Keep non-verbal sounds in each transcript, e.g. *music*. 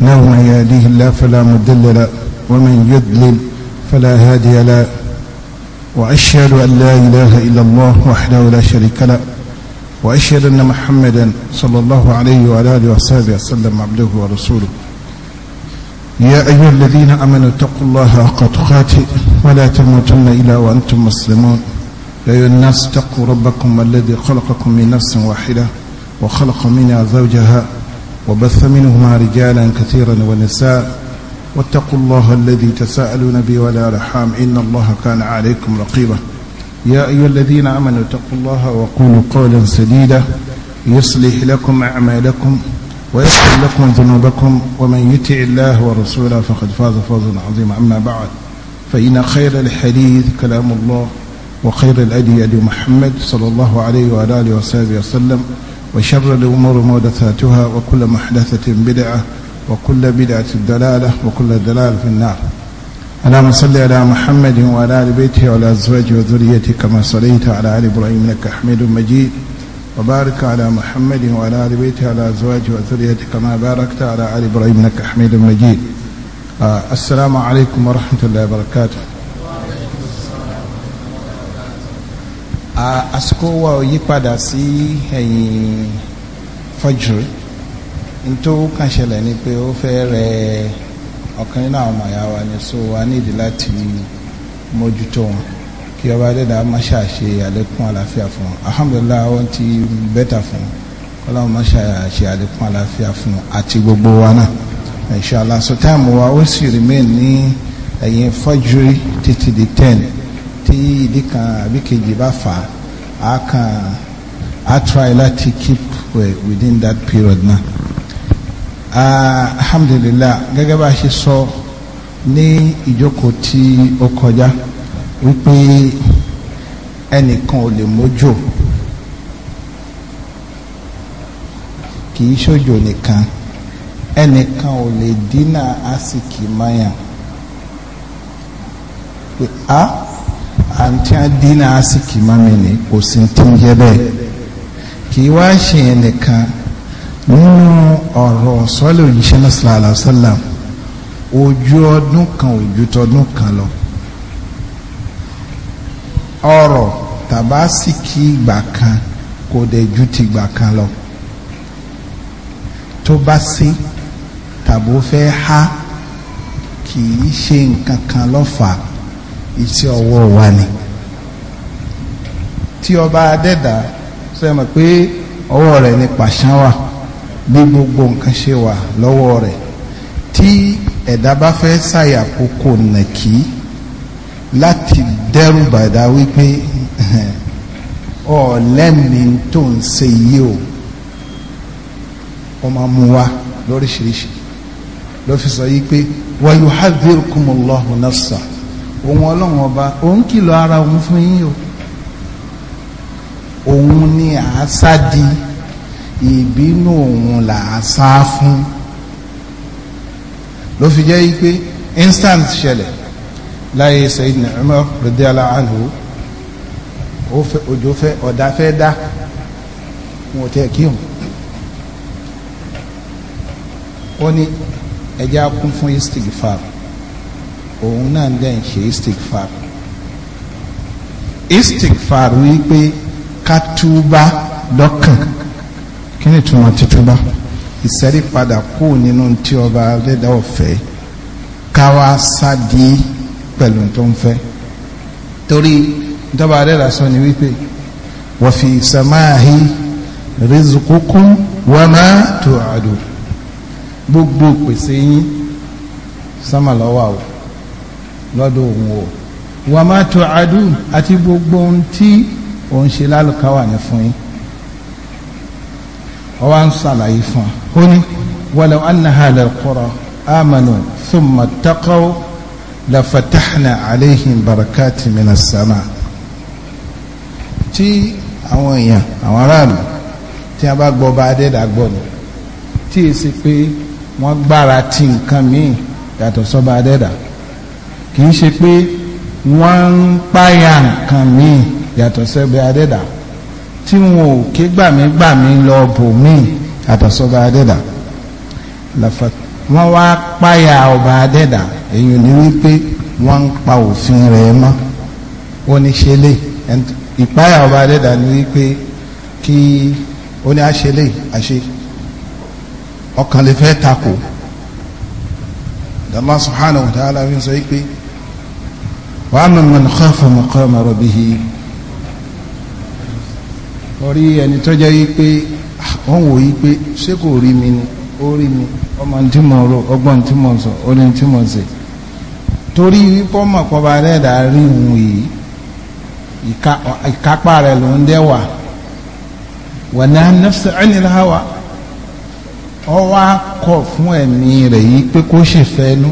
إنه من يهديه الله فلا مضل له ومن يضلل فلا هادي له وأشهد أن لا إله إلا الله وحده لا شريك له وأشهد أن محمدا صلى الله عليه وعلى آله وصحبه وسلم عبده ورسوله يا أيها الذين أمنوا اتقوا الله حق تقاته ولا تموتن إلا وأنتم مسلمون يا أيها الناس اتقوا ربكم الذي خلقكم من نفس واحدة وخلق منها زوجها وبث منهما رجالا كثيرا ونساء واتقوا الله الذي تساءلون به ولا رحام إن الله كان عليكم رقيبا يا أيها الذين آمنوا اتقوا الله وقولوا قولا سديدا يصلح لكم أعمالكم ويغفر لكم ذنوبكم ومن يطع الله ورسوله فقد فاز فوزا عظيما أما بعد فإن خير الحديث كلام الله وخير الأدي أدي محمد صلى الله عليه وآله وصحبه وسلم وشر الأمور محدثاتها وكل محدثة بدعة وكل بدعة دلالة وكل دلالة في النار اللهم صل على محمد وعلى آل بيته وعلى أزواجه وذريته كما صليت على آل إبراهيم إنك حميد مجيد وبارك على محمد وعلى آل بيته وعلى أزواجه وذريته كما باركت على آل إبراهيم إنك حميد مجيد آه، السلام عليكم ورحمة الله وبركاته àsìkò wa ò yípadà sí ẹ̀yìn fọ́júrì n tó kàn ṣẹlẹ̀ ni pé ó fẹ́ rẹ ọ̀kan nínú àwọn màyà wa ni so wa nídìí láti mójútó wọn kí ọba dẹ́dà má ṣàṣe àlékún àlàáfíà fún wọn alhamdulilayi wọn ti bẹ́tà fún wọn kọ́láwọn má ṣàṣe àlékún àlàáfíà fún wọn àti gbogbo wa náà inshallah so táìmù wa ó sì remain ní ẹ̀yìn fọ́júrì títí di ten tí ìdí kan àbí kejì bá fà á kàn á try láti keep within that period náà. alhamdulillah gẹ́gẹ́ bá a ṣe sọ ní ìjókòó tí ó kọjá wípé ẹnìkan ò lè mójò kì í ṣòjò nìkan ẹnìkan ò lè dínà àsìkì mayàn a. Ah, àti àdínà àsìkì mami ni kò sí ti ń jẹ́ bẹ́ẹ̀ kì í wá ṣe yẹn nìkan nínú ọ̀rọ̀ sọ́lẹ̀ òjíṣẹ́ náà sallallahu alaihi wasallam ojú ọdún kan ojú tọdún kan lọ ọ̀rọ̀ tàbásìkì ìgbà kan kò dẹ̀ ju ti ìgbà kan lọ tó bá sí tàbó fẹ́ há kì í ṣe nǹkan kan lọ́fàá iṣẹ́ ọwọ́ wa ni tí ọba adẹ́dà sẹ́mọ̀ pé ọwọ́ rẹ̀ ni pàṣán wà bí gbogbo nǹkan ṣe wà lọ́wọ́ rẹ̀ tí ẹ̀dá bá fẹ́ ṣàyà kókó nàkí láti dẹ́rù bàdá wípé ọ̀lẹ́mi tó ń ṣe yìí o ọmọ mu wa lóríṣiríṣi ló fi sọ yìí pé wa yuhadhdhirukumullahu nafsa òun ọlọ́run ọba òun kìlọ̀ ara òun fún yín o òun ni àásá di ìbínú òun là á sá fún ló fi jẹ́ yí pé instant ṣẹlẹ̀ láyé Sayyidina Umar radiyallahu anhu òjò fẹ́ ọ̀dà fẹ́ dá wọn ò tẹ́ kí wọn. ó ní ẹja kún fún istighfar òun náà dẹ̀ ń ṣe istikfar istikfar wípé ká túbá lọ́kàn kí ni túmọ̀ títúbá ìsẹ́rí padà kú nínú tí ọba adẹ́dá ọ̀fẹ́ ká wá sádi pẹ̀lú tó ń fẹ́ torí ìjọba adẹ́dá sọ ni wípé wa sàmáàhí rizqukum wa ma tu'adu gbogbo pèsè yín sámà lọ́wọ́ àwọn lọ́dọ̀ òun o wà má tó adú àti gbogbo ohun tí òun ṣe lálùkáwà ní fún yín ọ wá ń ṣàlàyé fún ọ ní walaw anna hadha alqura amanu thumma taqaw la fatahna alayhim barakati minas sama tí àwọn èèyàn àwọn aráàlú tí a bá gbọ́ bá adẹ́dà gbọ́ ni tí èsì pé wọ́n gbára ti nǹkan míì yàtọ̀ sọ́ba adẹ́dà. So kì í ṣe pé wọ́n ń páyà nǹkan míì yàtọ̀ sẹ́gbẹ́ adẹ́dà tí wọn ò ké gbàmí gbàmí lọ bò míì yàtọ̀ sọ́gbẹ́ adẹ́dà wọ́n wá páyà ọba adẹ́dà èyí ni wípé wọ́n ń pa òfin rẹ̀ mọ́ ó ní ṣe lè ìpáyà ọba adẹ́dà ni wípé kí ó ní àṣe lè àṣe ọkàn lè fẹ́ takò Allah subhanahu wa ta'ala fi sọ wípé. وأما من خاف مقام ربه orí ẹni tó jẹ́ wípé wọ́n wò wípé ṣé kò rí mi ni ó rí mi ọmọ tí mo rò ọgbọ́n tí mo sọ orí tí mo sè torí wípé ọmọ pọba rẹ̀dà rí òun yìí ìkápá rẹ̀ ló ń dẹ́wà wà ní anáfẹ́ ẹnìláwà ọ wá kọ̀ fún ẹ̀mí rẹ̀ yìí pé kó ṣèfẹ́ nú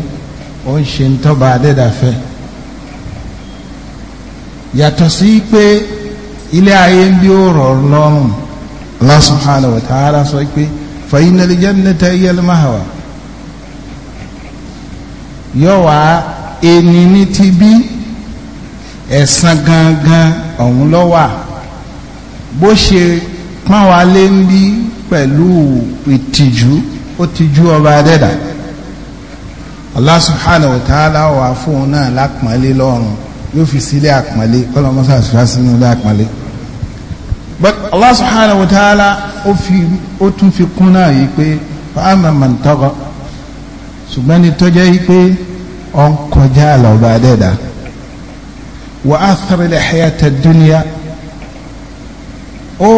ó ń ṣe ń tọ́ba rẹ̀dà yàtọ̀ sí pé ilé ayé ń bí ó rọ̀ lọ́rùn Allah subhanahu wa ta'ala sọ pé fa innal jannata hiya al-ma'wa yóò wá ẹni ní ti bí ẹ̀san gangan ọ̀hún lọ́wà bó ṣe pọ́n wa lé ń bí pẹ̀lú ìtìjú ó tijú ọba adẹ́dà Allah subhanahu wa wà fún un náà lápọ̀nlé yóò fi sílé àpọ́nlé kọ́lọ́ mọ́sá àṣírá sínú ilé àpọ́nlé but Allah subhanahu wa ta'ala ó fi ó tún fi kún náà yìí pé fáàmà mà ń tọrọ ṣùgbọ́n ní tọ́jọ́ yìí pé ọ ń kọjá àlọ́ba dẹ́dà wà á sọ̀rọ̀lẹ̀ hayata dúnìyà ó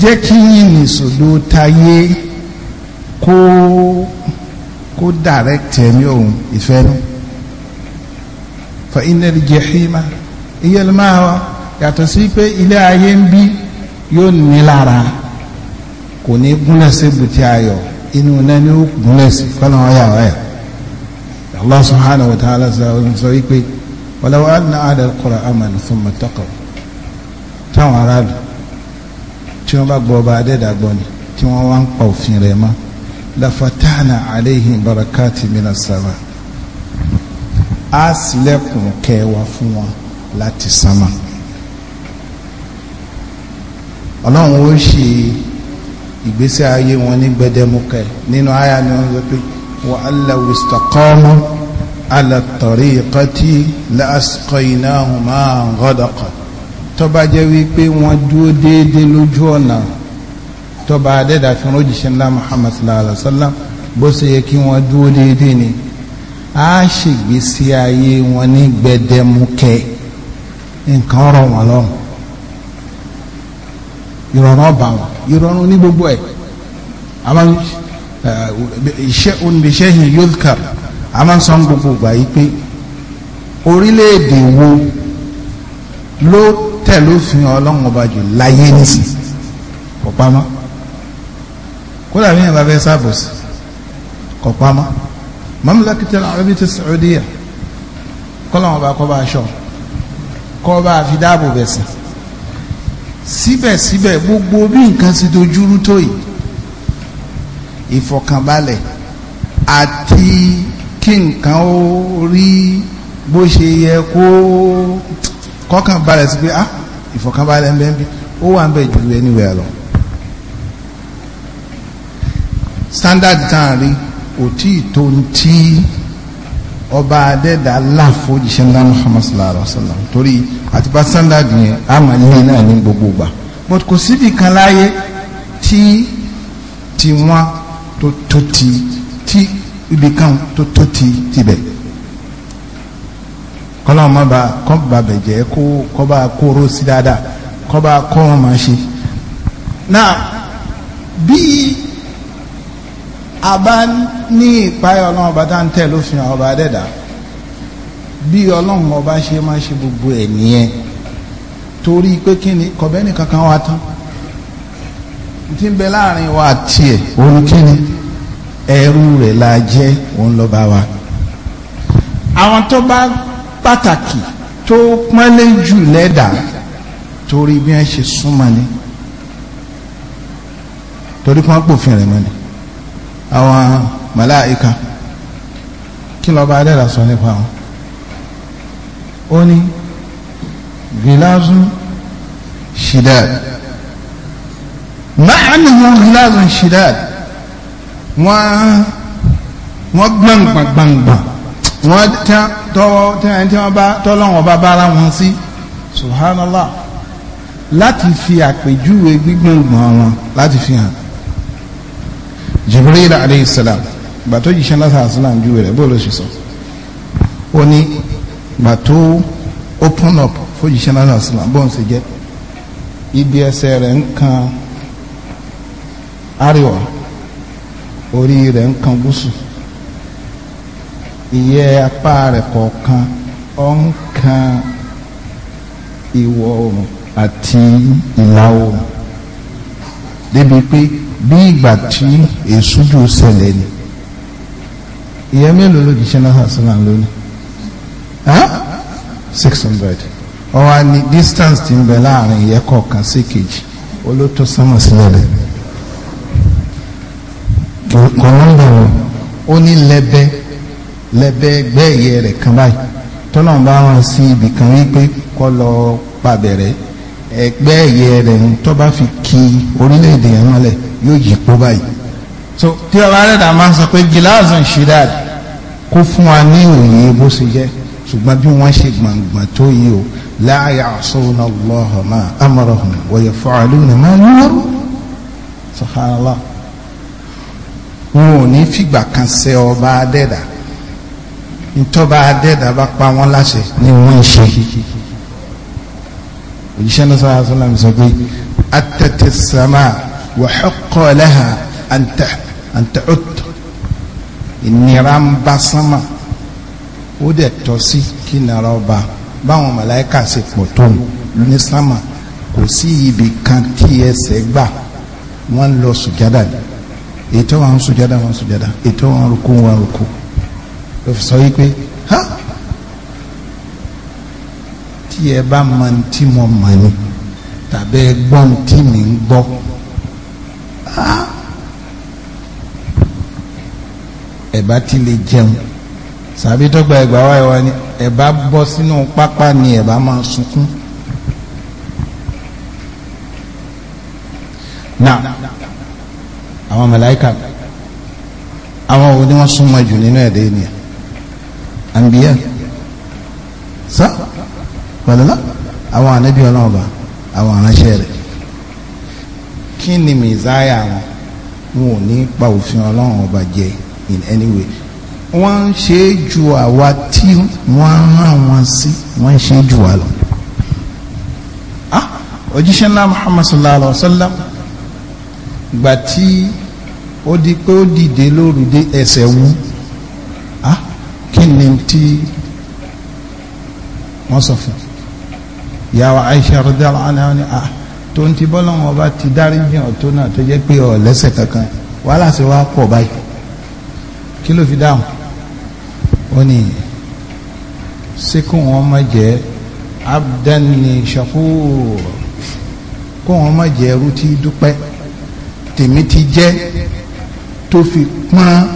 jẹ́ kí yìí nìṣòdo tayé kó kó direct ẹ̀mí òun ìfẹ́ náà fa innal jahima hiya al ma'wa yàtọ̀ sí pé ilé ayé ń bí yóò ní lára kò ní gúnlẹ̀ sí bùtí ayọ̀ inú náà ni ó gúnlẹ̀ sí kọ́nà ọ̀yà ọ̀yà Allah subhanahu wa ta'ala sọ wípé walaw anna ahla al-qura amanu thumma taqaw táwọn aráàlú tí wọ́n bá gbọ́ ọba adẹ́dàgbọ́ ni tí wọ́n wá ń pa òfin rẹ̀ mọ́ lafatahna alayhim barakati minas á ṣílẹ̀kùn kẹwàá fún wọn láti sánmà ọlọ́run ó ṣe ìgbésí ayé wọn ní gbẹdẹmukẹ nínú àyà ni wọn sọ pé wa alla wistaqamu ala tariqati la asqaynahum ma'an ghadaqa tó bá jẹ́ wípé wọ́n dúró déédéé lójú ọ̀nà tó bá adẹ́dàfin ńlá Muhammad sallallahu wa sallam bó ṣe yẹ kí wọ́n dúró déédéé ni á ṣègbésí ayé wọn ní gbẹdẹmukẹ nǹkan rọ̀ wọ́n lọ́rùn ìrọ̀rùn ọba wọn ìrọ̀rùn ní gbogbo ẹ̀ àwọn iṣẹ́ oníṣẹ́yìn yóòkàr àwọn sọ gbogbo ìgbà yìí pé orílẹ̀-èdè wo ló tẹ̀lé ọlọ́run ọba jù láyé nísìn kọ̀pamọ́ kódà bí yẹn bá fẹ́ sábòsí kọ̀pamọ́ mamlakita arabita saudiya kọ́lọ́wọ́n bá kọ́ bá aṣọ kọ́ bá fi dáàbò bẹ̀ sí síbẹ̀síbẹ̀ gbogbo bí nǹkan ti dojúrú tó yìí ìfọ̀kànbalẹ̀ àti kí nǹkan ó rí bó ṣe yẹ kó kọ́kàn balẹ̀ sí pé ah ìfọ̀kànbalẹ̀ ń bẹ ń bí ó wà ń bẹ jù anywhere lọ standard tá à ń rí kò tí ì tó ń tí ọba adẹ́dà là fojìṣẹ́ ńlá muhammad sallallahu alaihi wa sallam torí àti bá standard yẹn a máa ní náà ní gbogbo gbà but kò síbi kan láyé tí tí tó tó ti tí ibi kan tó tó ti tibẹ̀ kọ́lá ọmọ bá kọ́ bá bẹ̀jẹ̀ kó kọ́ bá kóró sí dáadáa kọ́ bá kọ́ wọn máa ṣe náà bíi àbá ní ìpáyọ̀ ọlọ́run ọba tá ń tẹ̀ lófin ọba dẹ́dà bí ọlọ́run ọba ṣe máa ṣe gbogbo ẹ̀ nìyẹn torí pé kí ni kọ̀bẹ́nì kankan wa tán tí ń bẹ láàrin wa tiẹ̀ òun kí ni ẹrú rẹ̀ la jẹ́ òun lọ́ba wa àwọn tó bá pàtàkì tó pọ́nlé jù lẹ́dà torí bí wọ́n ṣe súnmọ́ ni torí kí pòfin rẹ̀ mọ́ ni àwọn màláìka kí lọ́ba adẹ́rà sọ nípa wọn ó ní gíláàzù shidad máa nìyàn gíláàzù shidad wọ́n wọ́n gbàngbàngbàngbà wọ́n tọ́wọ́ tí wọ́n bá tọ́lọ́wọ́n bá bára wọn sí subhanallah láti fi àpèjúwe gbígbàngbàn wọn láti fi hàn jibril alayhi salam gbàtó jíṣẹ́ lásán aslam ju rẹ̀ bó ló ṣe sọ ó ní gbàtó open up fún jíṣẹ́ lásán aslam bó ń ṣe jẹ́ ibi ẹsẹ̀ rẹ̀ ń kan àríwá orí rẹ̀ ń kan gúúsù ìyẹ́ apá rẹ̀ kọ̀ọ̀kan ó ń kan ìwọ̀ oòrùn àti ìlà oòrùn débi pé bí ìgbà tí èsújú ṣẹlẹ̀ ni ìyẹn mélòó ló di ṣe náà sọ́nà lónìí six hundred wọ́n wá distance ti ń bẹ láàrin ìyẹn kọ̀ọ̀kan sí kejì olótó sánmà sílẹ̀ rẹ̀ kò nọ́mbà wọn ó ní lẹ́bẹ́ lẹ́bẹ́ ẹgbẹ́ ẹ̀yẹ rẹ̀ kan báyìí tọ́lọ́n bá wọn sí ibì kan wípé kọ́ lọ pàbẹ̀rẹ̀ ẹgbẹ́ rẹ̀ ń tọ́ bá fi ki orílẹ̀-èdè yẹn mọ́lẹ̀ yóò yí po báyìí so tí ọba rẹ̀dà máa sọ pé gíláàsì ń ṣe dáadáa kó fún wa ní òye bó ṣe jẹ́ ṣùgbọ́n bí wọ́n ṣe gbàngbàn tó yí o la ya'suna Allaha ma amarahum wa yaf'aluna ma yu'maru subhanallah wọn ò ní fìgbà kan ṣe ọba adẹ́dà ntọ́ba adẹ́dà bá pa wọ́n láṣẹ ni wọ́n ń ṣe òjíṣẹ́ náà sọ́ra sọ́ra mi sọ pé atẹ́tẹ́ sàmáà. وحق لها أن أن تعد ìnira ń bá sánmà ó dẹ̀ tọ́ sí kí nara ọba báwọn màláìka ṣe pọ̀ tó ní sánmà kò sí ibì kan tí ẹsẹ̀ gbà wọ́n lọ sùjádà ètò wọn sùjádà wọn sùjádà ètò wọn rúkú wọn rúkú ló fi sọ wípé ha tí ẹ bá mọ tí mo mọ ni tàbí ẹ gbọ́n tí mi ń gbọ́ ẹ̀bá ti lè jẹun sàbí tọ́gbà ẹ̀gbà wáyé wa ni ẹ̀bá bọ́ sínú pápá ni ẹ̀bá máa sunkún. náà àwọn màláíkà àwọn wo ni wọ́n súnmọ́ jù nínú ẹ̀dẹ́ ènìyàn àǹbíyà sá pàdánù àwọn ànábì ọlọ́ọ̀bà àwọn aránṣẹ́ rẹ̀ kí ni mìzáyà wọn wọn ò ní pa òfin ọlọ́run ọba jẹ in any way wọ́n ń ṣe é ju àwa tí wọ́n rán wọn sí wọ́n ń ṣe é ju wa lọ. Ah! òjíṣẹ́ ńlá muhammad sallallahu alayhi wa sallam gbà tí ó di pé ó dìde lóru dé ẹsẹ̀ wú ah! kí ni tí wọ́n sọ fún yàrá aisha radiyallahu anha ni ah tó ń ti bọ́lọ́wọ́n ọba ti dáríjì ọ̀tó náà tó jẹ́ pé ọ̀ lẹ́sẹ̀ kankan wàhálà sí wa pọ̀ báyìí kí ló fi dáhùn ó ní ṣé kó wọn má jẹ́ abdani shakur kó wọn má jẹ́ ẹrú tí dúpẹ́ tèmi ti jẹ́ tó fi pọ́n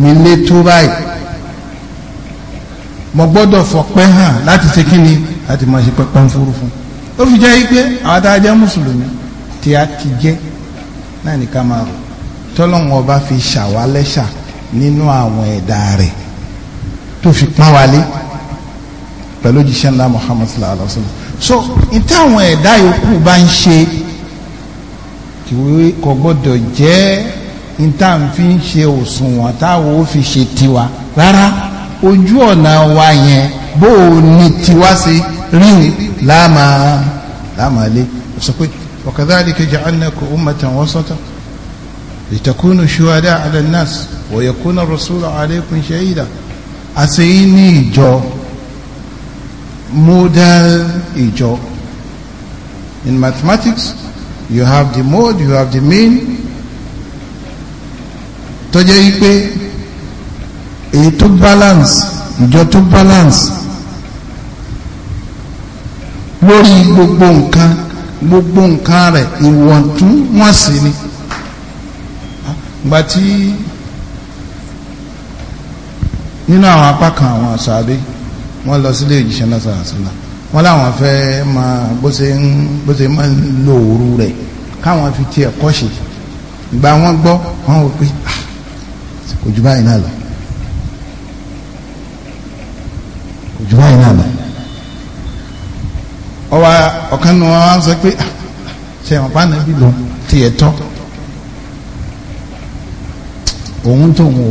mi lé tó báyìí mo gbọ́dọ̀ fọpẹ́ hàn láti ṣe kí ni láti máa ṣe pẹ́pẹ́ ń fúru fún un ó fi jẹ́ pé àwọn tá a jẹ́ mùsùlùmí tí a ti jẹ́ náà ní ká máa rò tọ́lọ́run ọba fi ṣàwálẹ́ṣà nínú àwọn ẹ̀dá rẹ̀ tó fi pọ́n wálé pẹ̀lú jíṣẹ́ ńlá Muhammad sallallahu alaihi wa sallam so n táwọn ẹ̀dá yòókù bá ń ṣe kìwé kò gbọ́dọ̀ jẹ́ n tá n fi ń ṣe òṣùwọ̀n táwọn ó fi ṣe tiwa rárá ojú ọ̀nà wa yẹn bó o ní tiwa sí rírin láàmà láàmà lé sọ pé wa kadhalika ja'alnakum ummatan wasatan litakunu shuhada 'ala an-nas wa yakuna ar-rasulu 'alaykum shahida ní ìjọ modal ìjọ in mathematics you have the mode you have the mean tó jẹ́ wípé èyí tó balance ìjọ tó balance lórí gbogbo nǹkan gbogbo nǹkan rẹ̀ ìwọ̀ntúnwọ̀nsì ni gba tí nínú àwọn apá kan àwọn àṣàbí wọ́n lọ sílé ìjíṣẹ́ lásàásílà wọ́n láwọn fẹ́ máa bó ṣe máa ń lo òru rẹ̀ káwọn fi tiẹ̀ kọ́ ṣe ìgbà wọn gbọ́ wọn wò pé ah, kò jù báyìí náà lọ kò jù báyìí náà lọ ọwọ́ ọ̀kan nu wọn wá sọ pé ṣe wọn pa nàbí lòun tiẹ̀ tọ́ òun tóun o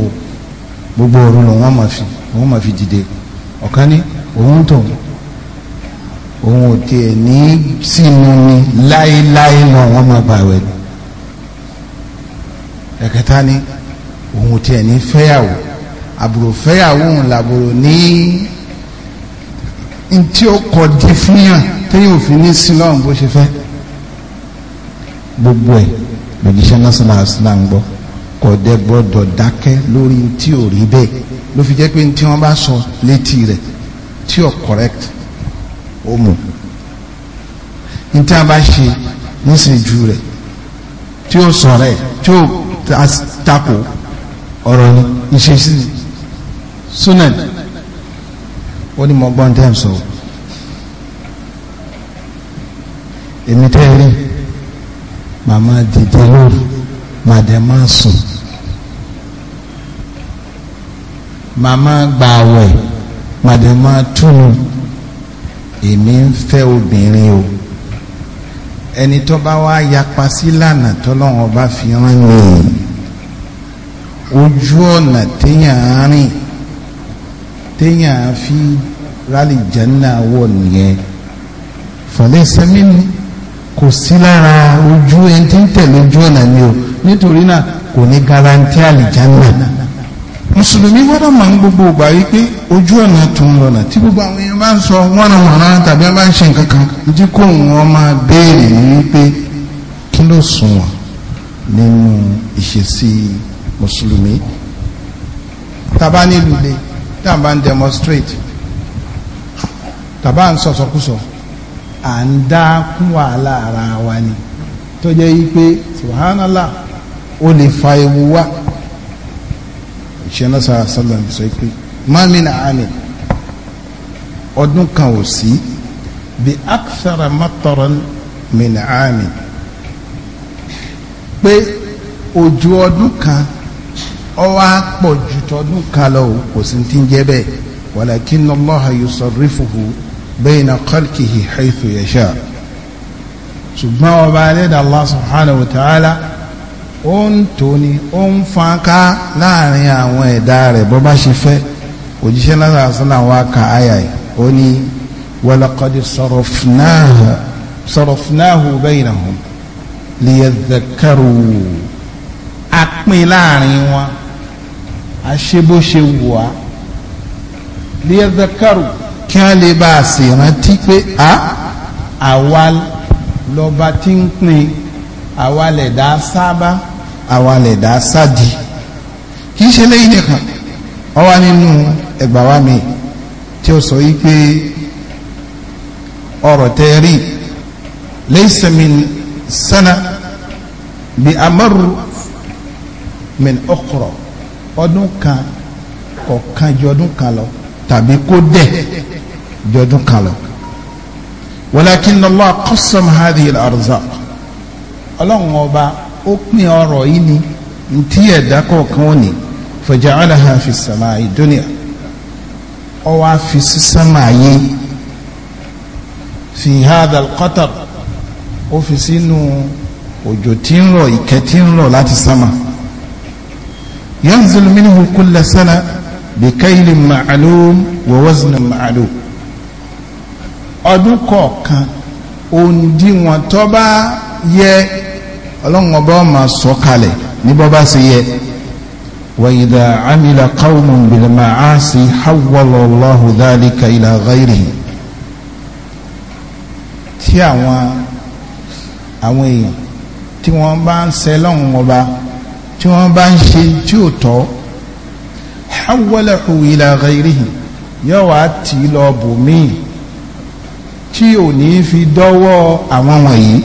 gbogbo òru lòun wọn máa fi òun máa fi dìde ọ̀kan ní òun tóun òun ò tiẹ̀ ní sínú ni láéláé lọ wọn máa bá wẹ̀ ni ẹ̀kẹta ní òun ò tiẹ̀ ní fẹ́yàwó àbúrò fẹ́yàwó òun làbúrò ní ntí ó kọ di fún téyìn òfin ní sílọ́ọ̀n bó ṣe fẹ́ gbogbo ẹ̀ lòjíṣẹ́ national islam gbọ́ kò dẹ̀ gbọ́dọ̀ dákẹ́ lórí tí ò rí bẹ́ẹ̀ ló fi jẹ́ pé tí wọ́n bá sọ létí rẹ̀ tí ò correct ó mú ní tí a bá ṣe níṣẹ́jú rẹ̀ tí ó sọ̀rọ̀ ẹ̀ tí ó takò ọ̀rọ̀ ìṣesí sunan ó ní mọ́gbọ́n tẹ́ ń sọ̀rọ̀. èmi tẹ́ rí màmá dìde lóru màdẹ máa sùn màmá gba àwẹ̀ màdẹ máa túnu èmi ń fẹ́ obìnrin o ẹni tó bá wá yapa sí lànà tọ́lọ́wọ́n bá fi rán mi ojú ọ̀nà téèyàn rìn téèyàn fi rálì jẹ́ ńlá wọ̀ nìyẹn fọlẹ́sẹ̀ mímu kò sí lára ojú ẹni tí ń tẹ̀lé ojú ọ̀nà ni o nítorí náà kò ní garanti àlìjánà mùsùlùmí gbọ́dọ̀ máa ń gbogbo ìgbà wípé ojú ọ̀nà tó ń lọ́nà tí gbogbo àwọn èèyàn bá ń sọ wọ́nà wọ̀nà tàbí wọ́n bá ń ṣe nǹkan kan tí kò wọ́n máa béèrè ní wípé kí ló sunwọ̀n nínú ìṣesí mùsùlùmí tàbá nílùú ilé tàbá ń demonstrate tàbá ń sọ̀sọ̀kúsọ̀ à ń dá kún wàhálà ara wa ni tó jẹ́ yí pé subhanallah ó lè fa ewu wá ìṣẹ́nà sàlám sọ pé mamina ami ọdún kan ò sí bí akthara mataran min ami pé òjò ọdún kan ó wá tọdún kan lọ kò sí ti ń jẹ́ bẹ́ẹ̀ walakin Allah yusarrifuhu bayna khalqihi haythu yasha ṣùgbọ́n ọba alẹ́dà Allah subhanahu wa ta'ala ó ń tóni ó ń fánká láàrin àwọn ẹ̀dá rẹ̀ bó bá ṣe fẹ́ òjíṣẹ́ lára sílẹ̀ wa ka àyà yìí ó ní walaqad sarafnahu sarafnahu baynahum liyadhakkaru a pín láàrin wọn a ṣe bó ṣe wù wá liyadhakkaru kí wọ́n lè bá a sì rántí pé a àwa lọ́ba tí ń pin àwa lẹ̀dá sábà àwa lẹ̀dá sádi kì í ṣe lẹ́yìn nìkan wọ́n wá nínú ẹgbà wa mi tí ó sọ yìí pé ọ̀rọ̀ tẹ́ rí laysa min sana bí amaru min ukhra ọdún kan kọ̀ọ̀kan jọ ọdún kan lọ tàbí kó dẹ̀ jọdún kan lọ walakin Allah qasam hadhihi al-arzaq ọlọ́run ọba ó pín ọrọ̀ yìí ni ntí ẹ̀dá kọ̀ọ̀kan ó ní faja'alaha fi sama'i dunya ó wá fi sí sánmà yìí fi hadha al-qatar ó fi sínú òjò tí ń rọ̀ ìkẹ́ tí ń rọ̀ láti sánmà yanzil minhu kulla sana bìkẹ́yìlì màálù wọ́wọ́sìnà màálù ọdún kọ̀ọ̀kan òǹdíwọ̀n tó bá yẹ ọlọ́run ọba máa sọ kalẹ̀ ní bọ́ bá sì yẹ wàyídà amílà káwọn bìlìmà á sí hawalọ́láhù dálíkà ilà gáírì tí àwọn àwọn èèyàn tí wọ́n bá ń sẹ́ lọ́run tí wọ́n bá ń ṣe tí ò tọ́ hawwalahu ila ghayrihi yóò wá tì í lọ bòmíì tí ò ní fi dọ́wọ́ àwọn wọ̀nyí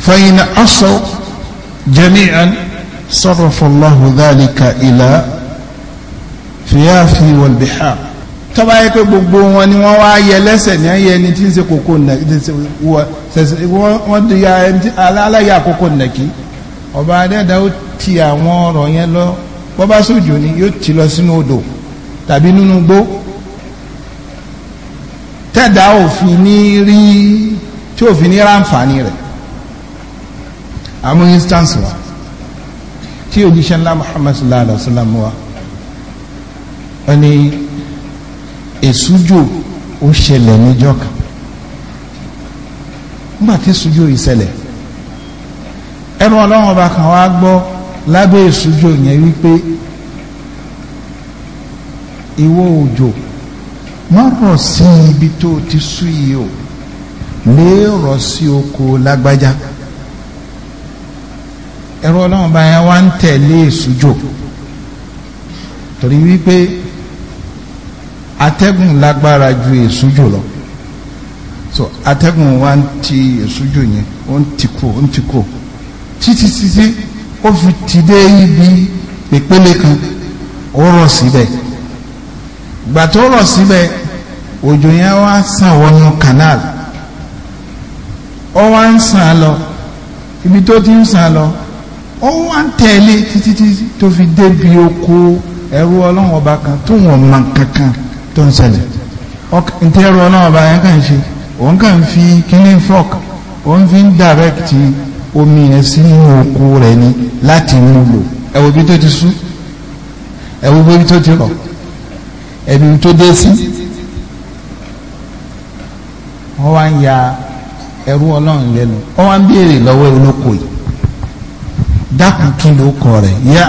fẹ̀yìn asọ jami'an sarrafallahu dhalika ila fìyàfi wọlbìhà tọ́ba yẹ pé gbogbo wọn ni wọ́n wá yẹ lẹ́sẹ̀ ní ayé ẹni tí ń ṣe kókó nàkí wọ́n di aláya kókó nàkí ọba adẹ́dàá ó ti àwọn ọ̀rọ̀ yẹn lọ bọ́ bá sójò ni yóò ti lọ sínú odò tàbí nínú gbó tẹ́dá òfin ní rí tí òfin ní ráǹfààní rẹ̀ àmú instance wa tí òjíṣẹ́ ńlá Muhammad sallallahu alaihi wa sallam wa wọ́n ní èsújò ó ṣẹlẹ̀ níjọ́ kan nígbà tí èsújò yìí ṣẹlẹ̀ ẹnu ọlọ́run ọba kan wá gbọ́ lábẹ́ ìsújò yẹn wípé ìwọ òjò má rọ̀ sí ibi tó ti sú yìí o lè rọ̀ sí oko lágbájá ẹ̀rọ ọlọ́run bá yẹn wá ń tẹ̀lé ìsújò torí wípé atẹ́gùn lágbára ju ìsújò lọ so atẹ́gùn wa ń ti ìsújò yẹn ó ń ti kó ó ń ti títí títí ó fi ti dé ibi ìpele kan ó rọ̀ síbẹ̀ gbà tó rọ̀ síbẹ̀ òjò yẹn wá sàn wọnú canal ó wá ń sàn lọ ibi tó ti ń sàn lọ ó wá ń tẹ̀lé títí títí tó fi débi oko ẹrú ọlọ́run ọba kan tó wọ́n mọ kankan tó ń ṣẹlẹ̀ ntẹ́ ẹrú ọlọ́run ọba yẹn kàn ṣe òun kàn fi kíní fọ́ọ̀kì òun fi ń direct omi yẹn sínú oko rẹ̀ ni láti mú lò bí tó ti sú ẹ̀wọ̀n bí tó ti rọ ẹ̀bí tó dé sí wọ́n wá ń ya ẹrú ọlọ́run lẹ́nu wọ́n wá ń béèrè lọ́wọ́ olóko yìí dákun kí ló kọ yẹ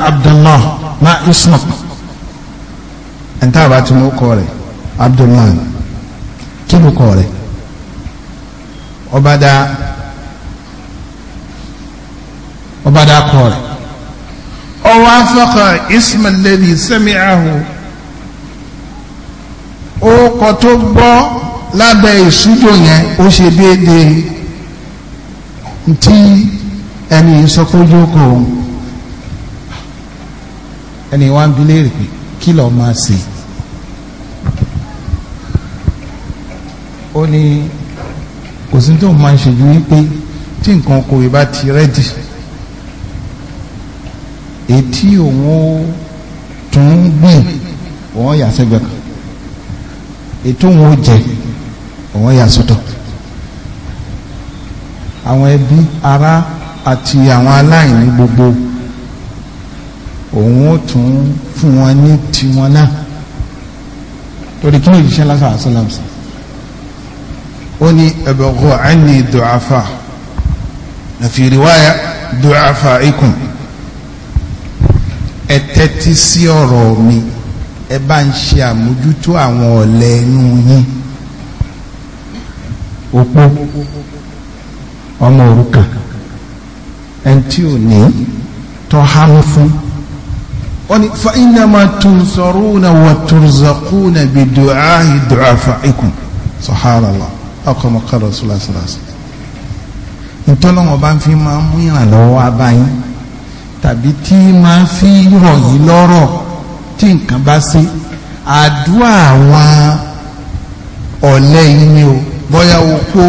ma kọ ọba dákọ rẹ̀ ọwọ́ afọ́kà ismailẹ́lì sẹ́miahu ó kọ tó gbọ́ lábẹ́ ìṣújò yẹn ó ṣe déédéé tí ẹni ìsọkójú kò ẹni wá ń bi léèrè pé kí lọ́ọ́ máa ṣe ó ní kò sí tó máa ń ṣe ju wípé tí nǹkan kò ì bá ti rẹ́dì ètí òun ó tún gbìn òun yà sẹ́gbẹ̀ kan ètò òun ó jẹ òun yà sọ́tọ̀ àwọn ẹbí ará àti àwọn aláìní gbogbo òun ó tún fún wọn ní tiwọn náà torí kí ni ìjíṣẹ́ lásán àṣọlámsì ó ní ẹ̀bẹ̀ ọkọ̀ àìní dùáfà na fi riwaya ikùn ẹ tẹ́tí sí ọ̀rọ̀ mi ẹ bá ń ṣe àmójútó àwọn ọ̀lẹ inú yín opó ọmọ òrukàn ẹni tí ò ní tọ́ hámú fún wọ́n ní fa innama tunsaruna wa turzaquna bi du'ahi du'afaikum subhanallah ọkọ̀ mọ̀kàlọ̀ sọ́lá sọ́lá sọ́lá ntọ́lọ́wọ́n bá ń fi máa mú ìrànlọ́wọ́ abáyín. tàbí tí máa fi rọ̀ yìí lọ́rọ̀ tí nǹkan bá sí àdúrà àwọn ọ̀lẹ́ yìí ni o bọ́yá opó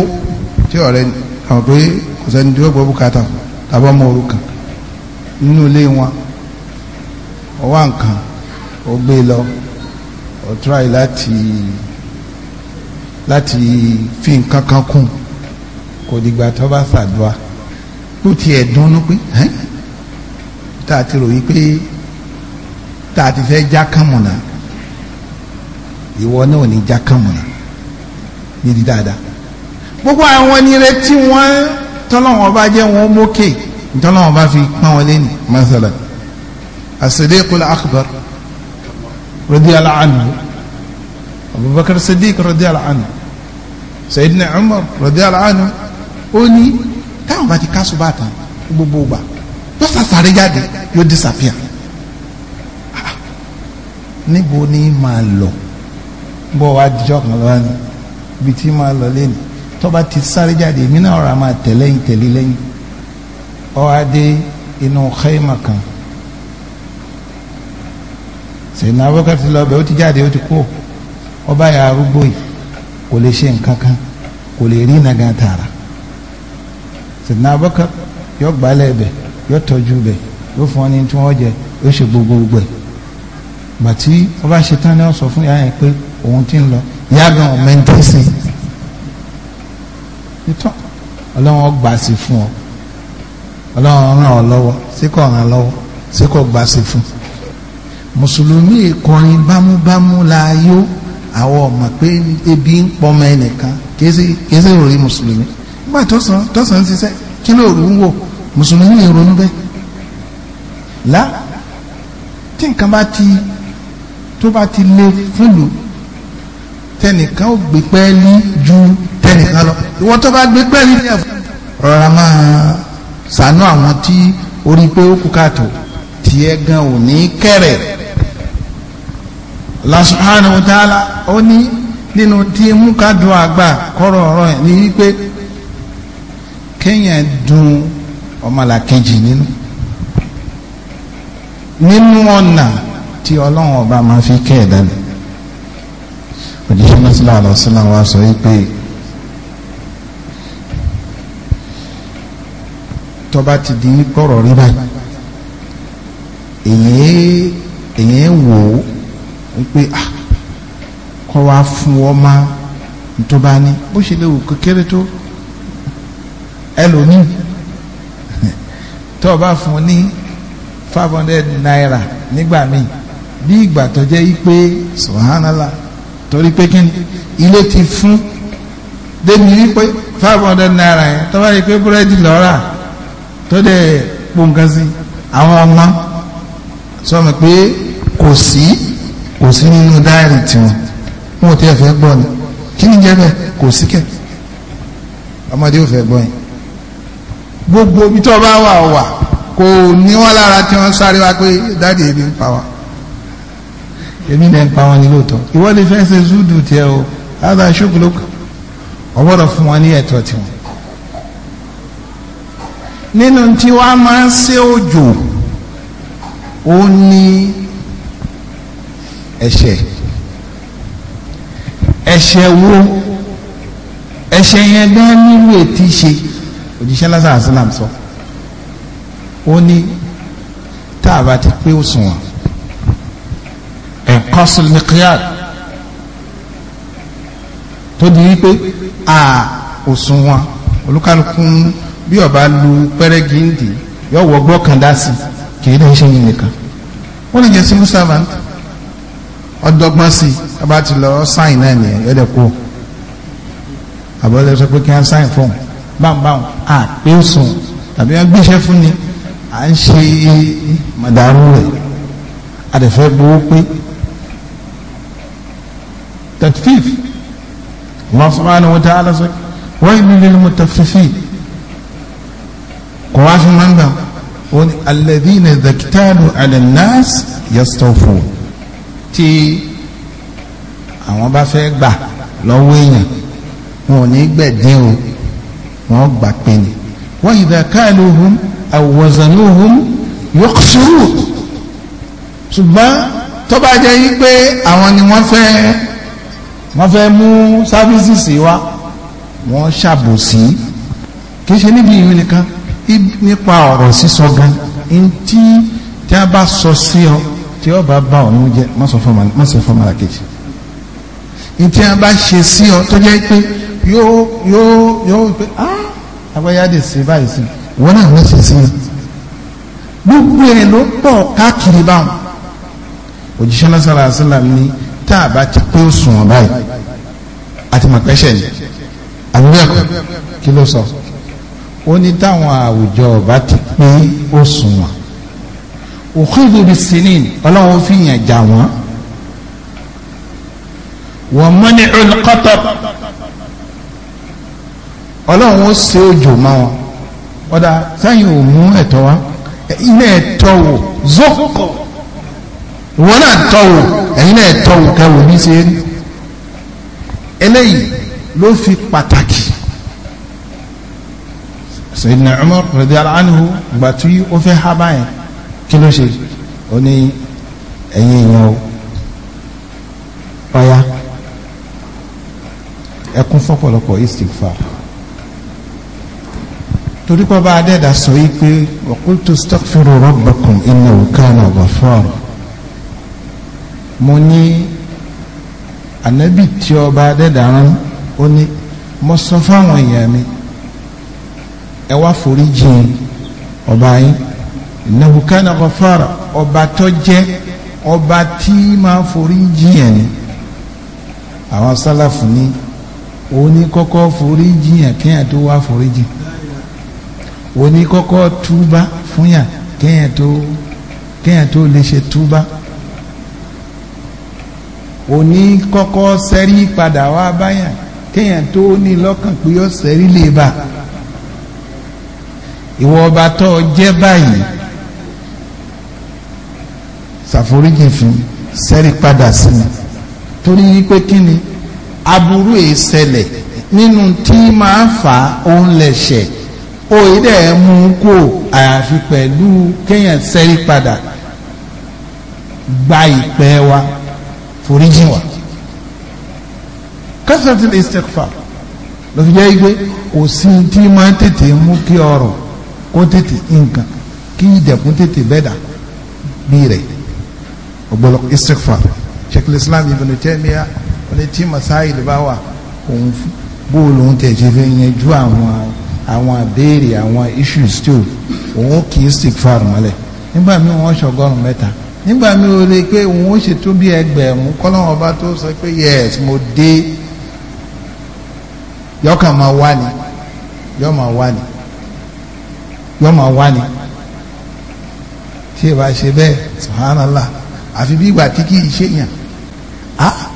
tí ọ̀rẹ́ àwọn pé kò sẹ́ni tí ó gbọ́ bùkátà tàbá mọ orúkàn nínú ilé wọn ọwọ́ nǹkan ó gbé e lọ ó láti láti fi nǹkan kan kún kò dìgbà tó bá ṣàdúrà ó tiẹ̀ dunnú pé ẹ́ tá a ti rò yí pé tá a ti fẹ́ já kàmùnà ìwọ náà ní já kàmùnà níbi dáadáa gbogbo àwọn nire tí wọ́n tọ́lọ́wọ́n bá jẹ́ wọn mókè tọ́lọ́wọ́n bá fi pọ́n wọn lẹ́nu masalan as-Siddiqul Akbar radiyallahu anhu Abubakar Siddiq radiyallahu anhu Sayyidina Umar radiyallahu anhu ó ní táwọn bá ti kásù bá tán gbogbo gbà sàsàrè jáde yóò disappear níbo ni máa lọ bọ́ wa dijọ́ kan lọ́wọ́ ni ibi tí máa lọ lẹ́nu tọ́ba ti sáré jáde èmi náà ọ̀rọ̀ máa tẹ̀ lẹ́yìn tẹ̀lé lẹ́yìn ọ̀hádé inú xeyma kan sẹ̀yìn abọ́kà ti lọ bẹ̀ ó ti jáde ó ti kú ọba yà arúgbó yìí kò lè ṣe nǹkan kan kò lè rí nàgàn tààrà sẹ̀yìn abọ́kà gbalẹ̀ bẹ̀ yóò tọ́jú bẹ̀ yóò fún ọ ní tí wọ́n jẹ yóò ṣe gbogbo gbẹ̀ bàtí wọ́n bá ṣe tán ní ọ̀sọ̀ fún ìyá yẹn pé òun ti ń lọ ìyá gan ọ̀mọ ń tẹ̀sí nítọ́ ọlọ́run ó gbà sí fún ọ ọlọ́run ràn ọ́ lọ́wọ́ sí kò ràn lọ́wọ́ sí kò gbà sí fún mùsùlùmí ìkọrin bámúbámú la yó àwọn ọmọ pé ebi ń pọmọ ẹnìkan kì í sì kì í sì rò rí mùsùlùmí nígbà tó sàn tó sàn ń ṣiṣẹ́ kí ló rú ń wò mùsùlùmí yìí ronú bẹ́ẹ̀ lá tí nǹkan bá ti tó bá ti lé fúlù tẹnìkan ò gbé pẹ́ẹ́lí ju tẹnìkan lọ ìwọ tó bá gbé pẹ́ẹ́lí ní ẹ̀fọ́ rọra máa sànú àwọn tí orí pé ó kú káàtó tiẹ̀ gan ò ní kẹ̀rẹ̀ Allah subhanahu ó ní nínú tí mú ká dùn àgbà kọ́rọ̀ ọ̀rọ̀ ẹ̀ ní wípé kéèyàn dùn ọmọlàkejì nínú nínú ọ̀nà tí ọlọ́run ọba máa fi kẹ́ ẹ̀dá ni òjíṣẹ́ náà sílá wa sọ wípé tọ́ba ti di gbọ́rọ̀ rí báyìí èyí èyí wò ó wípé ah, kọ́ wa fún ọ má tó bá ní bó ṣe lè tó o bá fún ní five hundred naira nígbà míì bí ìgbà tó jẹ́ pé subhanallah torí pé kí ni ilé ti fún débi wípé five hundred naira yẹn tó bá yẹ pé búrẹ́dì lọ́ra tó dẹ̀ pọ̀nkán sí àwọn ọmọ sọmọ pé kò sí kò sí nínú dáìrì tiwọn wọn ò tí ẹ fẹ́ gbọ́ ni kí ni jẹ́ bẹ́ẹ̀ kò sí kẹ̀ ọmọdé ò fẹ́ gbọ́ yẹn gbogbo ibi tó bá wà wà kò ní wọn lára tí wọn sáré wá pé dáàdi èmi ń pa wá èmi náà ń pa wọn ní lóòótọ́ ìwọ lè fẹ́ ṣe zúdù tiẹ̀ o láti aṣọ́gbọ́lọ́ ọgbọ́dọ̀ fún wọn ní ẹ̀tọ́ tiwọn. nínú tí wàá máa ń ṣe òjò ó ní ẹ̀ṣẹ̀ ẹ̀ṣẹ̀ wo ẹ̀ṣẹ̀ yẹn dá nílùú ètí ṣe òjíṣẹ́ lásán àṣìlám sọ ó ní tá a bá ti pé òṣùwọ̀n ẹ̀kọ́ sọlmìkíyàd tó di wípé a òṣùwọ̀n olúkálùkù bí ọba lu pẹ́rẹ́gì ń dì yọ wọ gbọ́kàndá sí kì í dẹ́ ṣe yìí nìkan wọ́n lè jẹ́ civil servant ọdọgbọn sí ọba ti lọ sáìn náà nìyẹn yọdẹ kú àbọ̀lẹ̀ pé kí wọ́n sáìn fún un báńbáwọn àpé sùn tàbí wọn gbéṣẹ́ fún ni à ń ṣe màdàrú rẹ̀ àdẹ̀fẹ́ gbowó pé tẹ̀tífìf wọn fún wa ni wọ́n tẹ́ alásọ́ wọ́n yìí nílé mu tẹ̀fífì kò wá fi máa ń gbà wọ́n ni alladhina dhaktalu ala nnas tí àwọn bá fẹ́ gbà lọ́wọ́ èèyàn wọn ò ní gbẹ̀dín o wọ́n gbà pé ni wa idha kaluhum aw wazanuhum yuqsiru ṣùgbọ́n tó bá jẹ́ yí pé àwọn ni wọ́n fẹ́ wọ́n fẹ́ mú sáfíìsì sí wa wọ́n ṣàbòsí kì í ṣe níbi ìwé nìkan nípa ọ̀rọ̀ sísọ gan ntí tí a bá sọ sí ọ tí ọ bá bá ọ̀run jẹ má sọ fún ọmọ kejì ntí a bá ṣe sí ọ tó jẹ́ pé yóò yóò yóò pé ah agbẹ́yàdè sí báyìí sí wọn náà ló ṣe sí i gbogbo ẹ̀ ló pọ̀ káàkiri báwọn òjíṣẹ́ lọ́sọ̀rọ̀ àṣìlá ní tá a bá ti pé òsùn wọn báyìí àti màpẹ́ṣẹ̀ ni àbúrò ẹ̀kọ́ kí ló sọ ó ní táwọn àwùjọ ọba ti pé òsùn wọn òkúdù bí sinin ọlọ́run fi yàn já wọn wọ́n mọ́ni olùkọ́tọ̀ ọlọ́run ó ṣe òjò mọ́ wọn ọ̀dà sẹ́yìn ò mú ẹ̀tọ́ wá ilé ẹ̀tọ́ wò zókò wọn náà tọ́ wò ẹ̀yin náà ẹ̀tọ́ wò kẹwò ní ṣe é eléyìí ló fi pàtàkì Sayyidina Umar radiyallahu anhu ìgbà tí ó fẹ́ há báyìí kí ló ṣe ó ní ẹ̀yin èèyàn o ọ̀ya ẹkún fọ́pọ̀lọpọ̀ istighfar torí pé ọba adẹ́dà sọ yìí pé wa qultu astaghfiru rabbakum innahu kana ghaffara mo ní ànábì tí ọba adẹ́dà rán ó ní mo sọ fáwọn èèyàn mi ẹ wá foríjì ọba yín innahu kana ghaffara ọba tó jẹ́ ọba tí máa foríjì yẹn ni àwọn sálàfù ní òun ní kọ́kọ́ foríjì yẹn kéèyàn tó wá foríjì yẹn òní kọ́kọ́ túbá fúnyà kéèyàn tó kéèyàn tó lè ṣe túbá òní kọ́kọ́ sẹ́rí padà wá báyà kéèyàn tó ní lọ́kàn pé ó sẹ́rí lè bà ìwọ ọba tó jẹ́ báyìí ṣàforíjì fún sẹ́rí padà sí mi torí wípé kí ni aburú èé nínú tí máa fà á òun lẹ̀ṣẹ̀ ó dẹ̀ mú kó àyàfi pẹ̀lú kéèyàn sẹ́rí padà gba ìpẹ́ wa foríjì wa kásìtìlì istighfar ló fi jẹ́ igbe kò sí tí máa tètè mú kí ọrọ̀ kó tètè nǹkan kí ìdẹ̀kùn tètè bẹ́dà bí rẹ̀ ọ̀gbọ́lọ̀ istighfar sheikh islam ibn taymiya oní tí bá wà òun bóòlù òun tẹ̀ ṣe fẹ́ yẹn ju àwọn àwọn àbéèrè àwọn issues tí ò òun kì í sì far mọ́lẹ̀ nígbà míì wọ́n ṣọgọ́rùn mẹ́ta nígbà míì ó lè pé òun ó ṣètò bí ẹgbẹ̀rún kọ́lọ́wọ́n bá tó sọ pé yes mo dé yọkàn máa wá ni yọ máa wá ni yọ máa wá ni tí ẹ bá ṣe bẹ́ẹ̀ subhanallah àfi bí ìgbà tí kì í ṣèyàn ah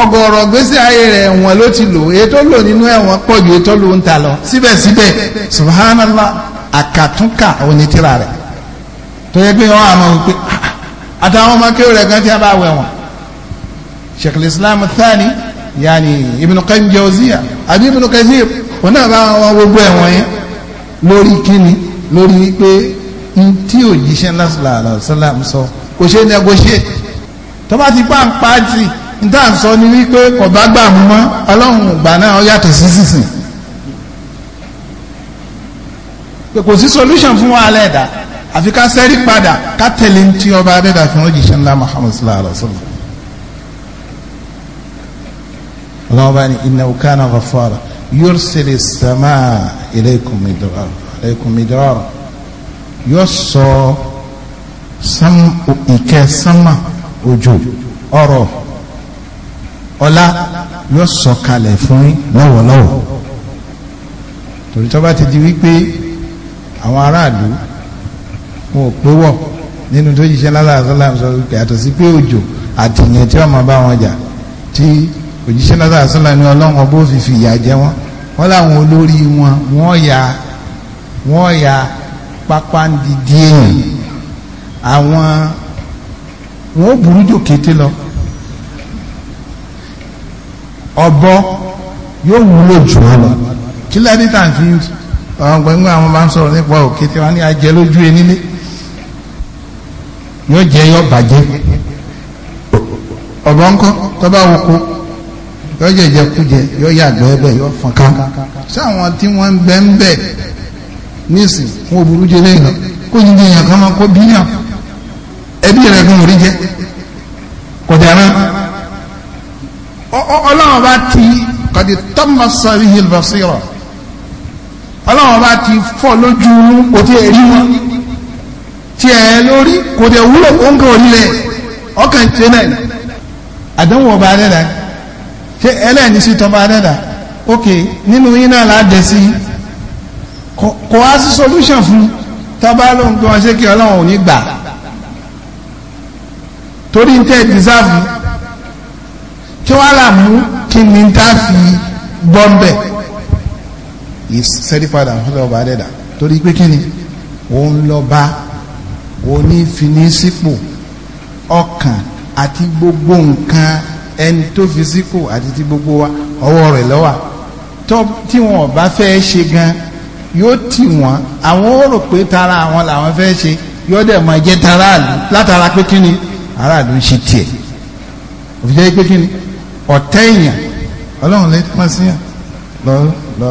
ọ̀gọ̀rọ̀ gbèsè ayé rẹ̀ ẹ̀wọ̀n ló ti lò ètò lò nínú ẹ̀wọ̀n pọ̀ ètò ló ń ta lọ síbẹ̀síbẹ̀ subhanallah àkàtúnkà onítìrà rẹ̀ tó yẹ pé wọ́n àmọ́ wípé ah, ah, àtàwọn ọmọ kéwò rẹ̀ gan tí a bá wẹ̀ wọ́n sheikh islam thani yaani ibn qayyim jawziya àbí ibn kathir wọn náà bá wọn gbogbo ẹ̀wọ̀n yẹn lórí kíni lórí wípé ntí òjíṣẹ́ lásìlá àlọ́ sọ kò ṣe é negotiate tó bá ti pa ń pa á níta sọ ni wípé ọba gbà mú mọ́ ọlọ́run ìgbà náà yàtọ̀ sí sísìn pé kò sí solution fún wàhálà ẹ̀dá àfi ká sẹ́rí padà ká tẹ̀lé tí ọba adẹ́dà fi hàn jíṣẹ́ ńlá Muhammad sallallahu alaihi wa sallam ọlọ́run bá ní innahu kana ghaffara yursil as-samaa ilaykum midrar ilaykum midrar yóò sọ ìkẹ́ sánmà òjò ọ̀rọ̀ ọlá yóò sọ̀kalẹ̀ fún lọ́wọ́lọ́wọ́ torí tó bá ti di wípé àwọn aráàlú wọn ò pé wọ̀ nínú tó yíṣẹ́ lálàásọ́lá sọ pé àtọ̀ sí pé òjò àtìyàn tí wọ́n máa bá wọn jà tí òjíṣẹ́ lálàásọ́lá ní ọlọ́run ọbọ̀ fi ìyà jẹ wọn wọn làwọn olórí wọn wọn ya wọn ya pápá ń àwọn wọn ó burú jò kété lọ ọ̀bọ yóò wúlò jù wọn lọ kí lẹ́ni tà ń fi àwọn gbẹ̀ngbẹ̀ àwọn bá ń sọ̀rọ̀ nípa òkè tí wọ́n ní ajẹ́ lójú enílé yóò jẹ́ yọ bàjẹ́ ọ̀bọ ńkọ́ tó bá wọkọ yóò jẹ́ jẹ kújẹ yóò yàgbẹ́ ẹbẹ̀ yóò fọ̀nká sáwọn tí wọ́n ń bẹ́ ń bẹ̀ nísìn fún òbúrú jẹ lẹ́yìn lọ kó ní bí èèyàn kan máa kó bí náà ẹbí rẹ̀ gan ò jẹ kọ̀dà náà ọlọ́run bá ti kàdí tọ́mà sáré hilbasira ọlọ́run bá ti fọ́ lójú kò tí ẹ rí wọn tí ẹ lórí kò tí ẹ wúlò oúnjẹ orílẹ̀ ọkàn tí náà àdánwò ọba adẹ́dà ṣé ẹlẹ́ni sí tọ́ba adẹ́dà ok nínú yín náà láàdẹ̀ sí kò wá sí solution fún tọ́ba lóhun tó wọn ṣé kí ọlọ́run ò ní gbà torí ń tẹ́ deserve tí wọ́n là mú kí ni tá a fi bọ́m̀bẹ̀ ìsẹ́dípadà fún ọba adẹ́dà torí pé kí ni òun lọ bá onífinísípò ọkàn àti gbogbo nǹkan ẹni tó fi sípò àti ti gbogbo wa ọwọ́ rẹ̀ lọ́wà tí wọn bá fẹ́ ṣe gan yóò tì wọ́n àwọn ó rò pé tara àwọn làwọn fẹ́ ṣe yóò dẹ̀ máa jẹ́ tara àlù látara pé kí ni aráàlú ń ṣe tiẹ̀ òfin jẹ́ pé kí ni ọ̀tẹ́ èèyàn ọlọ́run lè pọ́n sí yàn lọ lọ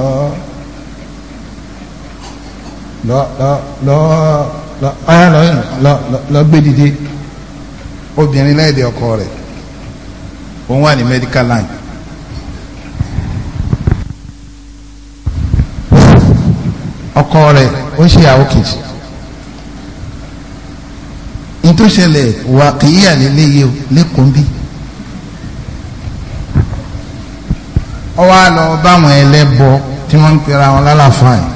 lọ lọ lọ lọ ọyá lọ lọ lọ gbé dìde obìnrin náà èdè ọkọ rẹ̀ òun wà ní medical line. ọkọ rẹ̀ ó ṣe àwọn kejì ní tó ṣẹlẹ̀ wà kìí yà lélẹ́yẹ lẹ́kọ̀ọ́ bíi. ọ wá lọ báwọn ẹlẹ́bọ tí wọ́n ń pera wọn lálàfáà yìí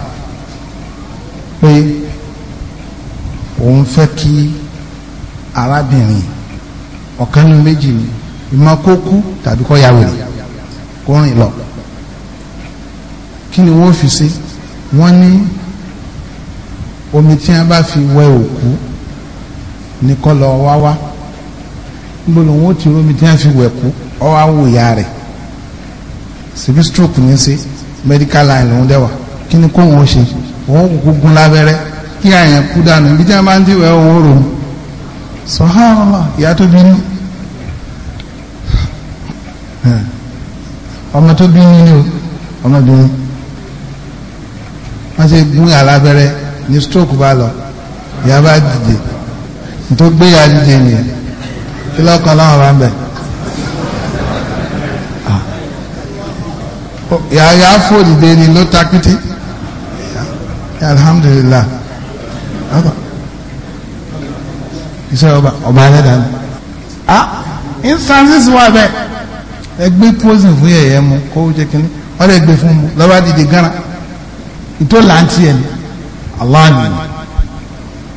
pé òun fẹ́ kí arábìnrin ọ̀kan ní méjì ni ìmọ̀kókú tàbí kọ́ ya wèrè kó rìn lọ kí ni wọ́n fi ṣe wọ́n ní omi tí wọ́n bá fi wẹ òkú ní kọ́ lọ wá wá níbo lòun ó ti rómi tí wọ́n fi wẹ̀ kú ọ wá wò ya rẹ̀ síbi stroke ní ṣe medical line lòún dẹ́wà kí ni kóhun ó ṣe òun kò gún lábẹ́rẹ́ kí àyàn kú dànù ibi tí a máa ń dìwẹ̀ òun rò sọ̀hánàlá ìyá tó bí ní ọmọ tó bí ní ni o ọmọbìnrin wọ́n ṣe gún alábẹ́rẹ́ ní stroke bá lọ ìyá bá dìde tó gbé ìyá dìde nìyẹn kí lọ́kàn láwọn bá ń bẹ̀rẹ̀. yàyà fòdìdé ni ló takìtì alhamdulilah ọba iṣẹ ọba ọba alẹ́dàá ni ah instances wà bẹ́ẹ̀ ẹgbẹ́ poison fún yẹ̀yẹ́ mu kó o jẹ́ kínní wọ́n lè gbé fún mu lọ́ba dìde gánà ìtò làǹtì ẹ̀ ni allah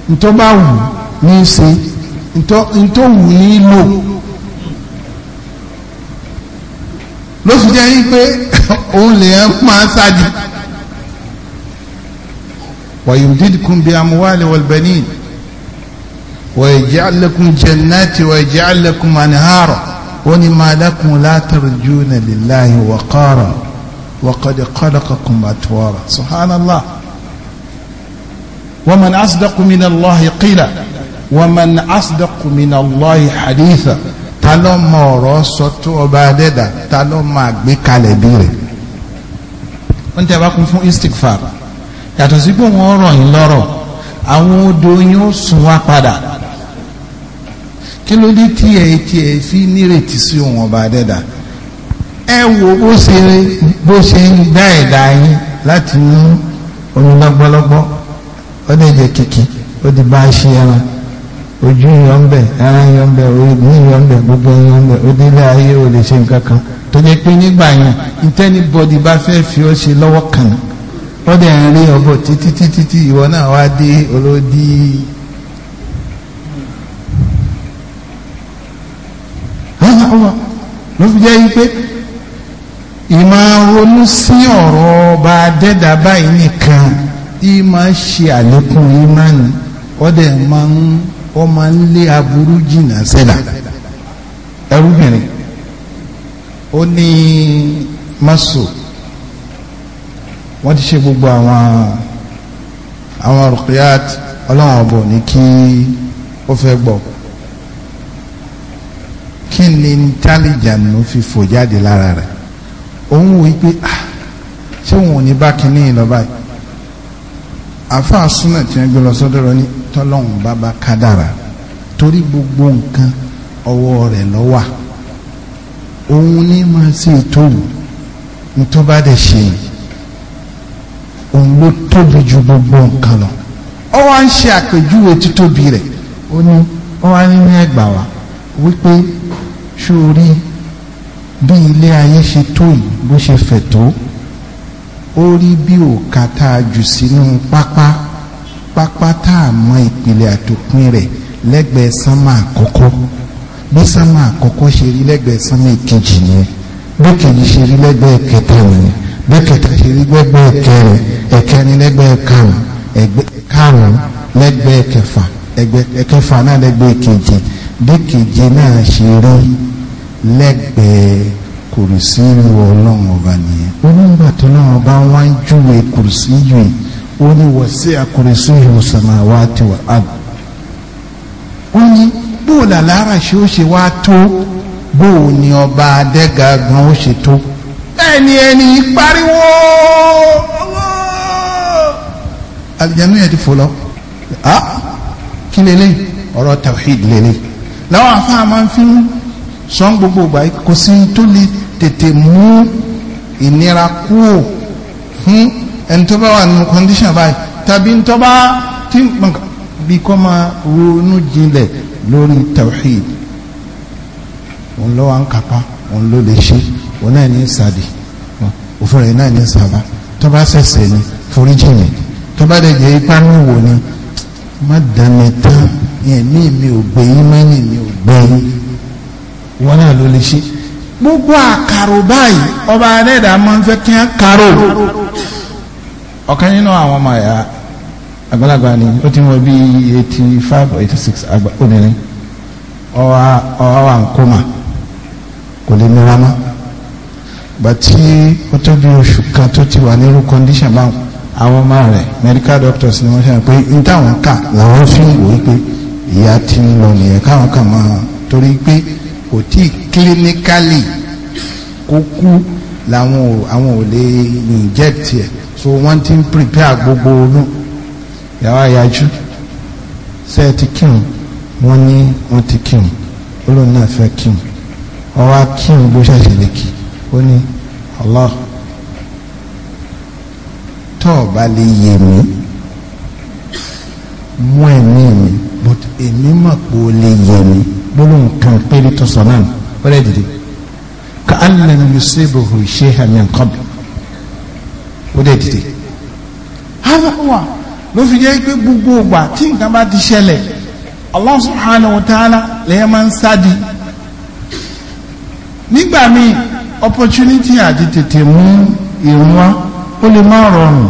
ni ntọ́ bá wù ní í ṣe ntọ́ ntọ́ wù ní í lò ló fi jẹ́ yín pé òun lè ń pa sáàdì wàyùmdídìkún bí amúwálé wàlbẹ̀ní wàyẹ̀jẹ́ alẹ́kùn jẹ̀nàtì wàyẹ̀jẹ́ alẹ́kùn manihárọ̀ wọ́n ni máa dákun látàrí júnà lìláhi wàkọ́rọ̀ wàkọ́dẹ̀ kọ́lọ́kọ̀kùn bàtúwọ́rọ̀ subhanallah ومن أصدق من الله قيلا ومن أصدق من الله حديثا ta ló mọ ọ̀rọ̀ sọ tó ọba adẹ́dà ta ló máa gbé kalẹ̀ bí rẹ̀ wọ́n tẹ́ bá kún fún istikfar yàtọ̀ sí pé wọ́n rọ̀ yín lọ́rọ̀ àwọn odò yín ó sùn wá padà kí ló dé tí ẹ tí ẹ fi nírètí sí òun ọba adẹ́dà ẹ wo bó ṣe bó ṣe ń dá ẹ̀dá yín láti mú omi lọ́gbọ́lọ́gbọ́ ó dẹ̀ jẹ́ kìkì ó di bá a ṣe ẹran. ojú yọ ń bẹ̀ ara yọ ń bẹ̀ orí yọ ń bẹ̀ gbogbo yọ ń bẹ̀ odílé ayé ò lè ṣe nǹkan tó jẹ́ pé nígbà yẹn bá fẹ́ fi ọ́ ṣe lọ́wọ́ kan wọ́n dẹ̀ ń rí ọbọ̀ títí títí tí ìwọ náà wá dé olódì ló ọba dẹ́dà báyìí nìkan ìmọ̀ ṣe àlékún ìmọ̀ ni dẹ̀ máa ń ó máa ń lé aburú jìnnà sílà ẹrúbìnrin ó ní maso wọ́n ti ṣe gbogbo àwọn àwọn rukiyat ọlọ́run ọ̀bọ̀ ní kí ó fẹ́ gbọ́ kí ni tálíjànù fi fò jáde lára rẹ̀ òun wò wípé ah, ṣé òun ò ní bá kínní lọ báyìí àfa súnà tí wọ́n gbé lọ sọ́dọ̀ rẹ̀ ní tọ́lọ́hún bábá kádàrà torí gbogbo nǹkan ọwọ́ rẹ̀ ló wà òun ní máa ṣe ìtòwò nítorí bá dẹ̀ ṣe òun ló tóbi ju gbogbo nǹkan lọ ó wá ń ṣe àpèjúwe títóbi rẹ̀ ó ní ó wá nínú ẹgbà wa wípé ṣóorí bí ilé ayé ṣe tó yìí bó ṣe fẹ̀ tó ó rí bí òkà tá a jù sínú pápá. pápá tá ìpìlẹ̀ àtòpin rẹ̀ lẹ́gbẹ̀ẹ́ sánmà àkọ́kọ́ bí sánmà àkọ́kọ́ ṣe rí lẹ́gbẹ̀ẹ́ sánmà ìkejì nìyẹn bí ṣe rí lẹ́gbẹ̀ẹ́ kẹta nìyẹn bí kẹta ṣe rí lẹ́gbẹ̀ẹ́ kẹrin ẹ̀kẹrin lẹ́gbẹ̀ẹ́ karùn karùn lẹ́gbẹ̀ẹ́ kẹfà wọ́n ní wasi'a kursiyuhu samawati wal ard wọ́n ní bóòlù aláraṣi ó ṣe wá tó bóòlù ni ọba adẹ́gàgbọ́n ó ṣe tó ẹni ẹni pariwo alìjẹnú yẹn ti fò lọ ah kí lélẹ̀ ọ̀rọ̀ tawhid lélẹ̀ làwọn afáà máa ń fi sọ́n gbogbo ìgbà kò sí tó lè tètè mú ìnira kúò fún ẹni tó bá wà nínú condition báyìí tàbí tó bá tí bí kọ́ máa ronú jinlẹ̀ lórí tawhid òun lọ́wọ́ ń kápá òun ló lè ṣe òun náà ní sàdì òfin rẹ̀ náà ní sàbá tó bá ṣẹ̀ṣẹ̀ ni foríjì yẹn tó bá dẹ̀ jẹ́ ipá ní wò ni má dàmí tán yẹn ní mi ò gbẹ̀yìn mẹ́yìn mi ò gbẹ̀yìn wọn náà ló lè ṣe gbogbo àkàrò báyìí ọba adẹ́dàá máa ń fẹ́ kí wọ́n kàrò ọ̀kan nínú àwọn ọmọ ẹ̀yà àgbàlagbà ni ó ti wọ bí eighty five or eighty six obìnrin ọwa ọwa wà ń kóma kò lè mìíràn mọ́ bàtí ó tó bí oṣù kan tó ti wà nírú condition báwọn àwọn ọmọ rẹ̀ medical doctors ni wọ́n ṣe pé n táwọn kà làwọn fi ń wò ó pé ìyá ti ń lọ nìyẹn káwọn kà máa torí pé kò tí clinically kó kú làwọn ò àwọn lè inject ẹ̀ so wọ́n ti ń prepare gbogbo olú yàrá yájú ṣe ti kírun wọ́n ní wọ́n ti kírun olóòrùn náà fẹ́ kírun ọwọ́ kírun bó ṣẹ̀ṣẹ̀ lè kí ó ní Allah tọ́ ọ bá lè yé mi mú ẹ̀mí mi but èmi mọ̀ pé ó lè yé mi gbólóhùn kan péré tó sọ náà ó lè dìde ka allam yusibuhu shay'an min qabl ó dẹ̀ dìde hafẹ́wà ló fi jẹ́ pé gbogbo ìgbà tí nǹkan bá ti ṣẹlẹ̀ Allah subhanahu wa ta'ala lẹ́yẹ máa ń sádi nígbà míì opportunity àti tètè mú ìwọ́n ó lè má rọrùn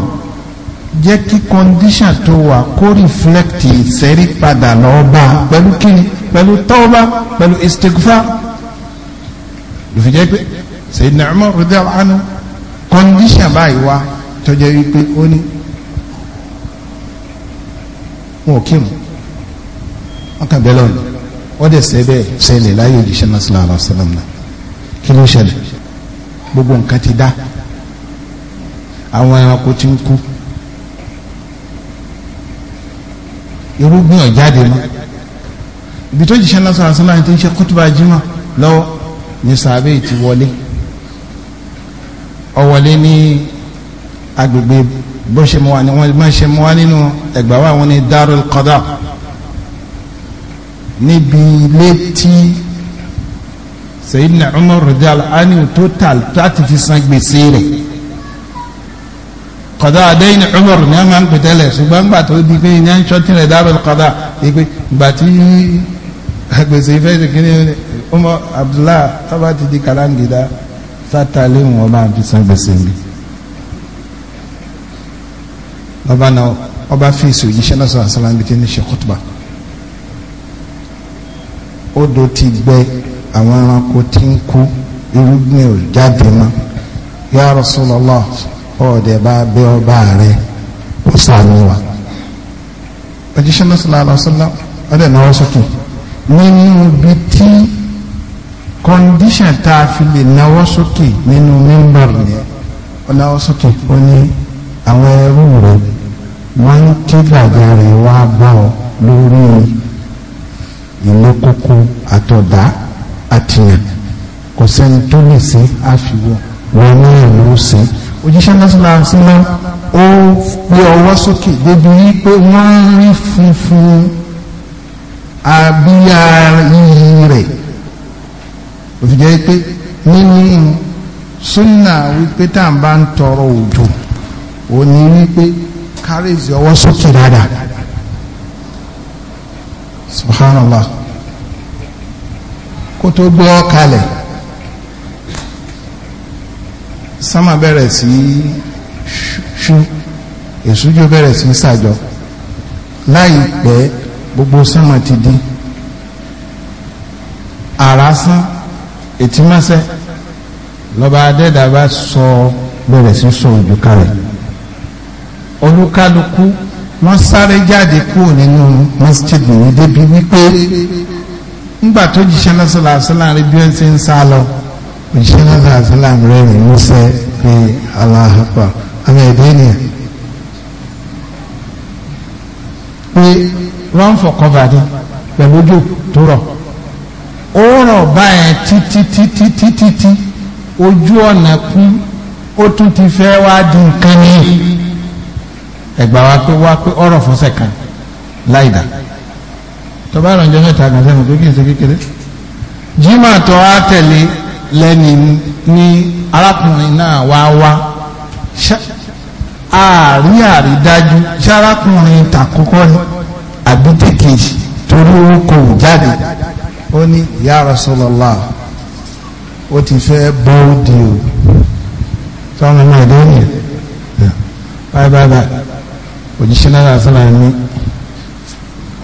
jẹ́ kí condition tó wà kó reflect ìsẹ́rí padà lọ́ọ́bà pẹ̀lú kíni pẹ̀lú tọ́ọ́bà pẹ̀lú istighfar ló fi jẹ́ pé Sayyidina Umar radiyallahu anhu condition báyìí wá tọ́jọ́ wípé ó ní wọn ò kírun wọn kàn bẹ́ẹ̀ lọ́nà wọ́n dẹ̀ sẹ́ bẹ́ẹ̀ ṣẹlẹ̀ láyé òjíṣẹ́ náà sallallahu alaihi wasallam náà kí ló ṣẹlẹ̀ gbogbo nǹkan ti dá àwọn ẹranko ti ń kú irúgbìn ọ̀jáde mọ́ ibi tó jíṣẹ́ náà sallallahu alaihi wasallam ti ń ṣe kútùbà jímọ̀ lọ́wọ́ ní sàbẹ̀ ti wọlé ọwọlé ní agbègbè bó ṣe mú wa ni wọ́n máa ṣe mú wa nínú ẹgbà wa wọ́n ní darul qada níbi ilé tí Sayyidina Umar rajal aniu total láti fi san gbèsè rẹ̀ qada adéyìn Umar ní a máa ń pètẹ́lẹ̀ ṣùgbọ́n gbà tó di pé ní a ń ṣọ́tì rẹ̀ darul qada ìpè gbà tí gbèsè ìfẹ́ ìṣèkínní Umar Abdullah tábà ti di kàláǹgìdá sátálé wọn bá fi san gbèsè mi ọba náà ọba fi èsì òjíṣẹ́ náà sọ̀rọ̀ sọ́lá níbi tí ní ṣe kọ́tùbà odò ti gbẹ àwọn ẹranko tí ń kú irúgbìn ò jáde mọ́ ya Rasulullah ọ̀ọ́dẹ̀ bá bẹ ọba rẹ ó sàánú wa òjíṣẹ́ náà sọ̀rọ̀ sọ́lá ọ̀dẹ̀ náà wọ́n sọ̀tún nínú ibi tí kọndíṣàn tá a fi lè náwó sókè nínú mímbàrì yẹn ó náwó sókè ó ní àwọn ẹrú rẹ wọn ń ké gbàjarè wá bá ọ lórí ìlú kókó àtọ̀dá àtìyàn kò sẹ́ni tó lè ṣe àfiwọ́ wọn ní ìlú ṣe òjíṣẹ́ lọ́sọ̀lá sílá ó gbé ọwọ́ sókè débi wípé wọ́n rí funfun àbíyá iyì rẹ̀ òfin jẹ́ pé nínú súnà wípé tá à ń bá ń tọrọ òjò ò ní wípé kárèsì ọwọ́ sókè dáadáa subhanallah kó tó gbọ́ kalẹ̀ sámà bẹ̀rẹ̀ sí ṣú èsújó bẹ̀rẹ̀ sí sàjọ láìpẹ́ gbogbo sámà ti dín àrásán ètí mọ́sẹ́ lọ́ba adẹ́dà bá sọ bẹ̀rẹ̀ sí sọ òjò kalẹ̀ olúkálukú wọ́n sáré jáde kúrò nínú masjid nìyí débi wípé ńgbà tó jíṣẹ́ lọ́sọ̀lá àṣálà rí bí wọ́n ti ń sá lọ jíṣẹ́ lọ́sọ̀lá àṣálà rẹ̀ rìn músẹ́ pé aláhàpá àmì ẹ̀dẹ́ nìyà pé run for cover ni pẹ̀lú ojú tó rọ̀. ó rọ̀ báyẹn títí títí títí tí ojú ọ̀nà kú ó tún ti fẹ́ wá di nǹkan ní ẹ̀gbà wa pé wá pé ọ̀rọ̀ fọ́sẹ̀ kan láìdá tọ́ba ìrànjọ́ mẹ́ta kan sẹ́nu pé kí n ṣe kékeré jimá tó wá tẹ̀lé lẹ́ni ní arákùnrin náà wá wá ó ní ya Rasulullah ó ti fẹ́ bọ́ọ̀dì o sọ́nà náà dé ní báyìí báyìí báyìí òjíṣẹ́ náà sọ́nà ní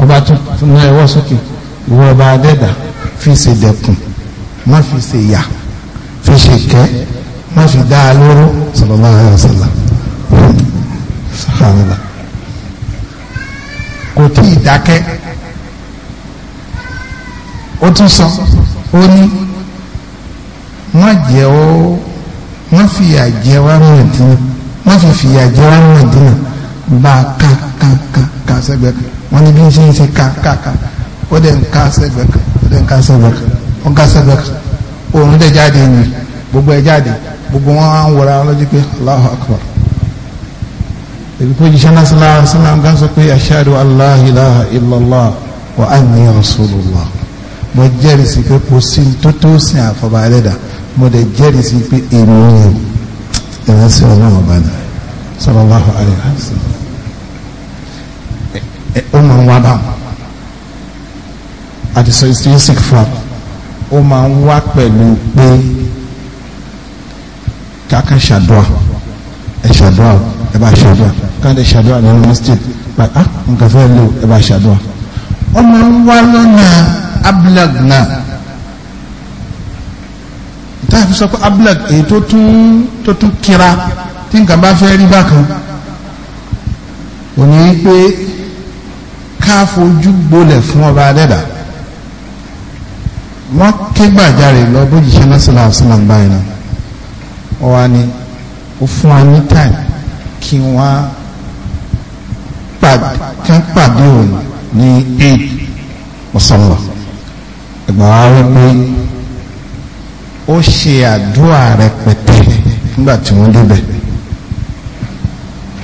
ọba tó ní ẹwọ́ sókè ìwọ ọba adẹ́dà fi ṣe dẹ̀kùn má fi ṣe yà fi ṣe kẹ́ má fi dá a lóró sallallahu alaihi wasallam kò tí ì dákẹ́ ó tún sọ ó ní wọ́n jẹ́ ó wọ́n fi àjẹ́ wá mọ̀dínà wọ́n fi fi àjẹ́ wá mọ̀dínà bá a ká ká ká ká sẹ́gbẹ́ kan wọ́n ní bí n ṣe ń ṣe ká ká ká ó dẹ̀ ń ká sẹ́gbẹ́ kan ó dẹ̀ ń ká sẹ́gbẹ́ kan ó ká sẹ́gbẹ́ kan òun dẹ̀ jáde yìí gbogbo ẹ̀ jáde gbogbo wọn á ń wọra lọ́jọ́ pé Allahu Akbar èdèkò jíṣẹ́ náà sọ́nà sọ́nà gán sọ pé ashhadu an la ilaha illallah wa anni rasulullah mo jẹ́rìí sí pé kò sí tó tó sin àfọ̀bà ẹlẹ́dà mo dẹ̀ jẹ́rìí sí pé èrò rẹ̀ ìránṣẹ́ ọlọ́run ọba ni sallallahu alaihi wasallam ó máa ń wá bá àti sọ intrinsic fún ó máa ń wá pẹ̀lú pé kákan ṣàdúrà ẹ ṣàdúrà ẹ bá ṣàdúrà káńdé ṣàdúrà ní ọmọ state pa ah nǹkan fẹ́ lò ẹ bá ṣàdúrà ó máa ń wá lọ́nà ablagna ìtàfi sọ pé ablag èyí tó tún tó tún kira tí nǹkan bá fẹ́ rí bákan ò ní pé ká fojú gbolẹ̀ fún ọba adẹ́dà wọ́n ké gbàjarè lọ bójìṣẹ́ lọ́sọ̀lá ọ̀sán báyìí náà ọ wá ní ó fún wa ní time kí wọ́n pàdé òun ní 8 ọ̀sán lọ́sọ̀lá ẹ̀gbọ́n wa wípé ó ṣe àdúrà rẹpẹtẹ nígbà tí wọ́n débẹ̀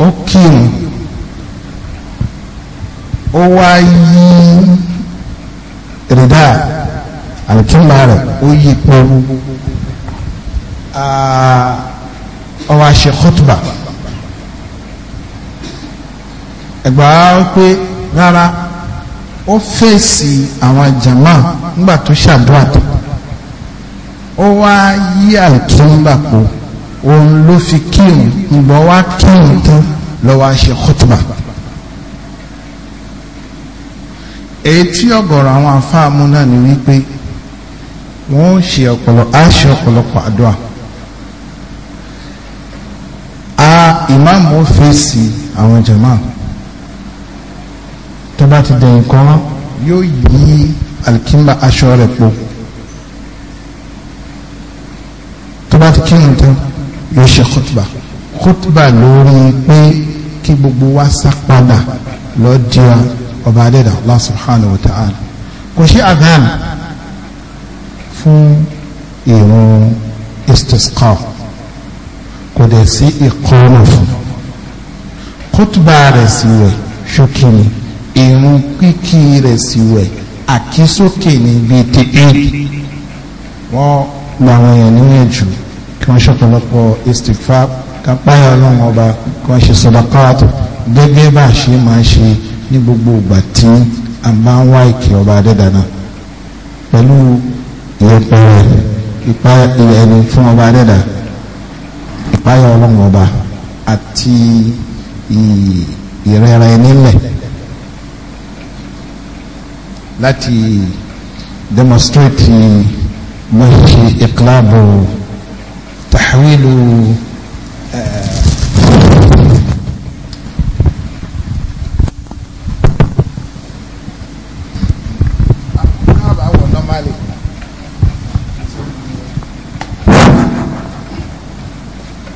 ó kírun ó wá yí rìdá àlùkìmá rẹ̀ ó yí pé ó wá ṣe khutba ẹ̀gbọ́n wípé rárá ó fèsì àwọn jàmáà ńgbà tó ṣàdúrà tó ó wá yí àlùkìmbà po òun ló fi kírun ìgbọ́ wá kírun tán lọ́wọ́ á ṣe èyí tí ọ̀gọ̀rọ̀ àwọn afáàmú náà ni wípé wọ́n ń ṣe ọ̀pọ̀lọ̀ á ṣe ọ̀pọ̀lọpọ̀ àdúrà a ìmáàmù ó fèsì àwọn jàmáà tó bá ti dẹ̀yìn kan yóò yí alikimba aṣọ rẹ̀ po tó bá ti kírun tán yóò ṣe kótóbà kótóbà lórí pé kí gbogbo wa sá padà lọ di ọba adẹ́dà Allah subhanahu wa ta'ala kò ṣe adhan fún ìrun istisqa kò dẹ̀ sí ìkọ́nù fún kótóbà rẹ̀ sí wẹ̀ ṣókí ìrun kíkí rẹ̀ sí wẹ̀ àkísókè ní bíi ti eight wọ́n gba àwọn èèyàn níyànjú kí wọ́n ṣọ̀pọ̀lọpọ̀ istikfar kápáyà ọlọ́run ọba kí wọ́n ṣe sadakat gẹ́gẹ́ bá a ṣe máa ń ṣe ní gbogbo ìgbà tí a máa ń wá ìkẹ́ ọba adẹ́dàna pẹ̀lú ìyẹ́pẹ̀rẹ̀ ipa ẹni fún ọba adẹ́dà ìpáyà ọlọ́run ọba àti ìrẹ́ra ẹni lẹ̀ láti demonstrate mo ṣe ìkìláàbò tàwílù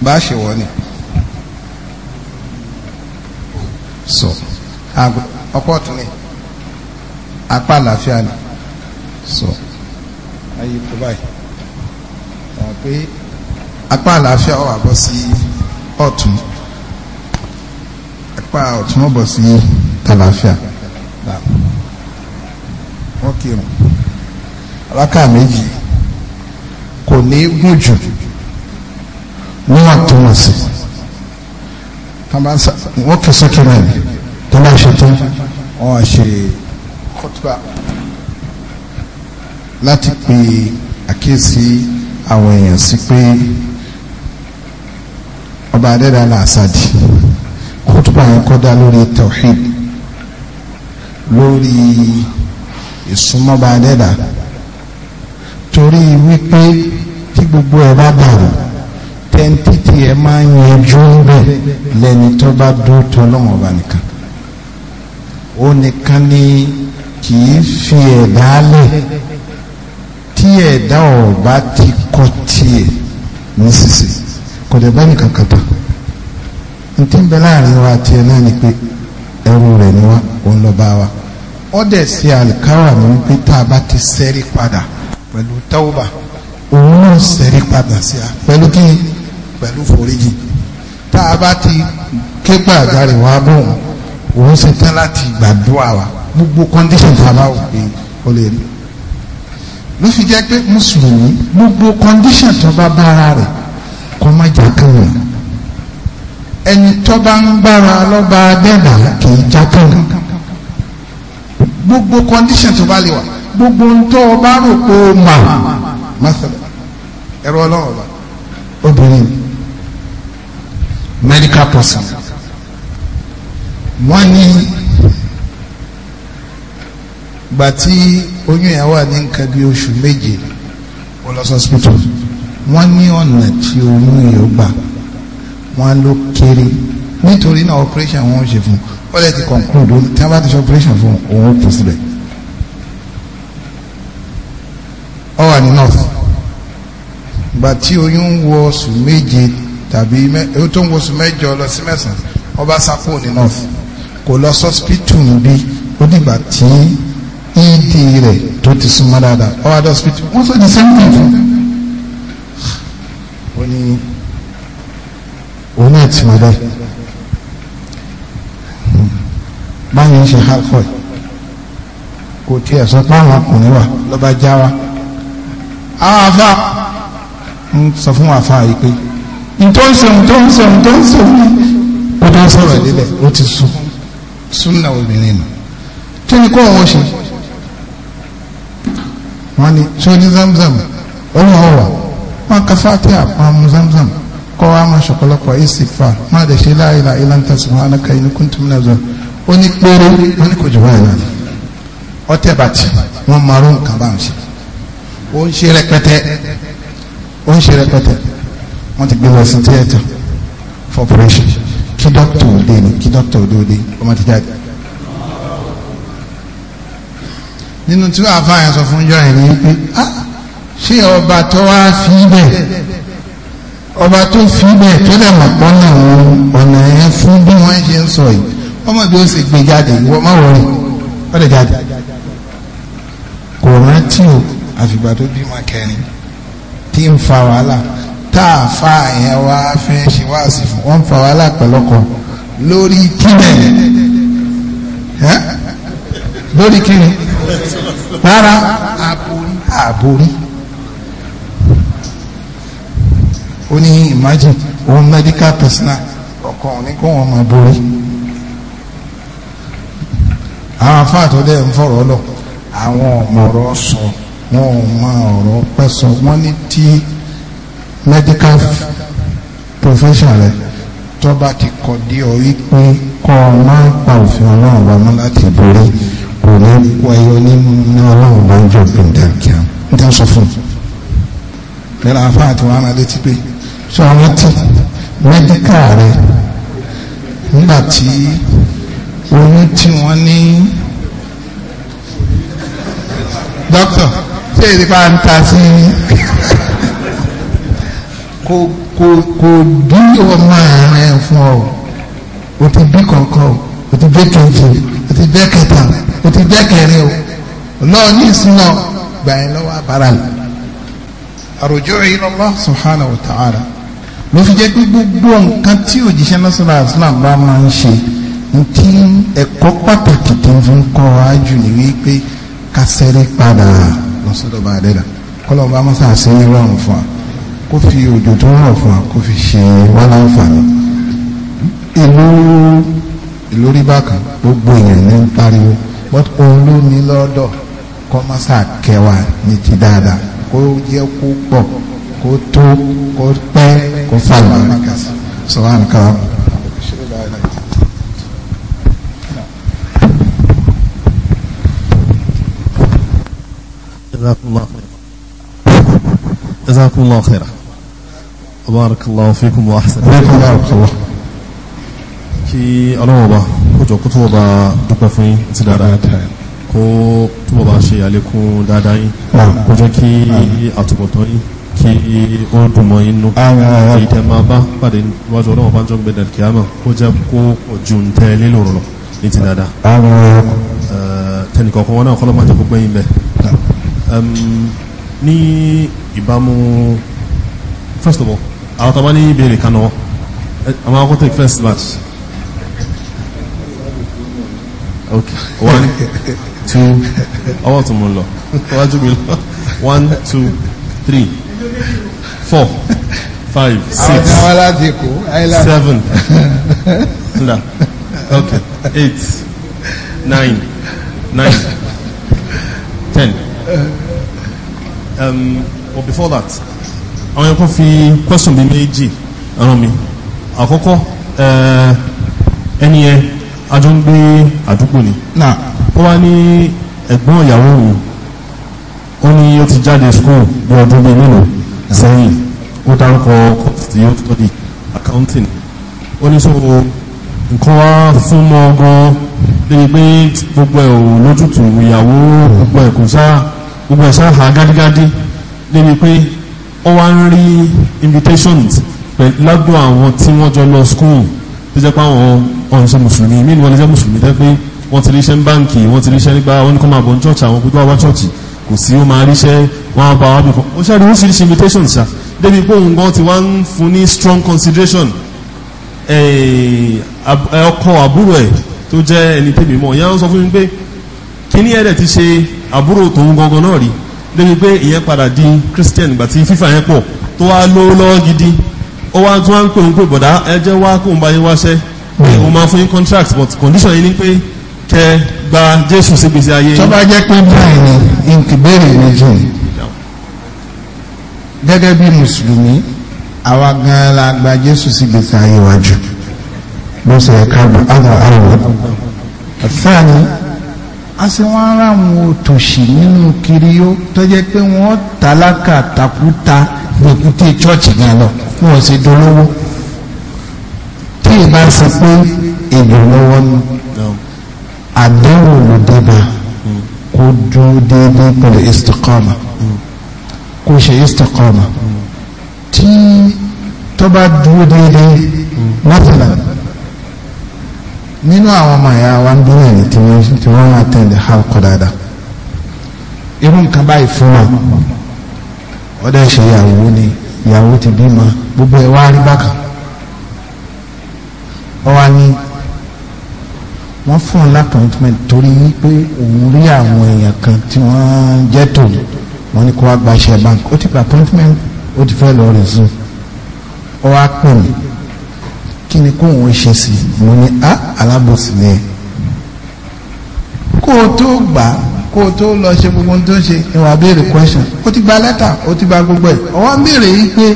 bá ṣe wọ́n ni so ọ̀pọ̀ tún ni apá àlàáfíà ni so ayé kò báyìí wà pé apá àlàáfíà ó wá bọ́ sí ọ̀tún apá ọ̀tún ó bọ́ sí tàlàáfíà wọ́n kírun alákà méjì kò ní gùn jù níwọ̀n tó wọ̀n sí wọ́n kì í sọ́kì náà tó bá ṣe tán wọ́n á ṣe kọ́tùbà láti pe àkíyèsí àwọn èèyàn sí pé ọba adẹ́dà làásàdì kọ́tùbà yẹn kọ́ dá lórí tawhid lórí ìsúnmọ́ba adẹ́dà torí wípé tí gbogbo ẹ̀ bá dàrú tẹ́ntìtì ẹ̀ máa ń yanjú bẹ́ẹ̀ lẹ́ni tó bá dúró tọ́lọ́wọ́n ọba nìkan ó nìkan ní kì í fi ẹ̀dá lẹ̀ tí ẹ̀dá ọ̀bá ti kọ́ tiẹ̀ ní sísè kò dẹ̀ bá nìkan kàtà n tí ń bẹ láàrin wa tiẹ̀ náà ni pé ẹrú rẹ̀ ni wá òun lọ bá wa ó dẹ̀ ṣe àlùkárà mi wípé tá a bá ti sẹ́rí padà pẹ̀lú tọ́wọ́bà òun náà sẹ́rí padà sí a pẹ̀lú kí pẹ̀lú foríjì tá a bá ti ké gbàgbà rẹ̀ wá bọ̀ òun ṣe tán láti gbàdúrà wa gbogbo condition tá a bá wà pé ó lè rí ló fi jẹ́ pé mùsùlùmí gbogbo condition tó bá bára rẹ̀ kọ́ má jà kẹwàá ẹni tó bá ń gbára lọ́ba adẹ́nà kì í já kẹwàá gbogbo condition tó bá lè wà gbogbo ń tọ́ ọ bá rò pé ó mà mọ́sálẹ̀ ẹ̀rọ ọlọ́run ọba obìnrin medical person wọ́n ní gbà tí oyún yẹn wà ní nǹkan bí oṣù méje wọlọsọ hospital wọ́n ní ọ̀nà tí oyún yẹn gbà wọ́n ló kéré nítorí náà operation wọ́n ṣe fún ó lè ti conclude tí wọ́n bá ti ṣe operation fún òun kù síbẹ̀ ó wà ní north gbà tí oyún wọ oṣù méje tàbí ó tó ń wọ oṣù mẹ́jọ lọ sí mẹ́sàn-án ó bá sá kúrò ní north kò lọ sọ́spítù níbí ó dìgbà tí ìdí e rẹ̀ tó ti súnmọ́ dáadáa ọwọ́ adá hospital wọ́n sọ the same thing fún ó ní òun náà ti mọ̀ bẹ́ẹ̀ báyìí ń ṣe halcoy kò tiẹ̀ sọ pé àwọn ọkùnrin wà lọ́ba já wa àwọn afa ń sọ fún àfa yìí pé ntọ́nsẹ̀hún ntọ́nsẹ̀hún ntọ́nsẹ̀hún ó tó ń sọ̀rọ̀ délẹ̀ ó ti sùn súnà obìnrin nù kí ni kó òun ṣe wọ́n ní ṣé o ní zamzam olùwà ọ̀wà wọ́n ka fatia wọ́n mu zamzam kọ́ wa máa ṣọ̀pọ̀lọpọ̀ istikfa wọ́n àdè ṣe la ilaha illa anta subhanaka inni kuntu minaz zalimin ó ní péré wọ́n ní kò jù báyìí náà ọtẹ bàtì wọ́n máa nǹkan bá ń ṣe ó ń ṣe rẹpẹtẹ ó ń ṣe rẹpẹtẹ wọ́n ti gbé wọ́n sí tíyẹ́tà for operation kí dókítà òde ni kí dókítà òde òde ọmọ ti jáde. nínú tí wàá fáyà sọ fún jọ ẹ̀rí pé ṣé ọba tó wá fi bẹ̀ ọba tó fi bẹ̀ tó lè mọ̀ pọ́n náà ọ̀nà ẹ̀ fún bí wọ́n ṣe ń sọ yìí ọmọ bí ó sì gbé jáde ìwọ má wọlé ó lè jáde kò rántí o àfìgbà tó bímọ kẹrin tí ń fa wàhálà tá a fa yẹn wá fẹ́ ṣe wá sí fún wọn fa wàhálà pẹ̀lọ́kọ lórí kílẹ̀ lórí kílẹ̀ rárá àbórí àbórí ó ní imagine òun medical personnel ọkọ òní kó wọn máa borí àwọn afáàtọ̀ dẹ̀ ń fọ̀rọ̀ lọ àwọn ọ̀mọ̀rọ̀ sọ wọn ò mọ ọ̀rọ̀ pẹ́ sọ wọ́n ní tí medical profession rẹ̀ tó bá ti kọ̀ dé ọ wípé kọ́ ọ máa gba òfin ọlọ́run wà mọ́ láti borí kò ní wáyọ ní ọlọ́run bá ń jọ fún dàkíá ń tẹ́ sọ fún lẹ́la afá àti wọn á létí pé sọ àwọn tí mẹ́díkà rẹ nígbà tí oyún tí wọ́n ní dókítà ṣé èdè bá ń ta sí kò kò kò bí ọmọ rẹ fún ọ o ti bí kankan o ti bí kejì o ti jẹ́ kẹta o ti jẹ́ kẹrin o lọ́ọ̀ ní ìsinà gbà yẹn lọ́wọ́ abara lọ. àròjọ ilallah subhanahu wa ta'ala ló fi jẹ́ pé gbogbo nǹkan tí òjíṣẹ́ nasara islam bá máa ń ṣe tí ẹ̀kọ́ pàtàkì tó ń fi ń kọ́ ájù ní wípé ká sẹ́rẹ́ padà lọ́sọ̀dọ̀ bá dẹ́dà kọ́lọ̀ bá mọ́sá sí rọrùn fún wa kó fi òjò tó rọ̀ fún wa kó fi ṣe wá láǹfààní ìlórí bákan gbogbo èèyàn ní ń pariwo wọ́n òun ló ní lọ́dọ̀ kọ́másà kẹwàá ní ti dáadáa kó jẹ́ kó pọ̀ kó tó kó pẹ́ kó fàlùmọ́ nàkàsí sọ̀rọ̀ àǹkàwọ́. جزاكم جزاكم الله خيرا وبارك الله فيكم واحسن الله kí ọlọ́wọ́ bá kójọ kó túbọ̀ bá dúpẹ́ fún yín ti dáadáa kó túbọ̀ bá ṣe àlékún dáadáa yín kójọ kí àtúbọ̀tán yín kí ó dùn mọ́ inú kí tẹ máa bá pàdé wájú ọlọ́wọ́ bá ń jọ gbẹ̀dẹ̀ kíámà kó jẹ́ kó jù ń tẹ lílò rọ̀ ní ti dáadáa tẹnìkọ̀ọ̀kan wọn náà kọ́lọ́ máa jẹ́ gbogbo yín bẹ́ẹ̀ ní ìbámu first of all àwọn tàbá ní ìbéèrè kan náà àwọn akọ́tẹ̀ first match Okay, one two ọwọ́ tún mú lọ wájú mi lọ one two three four five six seven Okay, eight nine nine ten um, but before that àwọn ẹ̀kọ́ fi question bí méjì ràn mí àkọ́kọ́ eh, ẹni yẹn àjọ ń gbé àdúgbò ni náà ó wá ní ẹ̀gbọ́n ìyàwó òun ó ní ó ti jáde school bí ọdún bíi mélòó sẹ́yìn ó dárúkọ course tí ó study accounting ó ní sọ́wọ́ nǹkan wá fún mọ́ gan débi pé gbogbo ẹ̀ ò lójútù ìyàwó gbogbo ẹ̀ kò sáà gbogbo ẹ̀ sáà há gádígádí débi pé ó wá ń rí invitations pẹ̀lú ládùn àwọn tí wọ́n jọ lọ school tó jẹ́ pé àwọn ọ̀nṣẹ́ mùsùlùmí mí wọ́n lè jẹ́ mùsùlùmí tẹ́ pé wọ́n ti ríṣẹ́ ní báǹkì wọ́n ti ríṣẹ́ nígbà wọ́n ní kọ́ máa bọ̀ ní chọ́ọ̀chì àwọn gbogbo àwọn chọ́ọ̀chì kò sí ó máa ríṣẹ́ wọ́n bá wá bí ó ṣàrí oríṣiríṣi invitation ṣá débi pé òun gan ti wá ń fún ní strong consideration ọkọ àbúrò ẹ̀ tó jẹ́ ẹni tèmi mọ̀ ìyá ń sọ fún mi pé kíní ẹ̀rẹ̀ ti ṣe àbúrò tòun gangan náà rí débi pé ìyẹn padà di Christian gbàtí fífà yẹn pọ̀ tó wá lówó lọ́wọ́ gidi ó wá tún wá ń pè ń pè bọ̀dá ẹjẹ́ wá kó ń bá yín wáṣẹ́ pé hmm. máa fún yín contract but condition yín ni pé kẹ gba Jésù sí gbèsè ayé. tó bá jẹ́ pé báyìí ni ìbéèrè mi jù gẹ́gẹ́ bí mùsùlùmí àwa gan-an la gba Jésù sí gbèsè ayé wa bó ṣe ẹ̀ka àbọ̀ àwọn àwọn a sì wọ́n ara wọn òtòṣì nínú kiri yó tó jẹ́ pé wọ́n tálákà takuta gbèkúté chọ́ọ̀chì gan lọ kí wọ́n sì dolówó tí ì bá sọ pé èlò lọ́wọ́ ni àdéhùn olùdébà kó dúró déédéé pẹ̀lú istiqama kó ṣe istiqama tí tó dúró déédéé mọ́tàlá nínú àwọn ọmọ ẹ̀yà wa ń bí náà ní tí wọ́n máa tẹ̀lé halkọ dáadáa irú nǹkan báyìí fún wa ọdẹ ṣe ìyàwó ni ìyàwó ti bímọ gbogbo ẹ wá rí bákan ọ wá wọ́n fún un lápọ̀ntmẹ́ntì torí wípé òun rí àwọn èèyàn kan tí wọ́n jẹ́ tòun wọ́n ní kó wá gbaṣẹ́ bank ó ti gba appointment ó ti fẹ́ lọ resume ọ wá pè mí kí ni kó òun ṣe sí mo ní a alábòsí ni ẹ kó o tó gbà kó o tó lọ ṣe gbogbo tó ń ṣe ìwà béèrè question ó ti gba lẹ́tà ó ti gba gbogbo ẹ̀ ọwọ́ ń béèrè yìí pé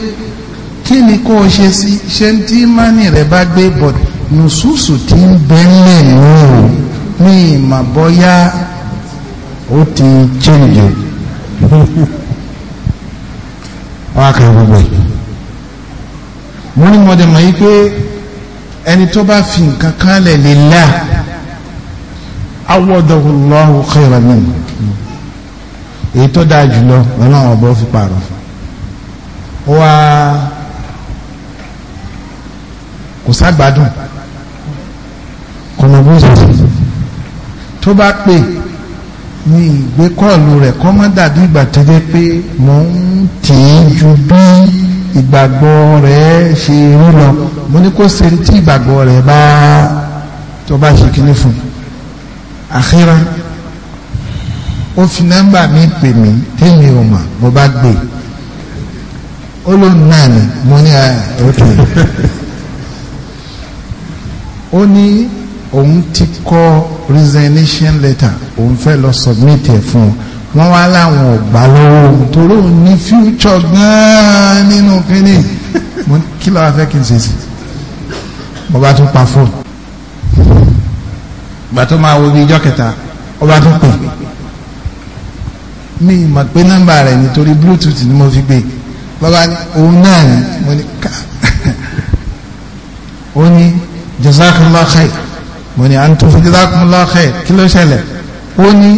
kí ni kó o ṣe sí ṣé tí mánì rẹ bá gbé bọ̀ nùsùsù tí ń bẹ́ńlẹ̀ ní o ní ìmọ̀ bọ́yá ó ti change *laughs* wọ́n á kàn gbogbo ẹ̀ mo ní mo dẹ̀ mọ̀ yí pé ẹni tó bá fi nǹkan kan lẹ̀ lè la awọ́dọ̀wọ̀ lọ́wọ́ kẹrọ mi èyí tó dáa jùlọ lọ́nà ọ̀bọ̀ fi pààrọ̀ wá kò ságbádùn kọ̀nà bó ṣe tó bá pè ní ìgbé kọ́ọ̀lù rẹ̀ kọ́ mọ́ dàbí ìgbà tó jẹ́ pé mò ń tì í ju bíi ìgbàgbọ́ rẹ̀ ṣe rú lọ mo ní kó ṣe tí ìgbàgbọ́ rẹ̀ bá tó bá ṣe kíní fún àkírá ó fi nọ́mbà mi pè mí tèmi ò mà mo bá gbé ó ló nà ní mo ní ah, ok ó ní òun ti kọ resignation letter òun fẹ́ lọ submit ẹ̀ fún un wọ́n wá láwọn ọ̀gbà lọ́wọ́ torí òun ní future gan-an nínú kínní mo kí lọ́wọ́ fẹ́ kí n ṣe sí mo bá tún pa fóònù ìgbà tó máa wo ní ijọ́ kẹta ó bá tún pè mí mà pé nọ́mbà rẹ̀ nítorí bluetooth ni mo fi gbé bàbá òun náà ni mo ní ká ó ní jazakumullahu khair mo ní antum jazakumullahu khair kí ló ṣẹlẹ̀ ó ní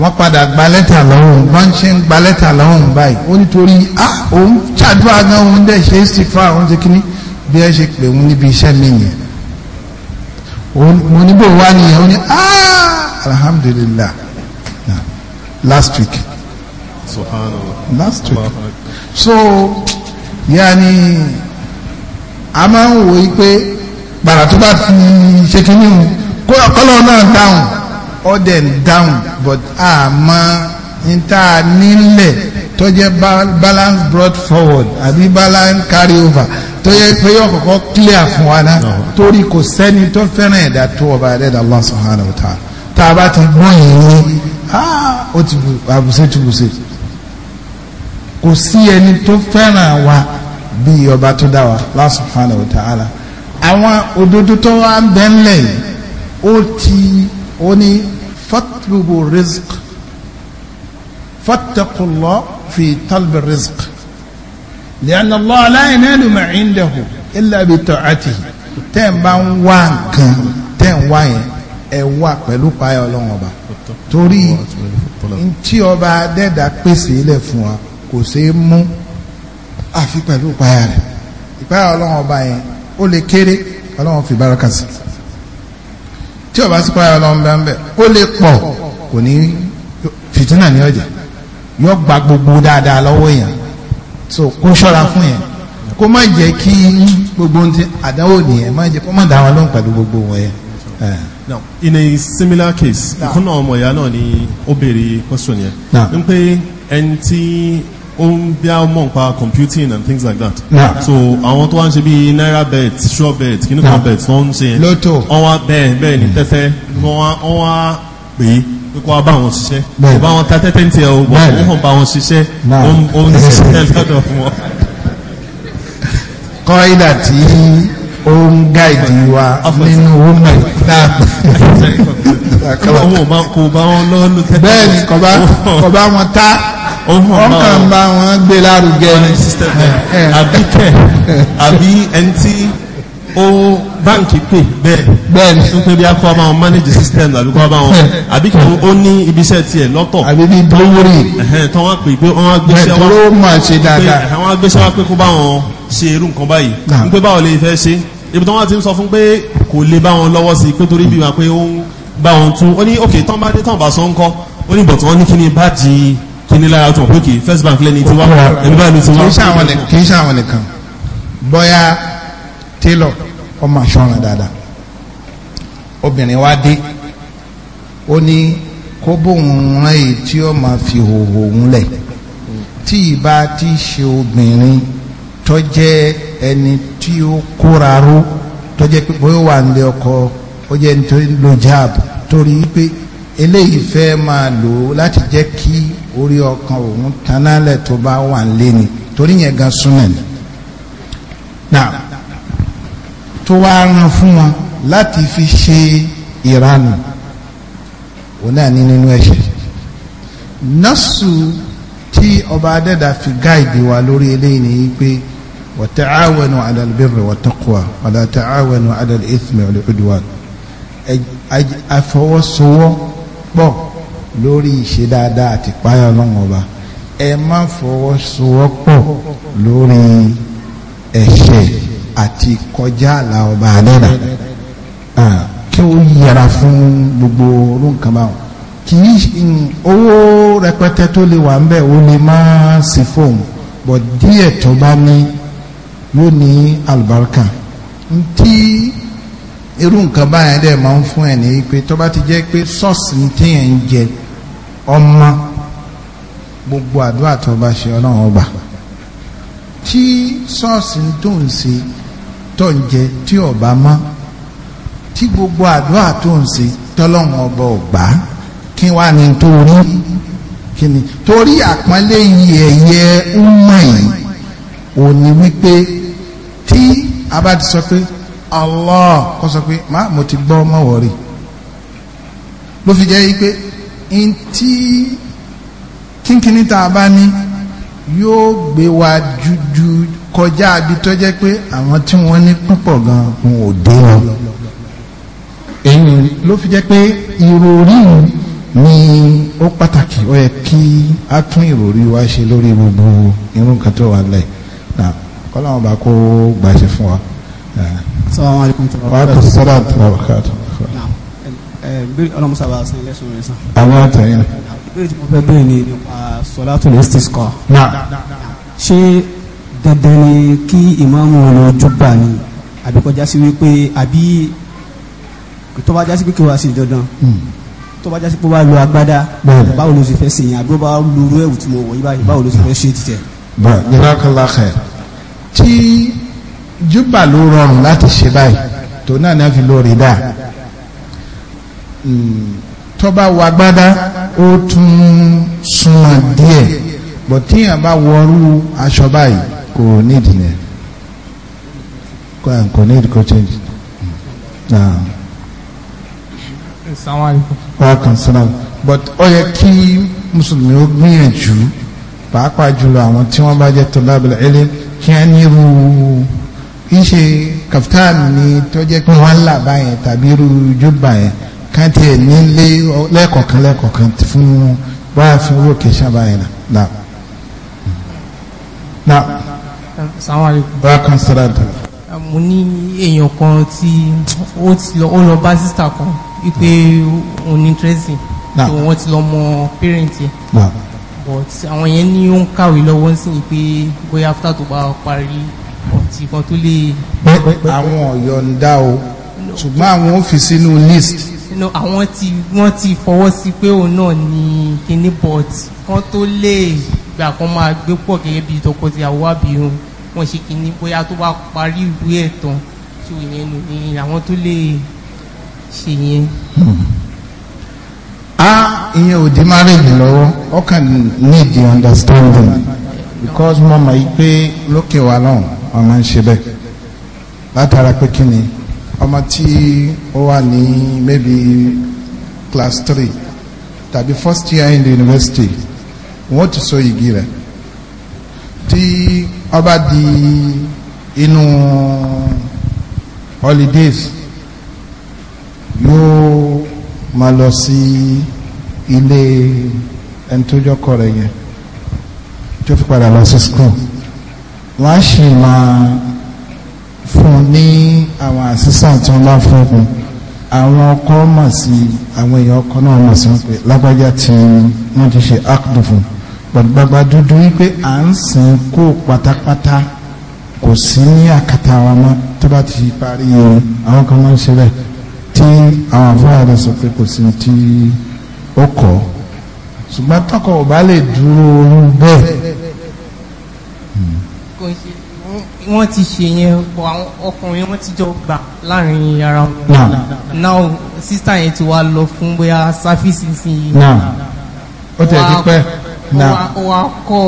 wọ́n padà gba lẹ́tà lọ́hùn wọ́n ṣe ń gba lẹ́tà lọ́hùn báyìí ó nítorí a ah, òun ṣàdúrà gan òun dẹ̀ ṣe é sì fa òun ti kíní bí ẹ ṣe pè òun níbi iṣẹ́ mi yẹn mo níbò wá nìyẹn ó ní ah, alhamdulillah last week last week so yaani a máa ń wòye pé gbàrà tó bá fi ṣe kíní kó ọ̀kọ́lọ́ náà dáhùn ọdẹ ń dáhùn but àmọ́ n ta nílẹ̀ tó jẹ́ balance brought forward àbí balance carry over tó yẹ pé yóò kọ́kọ́ clear fún wa náà uh-huh. torí kò sẹ́ni tó fẹ́ràn ẹ̀dá tó ọba ẹ̀dá Allah subhanahu wa ta'ala tá a bá ti gbọ́n yìí ní ó ti àbùsẹ̀ ti bùsẹ̀ kò sí ẹni tó fẹ́ràn wa bí ọba tó dá wa Allah subhanahu wa ta'ala àwọn òdodo tó wá ń bẹ́ńlẹ̀ yìí ó ti ó ní fatlubu الرزق، fattakullah الله في طلب الرزق، لأن الله لا ينال indahu illa bi ta'atihi tẹ́ ń bá ń wá nǹkan tẹ́ ń wá yẹn ẹ wá pẹ̀lú payọ̀ ọlọ́run ọba torí ntí ọba adẹ́dà pèsè wa kò ṣeé mú àfi pẹ̀lú payà rẹ̀ ìpayà ọlọ́run ọba yẹn ó lè kéré ọlọ́run fi bárakà tí o bá sì pààyà ọlọ́run bá ń bẹ̀ ó lè pọ̀ kò ní fìtínà ní ọjà yóò gba gbogbo dáadáa lọ́wọ́ èèyàn so kó ṣọ́ra fún yẹn kó má jẹ́ kí gbogbo ohun tí àdáwò nìyẹn má jẹ́ kó má dá wọn lóhùn pẹ̀lú gbogbo wọn yẹn. Eh. now in a similar case ìkúnná ọmọ ìyá náà ni ó béèrè question yẹn n pé ẹni tí ó ń bí a mọ̀ nípa computing and things like that. Nah. so àwọn tó wá ń ṣe bíi naira bet sure bet kí ni kan bet wọ́n ń ṣe yẹn. lótò wọ́n wá bẹ́ẹ̀ bẹ́ẹ̀ ni tẹ́tẹ́ wọ́n wá pè é kó a bá wọn ṣiṣẹ́ kó bá wọn ta tẹ́tẹ́ ń tiẹ̀ o wọ́n ó hàn bá wọn ṣiṣẹ́ ó ń ṣiṣẹ́ lọ́dọ̀ fún wọn. kọ́ ìdà tí ó ń gáìdì wa nínú women *laughs* club. kó bá wọn lọ́ọ́ lu tẹ́tẹ́. bẹ́ẹ̀ ni kó bá wọn ta ọkàn bá wọn gbé lárugẹ ni *laughs* àbí kẹ àbí ẹni tí ó báǹkì pè bẹ́ẹ̀ bẹ́ẹ̀ ni tó pé bí akọ bá wọn manage system àbí kọ bá wọn *laughs* àbí kẹ ó ní ibiṣẹ́ tiẹ̀ lọ́tọ̀ àbí bí dúwúrì tó wọn pè pé wọn gbéṣẹ́ wọn tó mọ̀ ṣe dáadáa wọn gbéṣẹ́ wọn pé kó bá wọn ṣe irú nǹkan báyìí ń pé báwọn lè fẹ́ ṣe ibi tó wọn ti ń sọ fún pé kò lè bá wọn lọ́wọ́ sí pé torí bí wọn pé ó ń bá wọn tún ó ní òkè tán bá dé tán bá sọ ń kọ́ ó ní bọ̀tán wọn ní kí ni bá di Kini lára tó pé kì í first bank lẹ́ni tí wá ẹni báyìí tí wá. kì í ṣàwọn nìkan bóyá tailor ọmọ àṣọràn dáadáa obìnrin wa dé ó ní kó bóun rán èyí tí ó máa fi hòhò òun lẹ̀ tí ìbá ti ṣe obìnrin tó jẹ́ ẹni tí ó kóra ró tó jẹ́ pé bóyá wà nílé ọkọ ó jẹ́ nítorí lo torí pé eléyìí fẹ́ máa lò ó láti jẹ́ kí orí ọkàn òun tanálẹ̀ tó bá wà lé ni torí yẹn gan súnà ni tó wá rán fún wọn láti fi ṣe ìranù òun náà ní nínú ẹ̀ṣẹ̀ nọ́ọ̀sù tí ọba adẹ́dà fi gáìdì wa lórí eléyìí ni wípé wa ta'awanu 'ala al-birri wat-taqwa wa la ta'awanu àfọwọ́sowọ́ pọ̀ lórí ìṣe dáadáa àti páyà ọlọ́run ọba ẹ má fọwọ́sowọ́pọ̀ lórí ẹ̀ṣẹ̀ àti kọjá àlà ọba àdẹ́dà kí ó yẹra fún gbogbo orú nǹkan báwọn kì í owó rẹpẹtẹ tó lè wà ń bẹ̀ ó lè má sí fóun bọ̀ díẹ̀ tó bá ní yóò ní àlùbáríkà ntí irú nǹkan báyẹn dẹ̀ máa ń fún ẹ̀ ní pé tó bá ti jẹ́ pé sọ́ọ̀sì ní téèyàn ń jẹ ọmọ gbogbo àdúrà tó bá ṣe ọlọ́run ọba tí sọ́ọ̀sì tó ń ṣe tó ń jẹ tí ọba mọ́ tí gbogbo àdúrà tó ń ṣe tọ́lọ́run ọba ọ̀gbá kí wàá ní torí kí ni torí àpọ́nlé yẹ̀yẹ ọmọ yìí ò ní wípé tí a bá ti sọ pé Allah kó sọ pé má mo ti gbọ́ ọmọ wọ̀ rí ló fi jẹ́ yí pé in tí kínkínní tá a bá ní yóò gbé wa juju kọjá abi tó jẹ́ pé àwọn tí wọ́n ní púpọ̀ gan wọn ò dé wọn èyí ló fi jẹ́ pé ìròrí ni ó pàtàkì ó yẹ kí a tún ìròrí wa ṣe lórí gbogbo irun kan tó wà lẹ̀ náà kọ́láwọn bá kó gbàṣẹ fún wa. sọ́wọ́n alaikum tó rọ̀ bá kàtó ọ̀nà mọ́sàbà sí lẹ́sùn rẹ̀ sàn. àwọn àtẹ̀yìn. ìbéèrè tí mo fẹ́ béèrè ni nípa solatul istisqa. ṣé dandan ni kí ìmáàmù lọ júbà ni àbí kọjá sí wípé àbí tó bá já sí pé kí wàá sí dandan hmm. tó já sí pé wàá lo agbádá báwo ló ti fẹ́ ṣe yẹn àbí wọ́n bá lu ẹ̀wù tí mo wọ̀ yí báwo ló ti fẹ́ ṣe títẹ̀. jazakallah khair tí júbà ló rọrùn láti ṣe báyìí tó náà náà fi lórí dáa tó bá wà gbádá ó tún súnmọ́ díẹ̀ bọ̀ tíyàn bá wọrú aṣọ báyìí kò nídìí yẹn kò nídìí kò change. ọkàn sinamu but ó yẹ kí mùsùlùmí ó gbìyànjú pàápàá jùlọ àwọn tí wọ́n bá jẹ́ tọ́lábìlì ẹlẹ́ kí á ní irú iṣẹ́ kaftan ni tó jẹ́ pé wọ́n ń là báyẹn tàbí irú Kante tiẹ̀ nílé lẹ́ẹ̀kọ̀kan lẹ́ẹ̀kọ̀kan fún báyà fún owó kẹsàn báyìí nà. na bákan sọ́dọ̀ tó. mo ní èèyàn kan tí ó lọ bá sísà kan wípé òun ní tírẹ́sì tó wọ́n ti lọ mọ pẹ́rẹ́ǹtì ẹ̀ but àwọn yẹn ní ó ń kàwé lọ́wọ́ sí ni pé bóyá after tó bá parí ọ̀tí kan tó lè. àwọn ọ̀yọ̀ ń dá o ṣùgbọ́n àwọn ò fi sínú list no àwọn tí wọ́n ti fọwọ́ sí pé òun náà ni kíní but kan tó lè gbà kan máa gbé pọ̀ gẹ́gẹ́ bí tọkọtìyàwó àbí wọn ṣe kíní bóyá tó bá parí ìwé ẹ̀ tán tó yẹn ni àwọn tó lè ṣe yẹn. a ìyẹn ò dé marriage lọ́wọ́ ọkàn need the understanding because mo mọ̀ yí pé lókè wa náà wọ́n máa ń ṣe bẹ́ẹ̀ látara pé kí ni ọmọ tí ó wà ní maybe class three tàbí first year in the university wọ́n ti sọ igi rẹ̀ tí ó bá di inú holidays yóò máa lọ sí ilé ẹni tó jọ́kọ̀ rẹ̀ yẹn fi padà lọ sí school wọ́n á sì máa fún ní àwọn àṣìṣàn tí wọ́n bá fún un àwọn ọkọ mọ̀ sí àwọn èèyàn ọkọ náà mọ̀ sí wọn pé lágbájá tí wọ́n ti ṣe ákùdù fún gbàgbàgbà dúdú wípé à ń sìn kó pátápátá kò sí ní àkàtà wa mọ́ tó bá ti parí àwọn kan máa ń ṣe bẹ́ẹ̀ tí àwọn àfúrà rẹ̀ sọ pé kò sí tí ó kọ́ ṣùgbọ́n tọkọ ò bá lè dúró bẹ́ẹ̀ wọ́n ti ṣe yẹn ọkùnrin wọ́n ti jọ gbà láàrin ara wọn now sister yẹn ti wá lọ fún bóyá sáfíìsì sí i ó tẹ̀ ti pẹ́ ó wá kọ́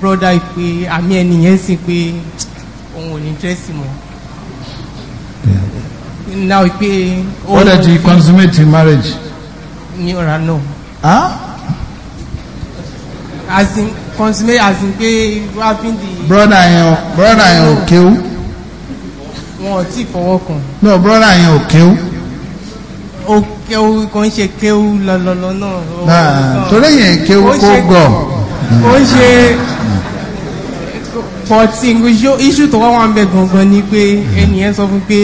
brọ́dá pé àmì ẹni yẹn sì pé òun ò ní dírẹ́sì mọ́ now pé ó lè ti consummate marriage ní ọ̀rá náà ah? as in consummate as in pé wrapping the. broda yẹn o broda yẹn ò kéwú. wọn ò tí fọwọ́ kàn. no broda yẹn ò kéwú. o kéwú kò ń ṣe kéwú lọlọlọ náà. torí yẹn kéwú kó gọ̀. ó ń ṣe but issue tó wá wọn bẹ gangan ni pé ẹnìyẹn sọ fún pé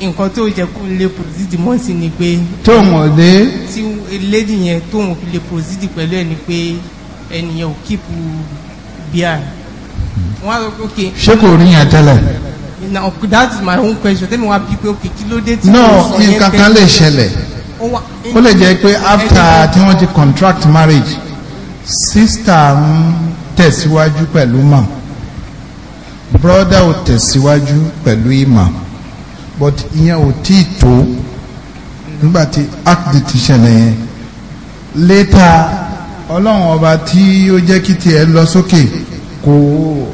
nǹkan tó jẹ́ kó lè prozidi mọ́ sí ni pé. tó mọ̀ dé. tí lady yẹn tó mọ̀ lè prozidi pẹ̀lú ẹ̀ ni pé ẹnìyàn ò kíìpù bíà wọ́n á pé okay. ṣé kò rí yẹn tẹ́lẹ̀. now that is my own question Then wá bí pé okay kí ló dé tí mo sọ yẹn tẹ́lẹ̀. no nǹkan kan lè ṣẹlẹ̀ ó lè jẹ́ pé after tí wọ́n ti contract marriage sister ń tẹ̀síwájú pẹ̀lú mọ̀ brother ò tẹ̀síwájú pẹ̀lú ìmọ̀ but ìyẹn ò tí ì tó nígbàtí act ti ṣẹlẹ̀ yẹn later ọlọ́run ọba tí ó jẹ́ kí tiẹ̀ lọ sókè kò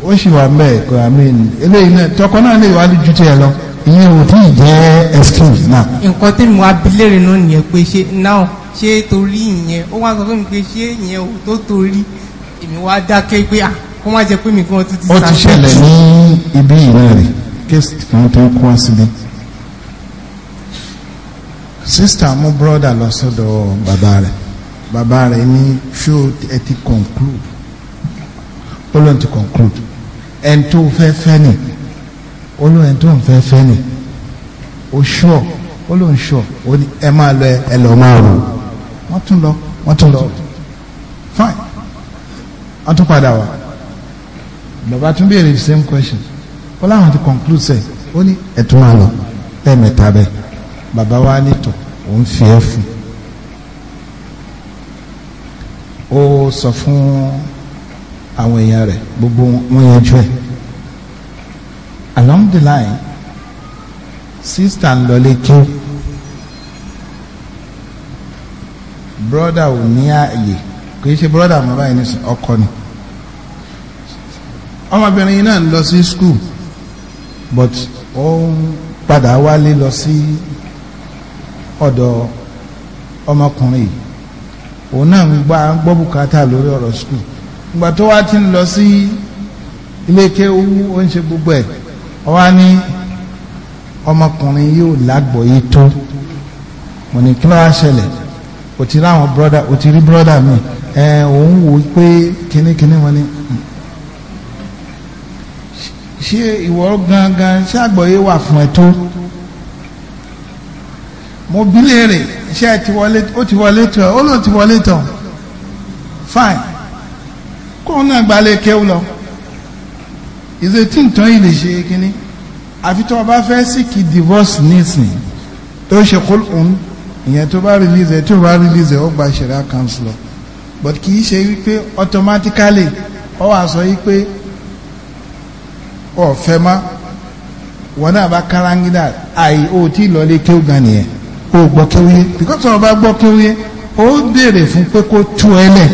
ó sì wà mẹ́ẹ̀ kò àmín eléyìí náà tọkọ náà lè wá ju tiẹ̀ lọ. ìyẹn ò tí ì jẹ́ excuse náà. nǹkan tí mo abilérè náà nìyẹn pé ṣé náà ṣé torí ìyẹn ó wá sọ fún mi pé ṣé ìyẹn ò tó torí èmi wá dákẹ́ pé à ah, kó má jẹ pé mi kan tún ti sàkóso. ó ti ṣẹlẹ̀ ní ibi ìran rẹ̀ kéésì kan tó kó wá síbi. sísítà mú bọ́dà lọ sọ́dọ̀ bàbá rẹ̀. Baba, rẹ̀ ní ṣó ẹ ti conclude ó lóun ti conclude ẹni tó fẹ́ fẹ́ nì ó lóun ẹni tó ń fẹ́ fẹ́ nì ó ṣọ́ ó lóun ṣọ́ ó ní ẹ máa lọ ẹ lọ máa rò wọ́n tún lọ wọ́n tún lọ fine wọ́n tún padà wá bàbá tún béèrè the same question ó láwọn ti conclude sẹ́ ó ní ẹ tún máa lọ lẹ́ẹ̀mẹ́ta bẹ́ẹ̀ bàbá wa ní tọ̀ òun fi ẹ́ fún un. sọ fún àwọn èèyàn rẹ̀ gbogbo wọn yanjú ẹ̀ along the line sista ń lọlé kí broda ò ní ààyè kì í ṣe broda mọ báyìí ní ọkọ ni ọmọbìnrin yìí náà ń lọ sí school but ó ń padà wálé lọ sí ọ̀dọ̀ ọmọkùnrin yìí òun náà ń gbá gbọ́ bùkátà lórí ọ̀rọ̀ skul ìgbà tó wá ti ń lọ sí ilé kéwú ó ń ṣe gbogbo ẹ̀ ọ wá ní ọmọkùnrin yóò lágbọ̀ọ́yé tó mo ní kí ló wá ṣẹlẹ̀ o ti láwọn brọ́dà o ti rí brọ́dà mi ẹ òun wò ó pé kínníkínní wọn ni ṣé ìwọ gangan ṣàgbọ̀ọ́yé wà fún ẹ tó mo bí léèrè ṣe ó ti wọlé tọ̀ ó lò ti wọlé tọ̀ fine kóun náà gbalẹ̀ kéwù lọ ìṣe tí ń tán yìí lè ṣe kínní àfi tó o bá fẹ́ síkì divorce nísìn tó ṣe kó òun ìyẹn tó bá release ẹ tó bá release ẹ ó gba ṣẹ̀dá counselor but kì í ṣe wípé automatically ọ wà sọ wípé ọ̀fẹ́ má wọn náà bá kárangídà àì ó tí lọ lé kéwù gan nìyẹn o gbọ́ kéwìyé because ọ̀rọ̀ bá gbọ́ kéwìyé ó béèrè fún pé kó tú ẹ lẹ̀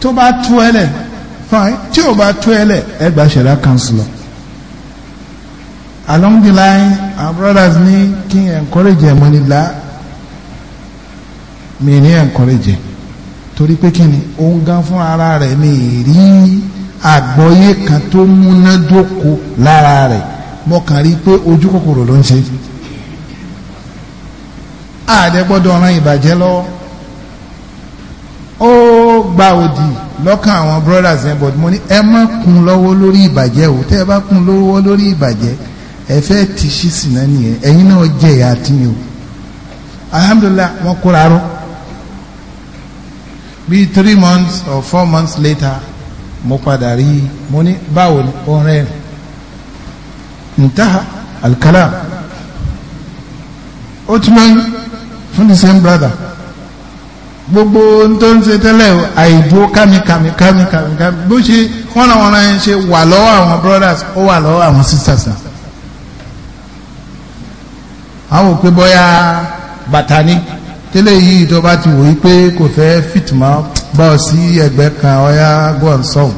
tó bá tú ẹ lẹ̀ fine tí ò bá tú ẹ lẹ̀ ẹ gba ṣẹ̀dá councilor along the line our brothers ní kí n encourage ẹ̀ mọ́nìlá mi ní encourage ẹ̀ torí pé kí ni òun gan fún ara rẹ̀ mi rí àgbọ́yé kan tó múnádóko lára rẹ̀ mo kàn rí i pé ojú kòkòrò ló ń ṣe àdẹ́gbọ́dọ̀ ran ìbàjẹ́ lọ́wọ́ ó gba òdì lọ́kàn àwọn brothers ẹ̀ but mo ní ẹ má kun lọ́wọ́ lórí ìbàjẹ́ o tẹ́ ẹ bá kun lọ́wọ́ lórí ìbàjẹ́ ẹ fẹ́ ti ṣí sìnà nìyẹn ẹ̀yin náà jẹ́ ìyá àti mi o alhamdulilah wọ́n kóra rọ́ bíi three months or four months later mo padà rí i mo ní báwo ni ó rẹ̀ ntaha alkalam ó tún lọ́yìn fún the same brother gbogbo tó ń ṣe tẹ́lẹ̀ àìdúró kámikámi kámikámi bó ṣe wọ́n náà wọ́n náà ń ṣe wà lọ́wọ́ àwọn brothers ó wà lọ́wọ́ àwọn sisters náà àwọn òpè bọ́yá bàtà ni tẹ́lẹ̀ yìí tó bá ti wòye pé kò fẹ́ fìtìmọ́ bá ọ sí ẹgbẹ́ kan ọ̀yá gbọ́n sọ̀hún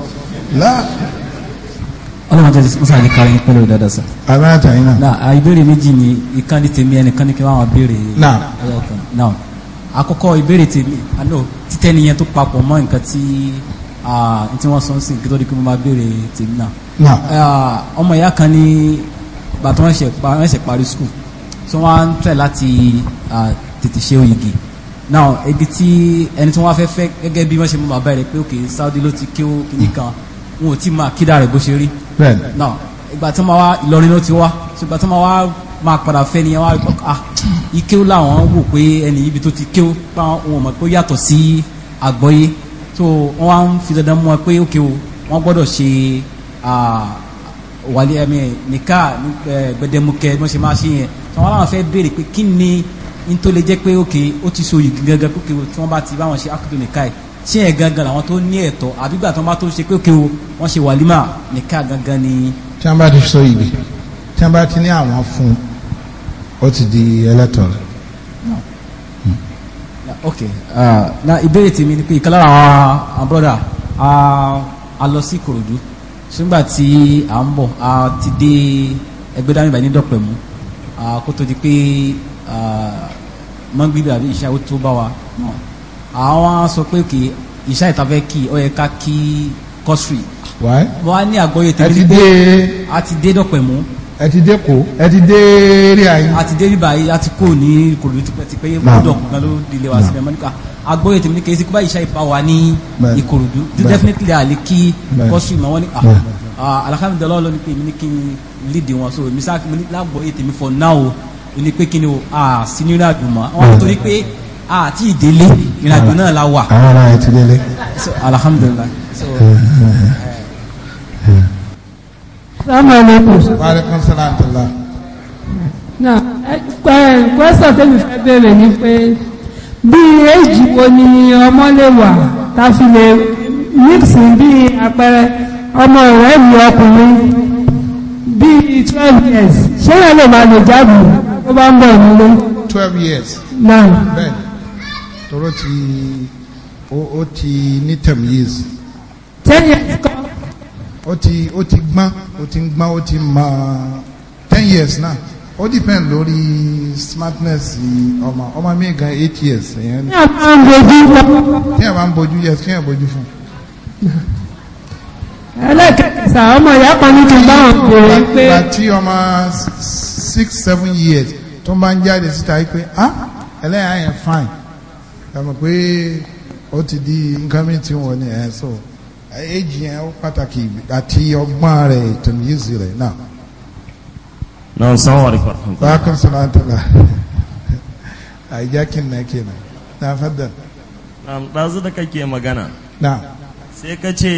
ọlọ́run jẹ́ sísá ní kárí pẹ̀lú dáadáa sá. aláàtà yìí náà. náà ìbéèrè méjì ni ìkan ní tèmi ẹnìkan ní kí wọ́n àwọn béèrè. náà ọlọ́kan náà àkọ́kọ́ ìbéèrè tèmi àlọ́ títẹ́ nìyẹn tó papọ̀ mọ́ nǹkan tí tí wọ́n sọ ń sìn kí tó di kí mo máa béèrè tèmi náà. náà ọmọ ìyá kan ní bàtà wọn ṣẹ̀ parí skul tí wọ́n ń tẹ̀ láti tètè ṣe òyìnbó náà ibi tí ẹni tí wọ́n fẹ́ fẹ́ gẹ́gẹ́ bí wọ́n ṣe mú bàbá rẹ̀ pé òkè Saudi ló ti kí ó kíní kan wọn ò tí máa kídà rẹ̀ bó ṣe rí bẹ́ẹ̀ náà ìgbà tí wọ́n wá Ìlọrin ló ti wá ìgbà tí wọ́n wá máa padà fẹ́ ni wọ́n á ikéw làwọn wò pé ẹni ibi tó ti kéw táwọn ohun ọmọ pé ó yàtọ̀ sí àgbọ́yé tó wọ́n wá ń fi dandan mú ẹ pé ókè o wọ́n gbọ́dọ̀ ṣe wàlẹ ẹmí nìka gbẹdẹmukẹ bí wọ́n ṣe máa ṣe yẹn tí wọ́n láwọn fẹ́ béèrè pé kí ni n tó lè jẹ́ pé ókè ó ti so yìí gẹ́gẹ́ pé tí wọ́n bá ti báwọn ṣe ákùtù nìka yìí ṣé ẹ̀ gangan làwọn tó ní ẹ̀tọ́ àbígbà tó bá tó ṣe pé kéwò wọ́n ṣe wàlímà nìka gangan ni. tí wọ́n bá ti sọ ibi tí wọ́n bá ti ní àwọn fún ó ti di ẹlẹ́tọ̀ rẹ̀. Hmm. ok na ìbéèrè tèmi ni pé ìkan lára àwọn àbúrọ̀dà a lọ sí Ìkòròdú nígbà tí à ń bọ̀ a ti dé ẹgbẹ́ dání ìbàdí dọ̀pẹ̀ mú kó tó di pé mọ́ngbìlì àbí ìṣàwó tó bá wa náà àwọn sọ pé kì ìṣá ìtafẹ́ kì ọ yẹ ká kí kọ́sìrì. wáyé wọ́n á ní àgbọ́yé tẹ́lẹ̀ ti dé a ti dé dọ̀pẹ̀ mú. ẹ ti dé kó ẹ ti dé rí àyè. a ti dé rí báyìí a ti kó ní kòló tipẹ́tipẹ́ yẹ kó dọ̀kùn kan ló dilé wa sílẹ̀ mọ́níkà agbóyè tèmi ní kèésì kó bá ìṣá ìfà wa ní ìkòròdú definitely àlè kí kọ́sìrì mọ́ wọ́n ní ah, ah, alhamdulilayi ló ní pé èmi ní kí n lead wọn so èmi sáà mo ní lágbóyè tèmi for now ní pé kí ni o senior àdùnmọ́ àwọn nítorí pé àti ìdílé ìrìnàjò náà la wà. àwọn ará ẹ ti délé. alhamdulilayi. Eh, eh, eh. salaamaleykum. waaleykum salaam tala. na kwesọ tẹ́mi fẹ́ bẹ̀rẹ̀ ni pé bí èjì wo ni ọmọ lè wà tá a fi lè mixi bí àpẹẹrẹ ọmọ rẹ̀ mi ọkùnrin bí twelve years ṣé ẹ lè máa lè jáde tó bá ń bọ̀ nílé. twelve years. náà bẹ́ẹ̀ tọrọ ti ó ti ní tẹ̀míyèz. ten years kọ́. ó ti ó ti gbọ́n ó ti ń gbọ́n ó ti mọ ten years náà ó depend lórí smartness ọmọ ọmọ mi gan eight years. kí ẹ máa ń bojú fún. kí ẹ máa ń bojú yes kí ẹ bojú fún. ẹlẹ́kẹ̀ẹ́sà ọmọ ìyá kan ní ti bá wọn bèrè pé. ìgbà tí ọmọ six seven years tó máa ń jáde síta yìí pé ah ẹlẹ́yà yẹn fine kàmú pé ó ti di nǹkan mi tí wọ́n ní ẹ̀ so èjì yẹn ó pàtàkì àti ọgbọ́n rẹ̀ ní yìí rẹ̀ náà. náà sanwó àríkọ̀. bákan sọ̀rọ̀ àtàlà àìjákin náà kenan na fadda. ɗazu da kake magana. na. sai ka ce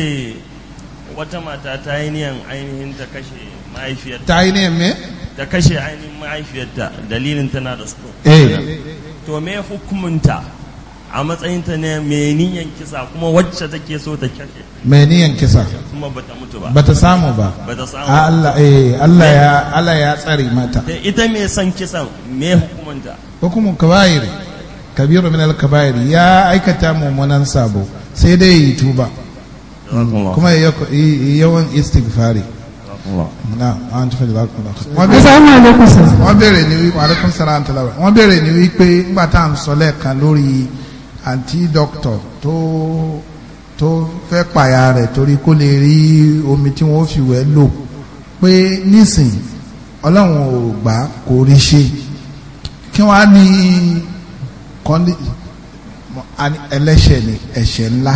wata mata ta yi niyan ainihin ta kashe mahaifiyarta. ta yi niyan me? ta kashe ainihin mahaifiyarta dalilin tana da su. eh. to me hukumunta? a matsayinta ne mai niyan kisa kuma wacce take so ta kyashe mai niyan kisa kuma bata mutu ba bata samu ba bata samu Allah eh Allah ya Allah ya tsare mata eh, ita mai san kisa me hukumanta hukumun kabair kabiru min al-kabair ya aikata mummunan sabo sai dai yi tuba kuma yawan istighfari wọ́n bẹ̀rẹ̀ ni wípé wọ́n bèèrè ní tá à ń sọ lẹ́ẹ̀kan lórí àǹtí dókítà tó tó fẹ́ pàyà rẹ̀ torí kó lè rí omi tí wọ́n fi wẹ̀ lò pé nísìn ọlọ́run ò gbà kò rí ṣe kí wọ́n á ní ẹlẹ́ṣẹ̀ ni ẹ̀ṣẹ̀ ńlá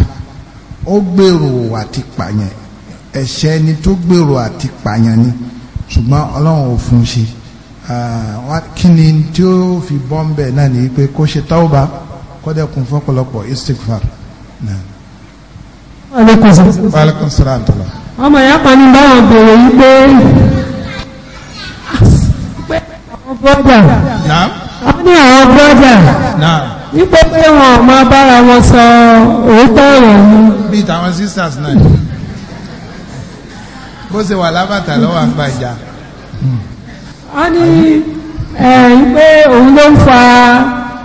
ó gbèrò àti pààyàn ẹ̀ṣẹ̀ ni tó gbèrò àti pààyàn ni ṣùgbọ́n ọlọ́run ò fún ṣe ah, kí ni tí ó fi bọ́ ń bẹ̀ náà ni pé kó ṣe tọ́wọ́ bá kọ́dẹ̀ kún fún ọ̀pọ̀lọpọ̀ istighfar. aleykum salaam tala. ọmọ ìyá kan ní báwọn bèrè yìí pé pé àwọn bọ́dà wọ́n ní àwọn bọ́dà wípé pé wọn ò máa bára wọn sọ òótọ́ ọ̀rọ̀ yìí. bíi tàwọn sisters náà bó ṣe wà lábàtà lọ́wọ́ àgbàjá. wọ́n ní pé òun ló ń fa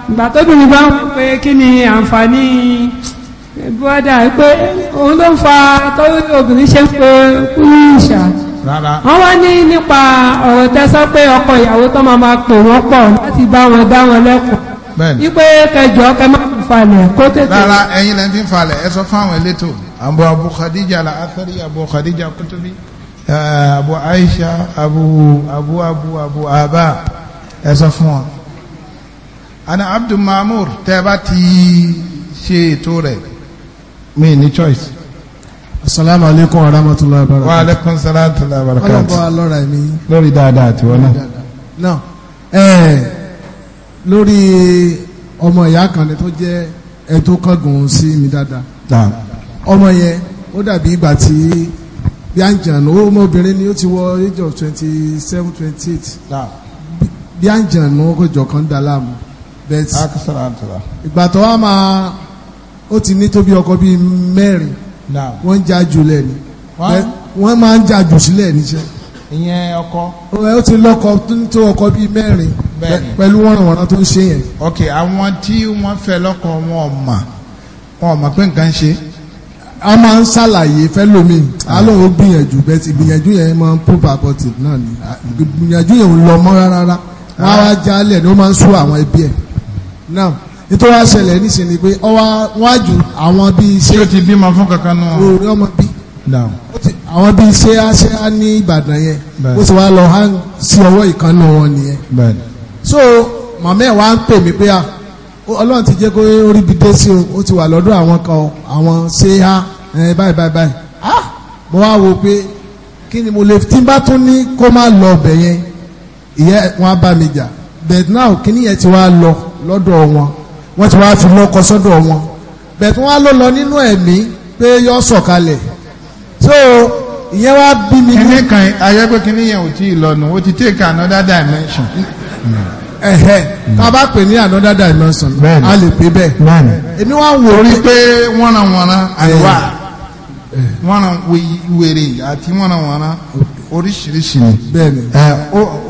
ìgbà tóbìnrin bá ń wọ kí ni àǹfààní bọ́dà pé òun ló ń fa tọ́lú obìnrin ṣe ń pe kúrú ìṣà wọ́n wá ní nípa ọ̀rọ̀ tẹ́sán pé ọkọ ìyàwó tó máa máa pè wọ́n pọ̀ láti bá wọn dá wọn lẹ́kọ̀ọ́ wípé kẹjọ kẹ má fi falẹ̀ kó tètè. rárá ẹ̀yin lẹ́ni tí ń falẹ̀ ẹ sọ fáwọn elétò àbọ̀ Abu Khadija la athari Abu Khadija kutubi eh, Abu Aisha Abu Abu Abu Abu Aba ẹ sọ fún wọn ana abdul mahmoud tẹ́ bá ti ṣe ètò rẹ̀ mi ní choice. asalaamu aleykum wa rahmatulahi wa barakatu. wa aleykum salaam wa barakatu. ọlọ́bọ̀ alọ́ra mi. lórí dáadáa tiwọn náà. náà ẹ̀ẹ́ lórí ọmọ ìyá kan ni tó jẹ́ ẹ tó kángun sí mi dáadáa. ọmọ yẹn ó dàbí ìgbà tí bíàǹjàn ó ọmọbìnrin ni ó ti wọ age of twenty seven twenty eight bíàǹjàn ó kọjọ kan dá láàmú but ìgbà tó wá máa ó ti ní tóbi ọkọ bíi mẹ́rin wọ́n ń jà jù lẹ́ni wọ́n máa ń jà jù sílẹ̀ níṣẹ́. ìyẹn ọkọ. ó ti lọ́kọ tó ọkọ bíi mẹ́rin pẹ̀lú wọ́nrànwọ́nrán tó ń ṣe yẹn. ok àwọn tí wọ́n fẹ́ lọ́kọ wọn ò mà wọn ò mà pé nǹkan ṣe. a máa ń ṣàlàyé fẹ́lómi alóhùn gbìyànjú bẹ́ẹ̀ ti gbìyànjú yẹn máa ń proof abortive náà ni gbìyànjú yẹn ò lọ mọ́ rárá wọ́n á wá jálẹ̀ ni ó máa ń sú àwọn ẹbí ẹ̀ náà nítorí wá ṣẹlẹ̀ níṣẹ́ ni pé ọwá wájú àwọn bíi ṣé. tí o ti bímọ fún kankan náà. o rí ọmọ bí. àwọn bíi ṣé á ṣe á ní Ìbàdàn yẹn ó sì wá lọ hàn sí ọwọ́ ìkànnà wọn nìyẹn. so màmá ẹ̀ wá ń pè mí pé à ọlọ́run ti jẹ́ kó orí bi dé sí o ó ti wà lọ́dọ̀ àwọn kan àwọn ṣé á báyìí báyìí báyìí ah mo wá wo pé kí ni mo lè tí n bá tún ní kó má lọ ọbẹ̀ yẹn ìyẹn wọn á bá mi jà but now kí nìyẹn ti wá lọ. lọ́dọ̀ wọn wọ́n ti wá fi lọ́kọ sọ́dọ̀ wọn bẹ̀tún lọ nínú ẹ̀mí pé yọ sọ̀kalẹ̀ so ìyẹn wá bí mi. kíní kan yẹn ò tí ì lọ́nu ó ti take another dimension. ká bá pè ní another dimension a lè pè bẹ́ẹ̀ èmi wá wò ó rí pé wà. wèrè àti oríṣiríṣi ni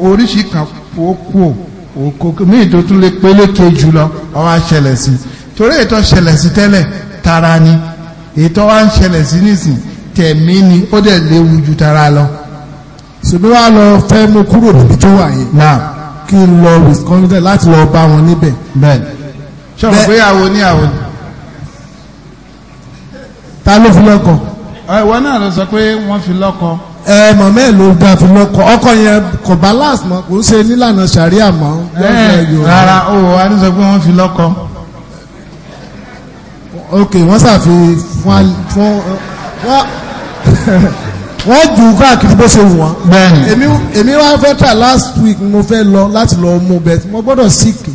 oríṣi òkò mí ìdótún lè pé lékè jù lọ ọwọ́ àṣẹlẹ̀ sí torí ètò ṣẹlẹ̀ sí tẹ́lẹ̀ tara ni ètò wa ń ṣẹlẹ̀ sí nísìn tẹ̀mí ni ó dẹ̀ léwu ju tara lọ. ṣùgbọ́n wàá lọ fẹ́ mú kúrò níbi tó wà yìí. náà kí n lọ Wisconsin láti lọ bá wọn níbẹ̀. bẹ́ẹ̀ ṣọlọ gbéyàwó níyàwó ni. ta ló fi lọ́kọ. ẹ wọn náà lọ sọ pé wọ́n fi lọ́kọ ẹ màmá ẹ ló dà fún lọkọ ọkọ yẹn kò balance mọ kò ń ṣe nílànà sàríà mọ. rárá o wa ni sọ pé wọ́n fi lọ́kọ. ok wọ́n ṣàfi fún fún wọ́n jù ú káàkiri bó ṣe wù wọ́n. bẹ́ẹ̀ni èmi wá fẹ́ tà last week mo fẹ́ lọ láti lọ mú bẹ́ẹ̀ mo gbọ́dọ̀ síkì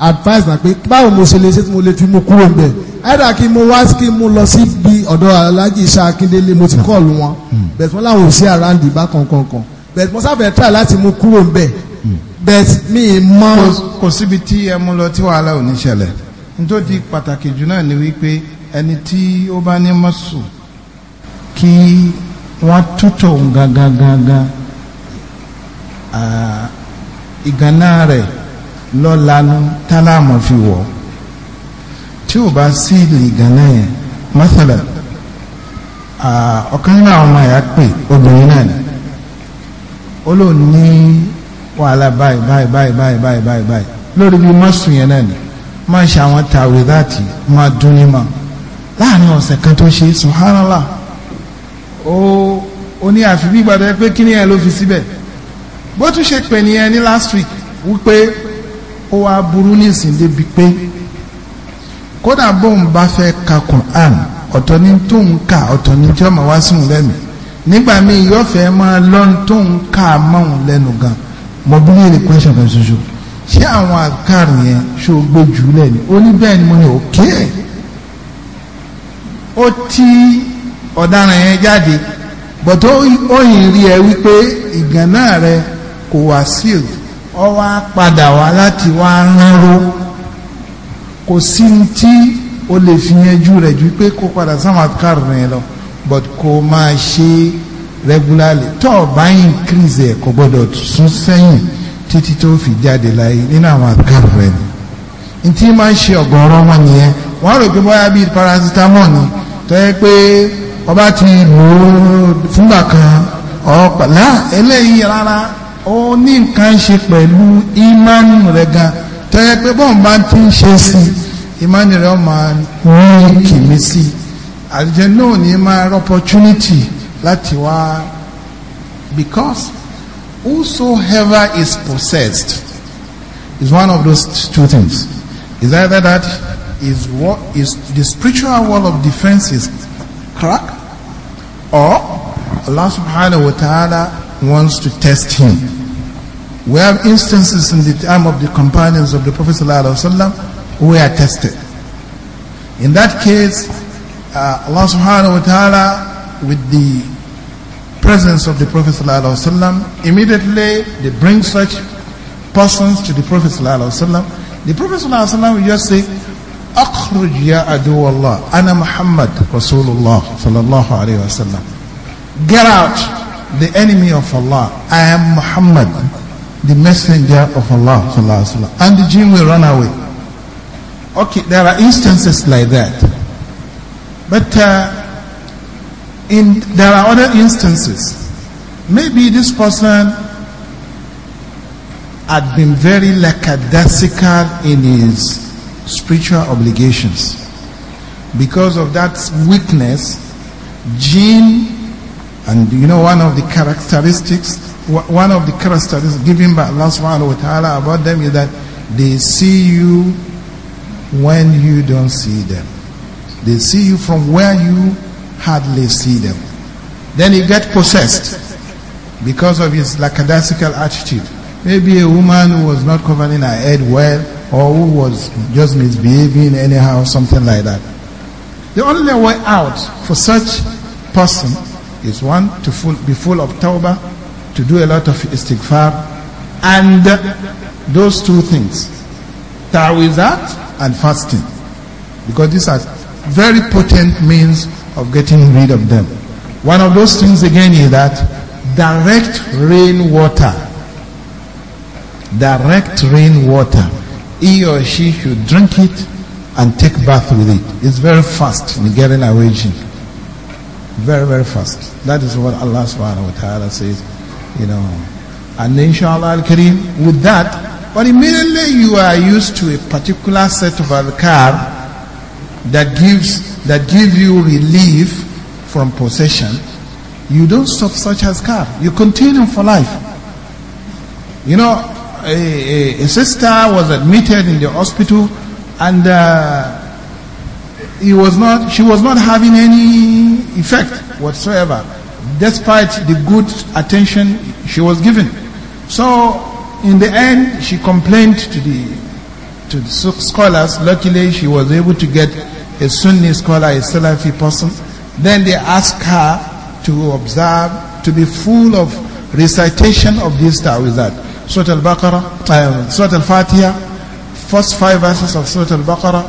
advice na pé báwo mo ṣe lè ṣe tí mo lè fi mú kúrò níbẹ̀ ẹ̀dà kí mo wá kí mo lọ sí bí ọ̀dọ̀ alájì iṣẹ́ akíndélé mo ti kọ́ọ̀lù wọn hmm. bẹ̀t wọn láwọn ò sí àràǹdì bá kankankan bẹ̀t mo sáfẹ́ try láti mú kúrò níbẹ̀ hmm. bẹ̀t mi mọ́. kò síbi tí ẹ mú lọ tí wàhálà ò ní ṣẹlẹ̀ nítorí pàtàkì jù náà ni wípé ẹni tí ó bá ní mọ́sù kí wọ́n tútọ̀ gangan gangan ìgànnà rẹ̀ lọ́lanu tálámọ̀ fi wọ̀ tí ò bá sí ìlì gánà yẹn mọ́sálà ọ̀kan nínú àwọn ọmọ ẹ̀yà pè obìnrin náà ni ó lò ní wàhálà báyìí báyìí báyìí báyìí báyìí báyìí báyìí lórí bí mọ́sùn yẹn náà ni máa ṣe àwọn tàwé láti máa dún ní ma láàrin ọ̀sẹ̀ kan tó ṣe subhanallah ó ó ní àfi bí gbàdọ̀ pé kí ni ẹ ló fi síbẹ̀ bó tún ṣe pè nìyẹn ní last week wípé ó wá burú nísìnyí débi pé kódà bóun bá fẹ́ ka Qur'an ọ̀tọ̀ ni tó ń kà ọ̀tọ̀ ni tí ọmọ wá sí lẹ́nu nígbà míì máa tó ń lẹ́nu gan mo bí lè question kan ṣoṣo ṣé àwọn àkàrò yẹn ṣó gbójú lẹ́nu ó ní bẹ́ẹ̀ ni mo ní ti ọ̀daràn yẹn jáde bọ̀tọ́ ó yìn rí ẹ wípé ìgànnà rẹ kò wá sí ọ wá padà wá láti wá ránró kò sí tí o lè fi yanjú rẹ̀ ju pé kó padà sáwọn àkàrò rẹ̀ lọ but kó máa ṣe regularly tó o bá increase ẹ̀ kò gbọ́dọ̀ sún sẹ́yìn títí tó fi jáde láyé nínú àwọn àkàrò rẹ̀ ni ntí máa ń ṣe ọ̀gọ̀ọ̀rọ̀ wọn nìyẹn wọ́n rò pé bóyá bíi paracetamol ni tó yẹ pé ọba ti lò ó fúngbà kan ọ̀pàlá eléyìí rárá ó ní nǹkan ṣe pẹ̀lú ìmánì rẹ̀ gan tẹ́yẹ pé bọ́n bá ti ń ṣe sí ìmánì rẹ̀ máa ní kìmí sí àlùjẹ náà ní máa rọ opportunity láti wá because whosoever is possessed is one of those two things is either that is what is the spiritual wall of defense is cracked or Allah subhanahu wa ta'ala wants to test him. We have instances in the time of the companions of the Prophet ﷺ who were tested. In that case, uh, Allah subhanahu wa ta'ala, with the presence of the Prophet ﷺ, immediately they bring such persons to the Prophet ﷺ. The Prophet ﷺ will just say, أخرج يا عدو الله أنا محمد رسول الله صلى الله عليه وسلم Get out the enemy of Allah I am Muhammad the messenger of Allah and the jinn will run away. Okay, there are instances like that. But uh, in, there are other instances. Maybe this person had been very lackadaisical in his spiritual obligations. Because of that weakness, jinn, and you know one of the characteristics one of the characteristics given by Allah subhanahu wa ta'ala about them is that they see you when you don't see them. They see you from where you hardly see them. Then you get possessed because of his lackadaisical attitude. Maybe a woman who was not covering her head well or who was just misbehaving anyhow, something like that. The only way out for such person is one, to full, be full of tawbah to do a lot of istighfar, and those two things, ta'wizat and fasting, because these are very potent means of getting rid of them. One of those things again is that direct rainwater, direct rainwater, he or she should drink it and take bath with it. It's very fast in getting away. Very, very fast. That is what Allah subhanahu wa ta'ala says you know. And inshallah al-kareem, with that, but immediately you are used to a particular set of Al-Kar that gives, that give you relief from possession, you don't stop such car. You continue for life. You know, a, a, a sister was admitted in the hospital and uh, he was not, she was not having any effect whatsoever despite the good attention she was given. So in the end, she complained to the to the scholars. Luckily, she was able to get a Sunni scholar, a Salafi person. Then they asked her to observe, to be full of recitation of this that, Surah Al-Baqarah, uh, Surah Al-Fatiha, first five verses of Surah Al-Baqarah,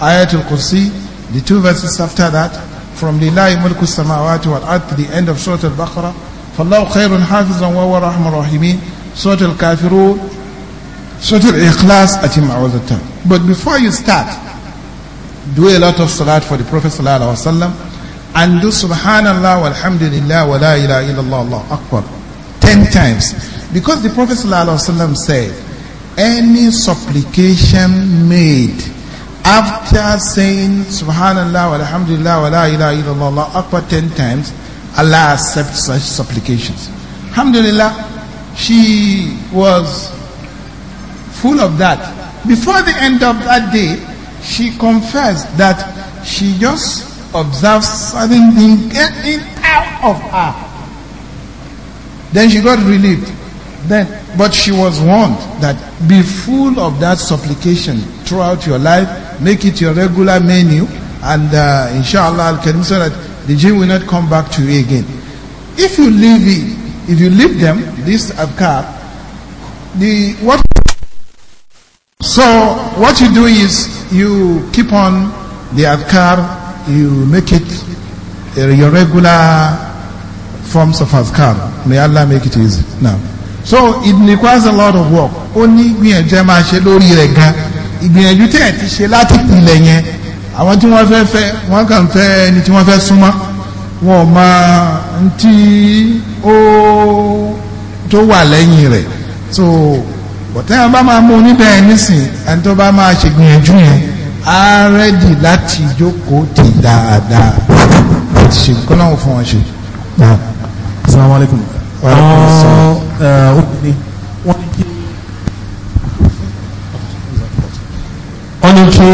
Ayatul kursi the two verses after that, from the Ilahi Mulku Samawati wal Ard to the end of Surah Al-Baqarah. فَاللَّهُ خَيْرٌ حَافِظًا وَهُوَ رَحْمُ الرَّحِيمِينَ Surah Al-Kafirun, Surah al at him all the time. But before you start, do a lot of salat for the Prophet Sallallahu Alaihi Wasallam and do Subhanallah walhamdulillah wa la ilaha illallah Allah Akbar ten times. Because the Prophet Sallallahu Alaihi Wasallam said, any supplication made after saying subhanallah walhamdulillah wala ilaha illallah akbar ten times allah accepts such supplications alhamdulillah she was full of that before the end of that day she confessed that she just observed certain things getting out of her then she got relieved then but she was warned that be full of that supplication throughout your life make it your regular menu, and uh, inshallah, al-karim, so that the jinn will not come back to you again. If you leave it, if you leave them, this adkar, the what? So what you do is you keep on the adkar, you make it uh, your regular forms of adkar. May Allah make it easy. Now, so it requires a lot of work. Only me and Jema Shedori again. ìgbìyànjú tẹ̀ ti ṣe láti pilẹ̀ yẹn àwọn tí wọ́n fẹ́ fẹ́ wọ́n kàn fẹ́ ẹni tí wọ́n fẹ́ súnmọ́ wọn ò mọ ntí ó tó wà lẹ́yìn rẹ̀ so bọ̀tẹ́yà bá máa mú oníbẹ̀ ẹ̀ nísìn ẹni tó bá máa ṣe gbìyànjú yẹn á rẹ́dì láti jókòó tì dáadáa láti ṣe nǹkan náà fún wọn ṣe. Assalamu alaikum. Eh, wọ́n ní kí wọ́n ní kí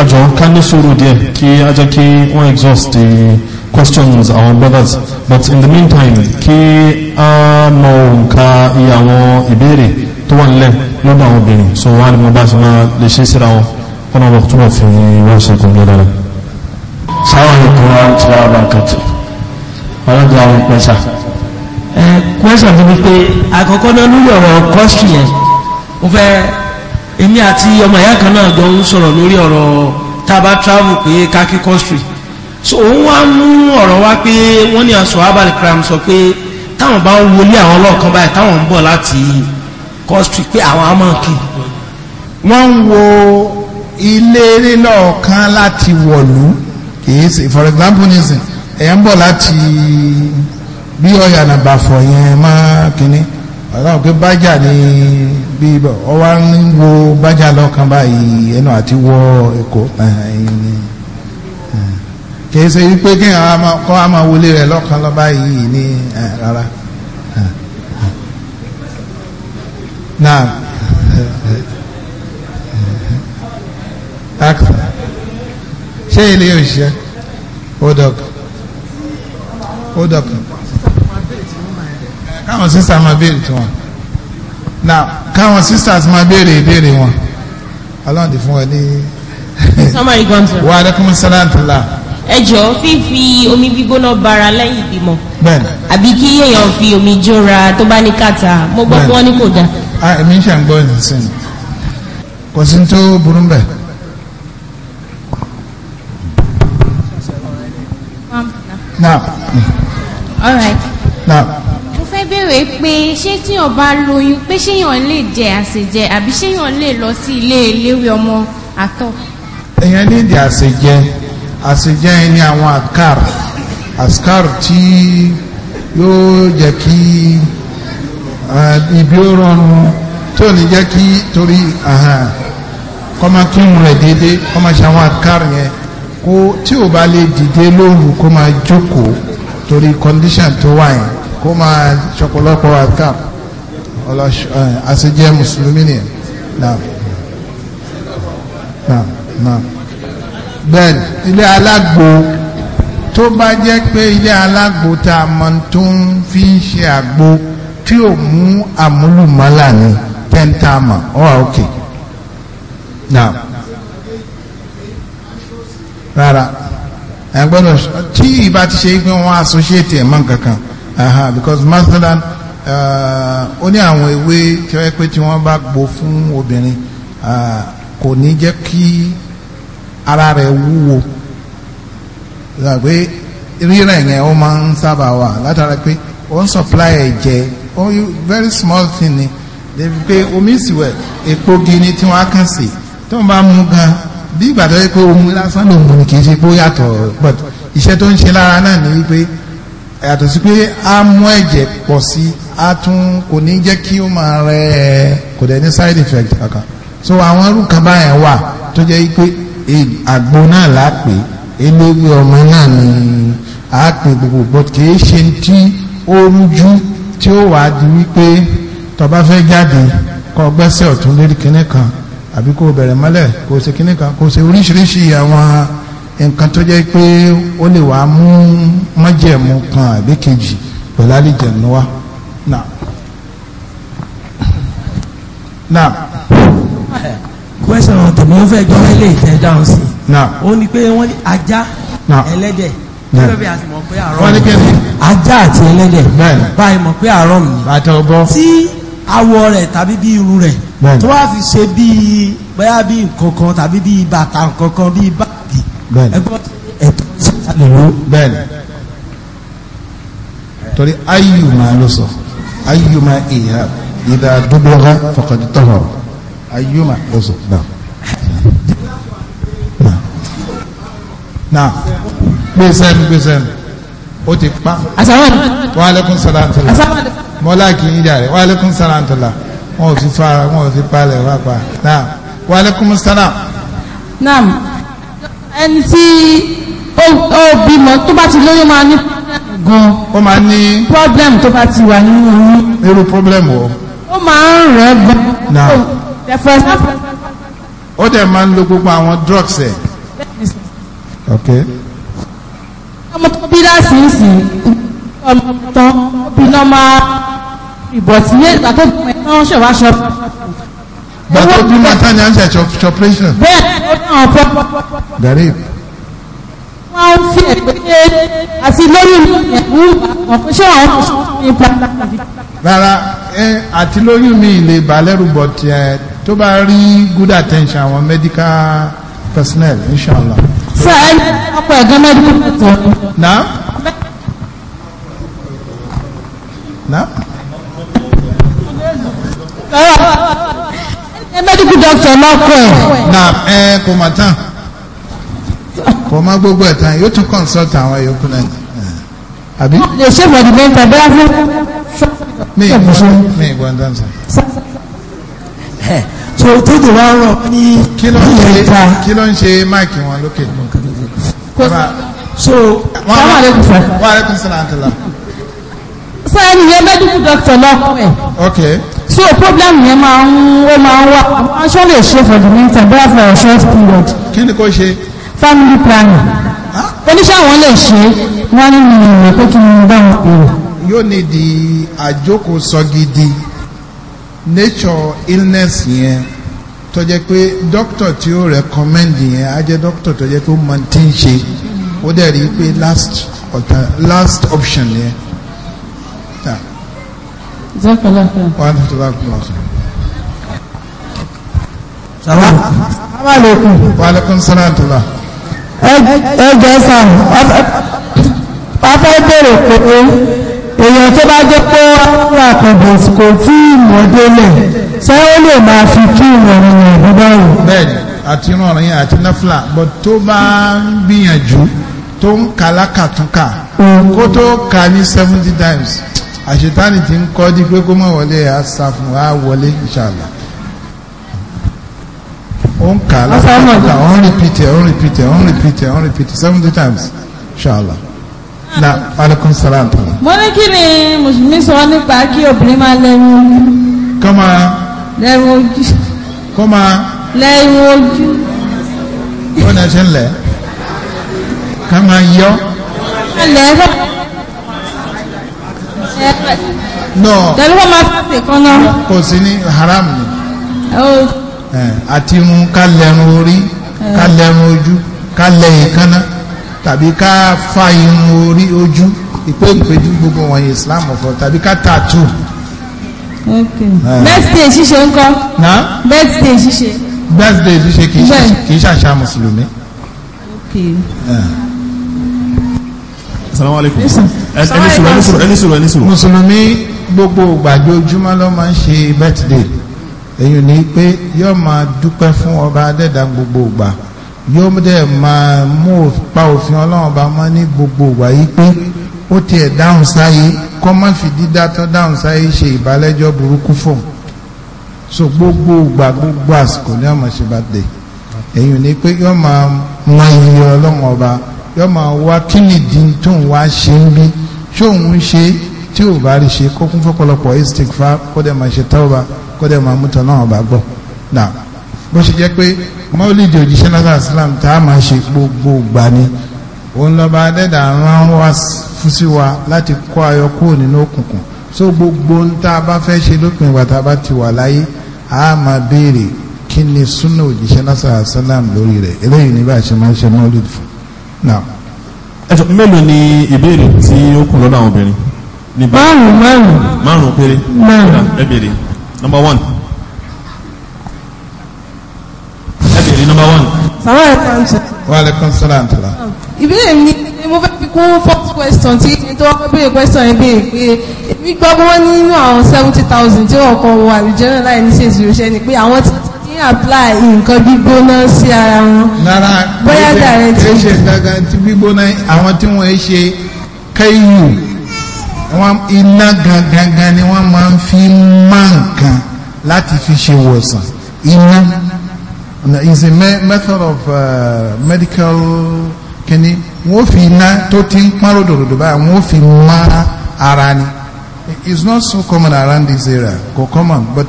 àjọ ká ní sùúrù díẹ̀ kí a jẹ́ kí wọ́n exhaust the questions our brothers but in the meantime kí a mọ nǹka iye àwọn ìbéèrè tó wà nílẹ̀ lọ́dọ̀ àwọn obìnrin so wọ́n á lè mọ bá ṣe máa lè ṣe síra wọn wọ́n náà wọ́n túbọ̀ fi wọ́n ṣe kò ní dára. sáwọn ìkọ́ wa ti wá bá kàtó ọlọ́dọ̀ àwọn pẹ́sà. ẹ pẹ́sà ti ní pé àkọ́kọ́ náà lórí ọ̀rọ̀ kọ́sì yẹn mo fẹ́ èmi àti ọmọ ìyá kan náà jọ ń sọ̀rọ̀ lórí ọ̀rọ̀ taba travel pé kaki country so òun wá mú ọ̀rọ̀ wá pé wọ́n ní aṣọ abalikram sọ pé táwọn bá ń wọlé àwọn ọlọ́ọ̀kan báyìí táwọn ń bọ̀ láti country pé àwọn á wọ́n ń wo ilé nílò kan láti wọ̀lú kìí ṣe for example nisin ẹ̀ ń bọ̀ láti bí ọ̀yà nàbàfọ̀ yẹn máa kínní ọlọ́run pé bájà ni bí ọ wá ń wo bájà lọ́kàn báyìí ẹnu àti wọ èkó kìí ṣe wípé kí kọ́ a máa wọlé rẹ̀ lọ́kàn lọ́ba yìí ní rárá. náà ṣé ilé òṣìṣẹ́ ó dọ̀kan ó dọ̀kan káwọn sísà máa béèrè tí wọn na káwọn sísà máa béèrè ìbéèrè wọn ọlọ́run ti fún wa ní. sọmọlì gọ́ǹtù. wa aleykum salaam tala. ẹ jọ̀ọ́ fífi omi gbígbóná bara lẹ́yìn ìbímọ. bẹ́ẹ̀ni. àbí kí èèyàn fi omi jóra tó bá ní kàtà mo gbọ́ pé wọ́n ní kò dáa. a èmi ń ṣàǹgbọ́ ìsinsìnyí kò sí tó burú bẹ́ẹ̀. Now. All right. Now béèrè pé ṣé tíyàn bá lóyún pé ṣéyàn lè jẹ àṣejẹ àbí ṣéyàn lè lọ sí ilé ìléwé ọmọ àtọ̀. èèyàn ní ìdí àṣejẹ àṣejẹ yẹn ni àwọn àkàr àṣkàr tí yóò jẹ kí ibi ó rọrùn tó ní jẹ́ kí torí kọ́má kírun rẹ̀ déédéé kọ́má ṣe àwọn àkàr yẹn kó tí ò bá lè dìde lóru kó máa jókòó torí kọ́ndíṣàn tó wà yẹn kó máa ṣọ̀pọ̀lọpọ̀ adkar àṣejẹ́ mùsùlùmí nìyẹn náà náà náà bẹ́ẹ̀ ilé alágbo tó bá jẹ́ pé ilé alágbo tá a mọ̀ tó ń fi ṣe àgbo tí ò mú àmúlùmọ́là ní pẹ́ntàmà ọ́ àókè náà rárá ẹgbẹ́rún tí ìbá ti ṣe pé wọ́n associate ẹ̀mọ́ kankan aha because masalan uh, ó ní àwọn ewé tí wọ́n pé tí wọ́n bá gbo fún obìnrin uh, kò ní jẹ́ kí ara rẹ̀ wúwo pé rírà yẹn ó máa ń sábà wà látara pé ó ń supply ẹ̀jẹ̀ ó very small thing ni débi pé omi ìsìwẹ̀ epo gini tí wọ́n á kàn sí tí wọ́n bá mú gan bí ìgbà tó yẹ pé omi lásán lòun kì í ṣe pé ó yàtọ̀ but iṣẹ́ tó ń ṣe lára náà ni wípé yàtọ̀ sí pé a mú ẹ̀jẹ̀ pọ̀ sí a tún kò ní jẹ́ kí ó máa rẹ ẹ kò dẹ̀ ní side effect kankan so àwọn irú kan báyẹn wà tó jẹ́ pé àgbo náà la pè eléwé ọmọ náà ni a pè gbogbo but kìí ṣe tí ó rújú tí ó wàá di wípé tó bá fẹ́ jáde kó gbẹ́sẹ̀ ọ̀tún lórí kinní kan àbí kó bẹ̀rẹ̀ mọ́lẹ̀ kó ṣe kinní kan kó ṣe oríṣiríṣi àwọn nǹkan tó jẹ́ pé ó lè wá mú májẹ̀mú kan àbí kejì pẹ̀lú àlìjẹ̀nú wa náà. náà. kwẹ́sàn tèmi ó fẹ́ gbọ́ ilé ìtẹ́ dáhùn sí. náà. ó ní pé wọ́n ní ajá ẹlẹ́dẹ̀ wọ́n ní kí ni. ajá àti ẹlẹ́dẹ̀ báyìí mọ̀ pé àárọ̀ mi. bàtà ọbọ. tí awọ rẹ̀ tàbí bí irun rẹ̀ tó wá fi ṣe bíi bóyá bíi nǹkan tàbí bíi bàtà nǹkan kan bàtà ẹgbọ́n ẹ̀tọ́ sí ìtàlẹ̀ ló. bẹ́ẹ̀ni torí ayù máa ló sọ ayù máa èèyàn ìdá dúdúrà fọkàdì tọ̀họ̀ ayù máa ló sọ náà. náà gbèsè mi gbèsè mi ó ti pa. asalaamu. wa aleykum mọ́lá kì í jàre wa aleykum wọn ò fi fara wọn ò fi palẹ̀ wá pa náà wa aleykum ẹni tí ó bímọ tó bá ti lóyún máa ní gan ó máa ní problem tó bá ti wà nínú oyún irú problem o ó máa ń rẹ̀ gan ó dẹ̀ máa ń lo gbogbo àwọn drugs ẹ̀ ok ọmọ tó bí láti ń sìn ọmọ tán ó bí náà máa ìbọ̀tí ní ìgbà tó gbọ́n ẹ̀ tán ṣèwáṣọ But bàtà ojú nàtàní à ń ṣe ṣọpẹ́ṣọ. bẹ́ẹ̀ ni ó náà fọ́. gàrí. wọ́n ń fi ẹ̀gbẹ́ àti lórí mi ẹ̀wù ọ̀pọ̀ ṣé àwọn ọ̀ṣun mi pàtàkì. rárá ẹ àti lórí mi lè bà lẹ́rù bọ̀ tiẹ̀ tó bá rí good attention àwọn medical personnel inshallah. sọ ẹ ọkọ ẹgbẹ medical personnel. na. na dọ́kítọ̀ lọ́kọ̀ ẹ̀. na ẹ kò mà tán kò má gbogbo ẹ̀ tán yóò tún consult àwọn yòókù náà àbí. lè ṣe mọ̀dìmẹ́ta bẹ́ẹ̀ fún. mi ìgbọ́n mi ìgbọ́n dáńsà. tó o tó dìbò ọ̀rọ̀ ní ilẹ̀ ta. kí ló ń ṣe máìkì wọn lókè. so káwọn àlékún fún ẹ. wọn àlékún sí náà àtàlà. sọ ẹni yẹn mẹ́díkù dọ́kítọ̀ lọ́kọ̀ ẹ̀. okay so problem yẹn máa ń ó máa ń wá aṣọ lè ṣe for the next time bẹ́ẹ̀ for a short period. kí ni kò ṣe. family planning oníṣẹ́ àwọn lè ṣe wọ́n ní mi ìrìn pé kí n bá wọn pèrò. yóò ní di àjókòó sọ gidi nature illness yẹn tó jẹ́ pé doctor tí ó recommend yẹn á jẹ́ doctor tó jẹ́ pé ó máa ti ń ṣe ó dẹ̀ rí i pé last option yẹn ẹjọ́ sàn ọfẹ́ bèrè pé èèyàn tó bá jẹ́ pé wà kọ̀bẹ̀sì kò tí ìmọ̀ délẹ̀ ṣé ó lè máa fi kí ìrọ̀rùn rẹ̀ bíbáwò. bẹ́ẹ̀ni àti ìrọ̀rùn yẹn àti náfìlà bọ̀ tó bá ń gbìyànjú tó ń kà lákàtúnkà mm. kó tó kà ní seventy times àṣetáni ti ń kọ́ di pé kó mọ̀ wọlé àṣàfùn wa wọlé inshallah ó ń kà lásìkò ó ń repeat. ó ń rìpìtì ó ń rìpìtì ó ń rìpìtì seventy times inshallah na alaikum salaam tala. mo ní kí ni mùsùlùmí sọ nípa kí obìnrin máa lẹ́nu ojú. kọ́ máa. ojú. kọ́ máa. ojú. ó ní ẹ ṣe ń lẹ̀ ká máa yọ. ẹ lẹ́ fún no tẹ̀lé kó máa sáàsì kò sí ní haram ni oh. àti irun ká lẹ́run orí eh. ká lẹ́run ojú ká lẹ ìkánná tàbí ká fa irun orí ojú ìpé ìpéjú gbogbo wọ̀nyí Islam ọ̀fọ̀ tàbí ká tààtù. Eh. birthday ṣíṣe ń kọ́ birthday ṣíṣe. birthday ṣíṣe kì í ṣàṣà mùsùlùmí. Eh. assalamu alaikum ẹni sùúrù ẹni sùúrù ẹni sùúrù ẹni sùúrù. mùsùlùmí gbogbo gbàdójúmọ́ ló máa ń ṣe birthday èyí ni pé yóò máa dúpẹ́ fún ọba adẹ́dà gbogbo ìgbà yóò dẹ̀ máa mú pa òfin ọlọ́run ọba mọ́ ní gbogbo ìgbà yìí pé ó tiẹ̀ dáhùn sáyé kọ́ má fi dídá tán dáhùn sáyé ṣe ìbálẹ́jọ́ burúkú fún so gbogbo ìgbà gbogbo àsìkò ní ọmọ ṣe birthday èyí ni pé yóò máa mọ iye ọlọ́run ọba yóò máa wá kí nìdí tó ń wá ṣe ń bí ṣóun ṣe tí ò bá rí ṣe kó kún fọ́pọ̀lọpọ̀ istikfa kó dẹ̀ máa ṣe tauba kó dẹ̀ máa mútọ̀ náà bá gbọ́ náà bó ṣe jẹ́ pé mọ́lìdì òjíṣẹ́ náà islam tá a máa ṣe gbogbo ìgbà ni òun lọ́ba adẹ́dà rán wá fún sí wa láti kọ́ ayọ̀ kúrò nínú òkùnkùn so gbogbo ń tá a bá fẹ́ ṣe lópin ìgbà tá a bá ti wà láyé a máa béèrè kí ni súnà òjíṣẹ́ náà islam lórí rẹ̀ eléyìí ní bá a ṣe máa ṣe mọ́lìdì fún náà ẹjọ́ mélòó ni ìbéèrè tí ó kù lọ́dọ̀ àwọn obìnrin márùn márùn márùn péré márùn ẹbèrè number one ẹbèrè number one. sàmà ẹ̀ kan ṣe. wà á lè kàn sọ́dọ̀ àǹtọ̀lá. ìbéèrè mi ni mo fẹ́ fi kún fourth question tí ẹni tó wọ́n béèrè question yẹn béèrè pé èmi gbọ́ pé wọ́n nínú àwọn seventy thousand tí wọ́n kọ́ wọ àlùjẹ́ náà láì ní ṣèṣirò ṣẹ́ ni pé àwọn ti ní apply nǹkan gbígbóná sí ara wọn. rárá bóyá direct. kì í ṣe gangan tí gbígbóná àwọn tí wọ́n ṣe kẹ́yù iná gangan ni wọ́n máa ń fi máa nǹkan láti fi ṣe wòsàn iná is a method of uh, medical kini wọ́n fi iná tó ti ń pọ́n ròdòdòdò báyìí wọ́n fi máa ara ni. It's not so common around this area, Go common, but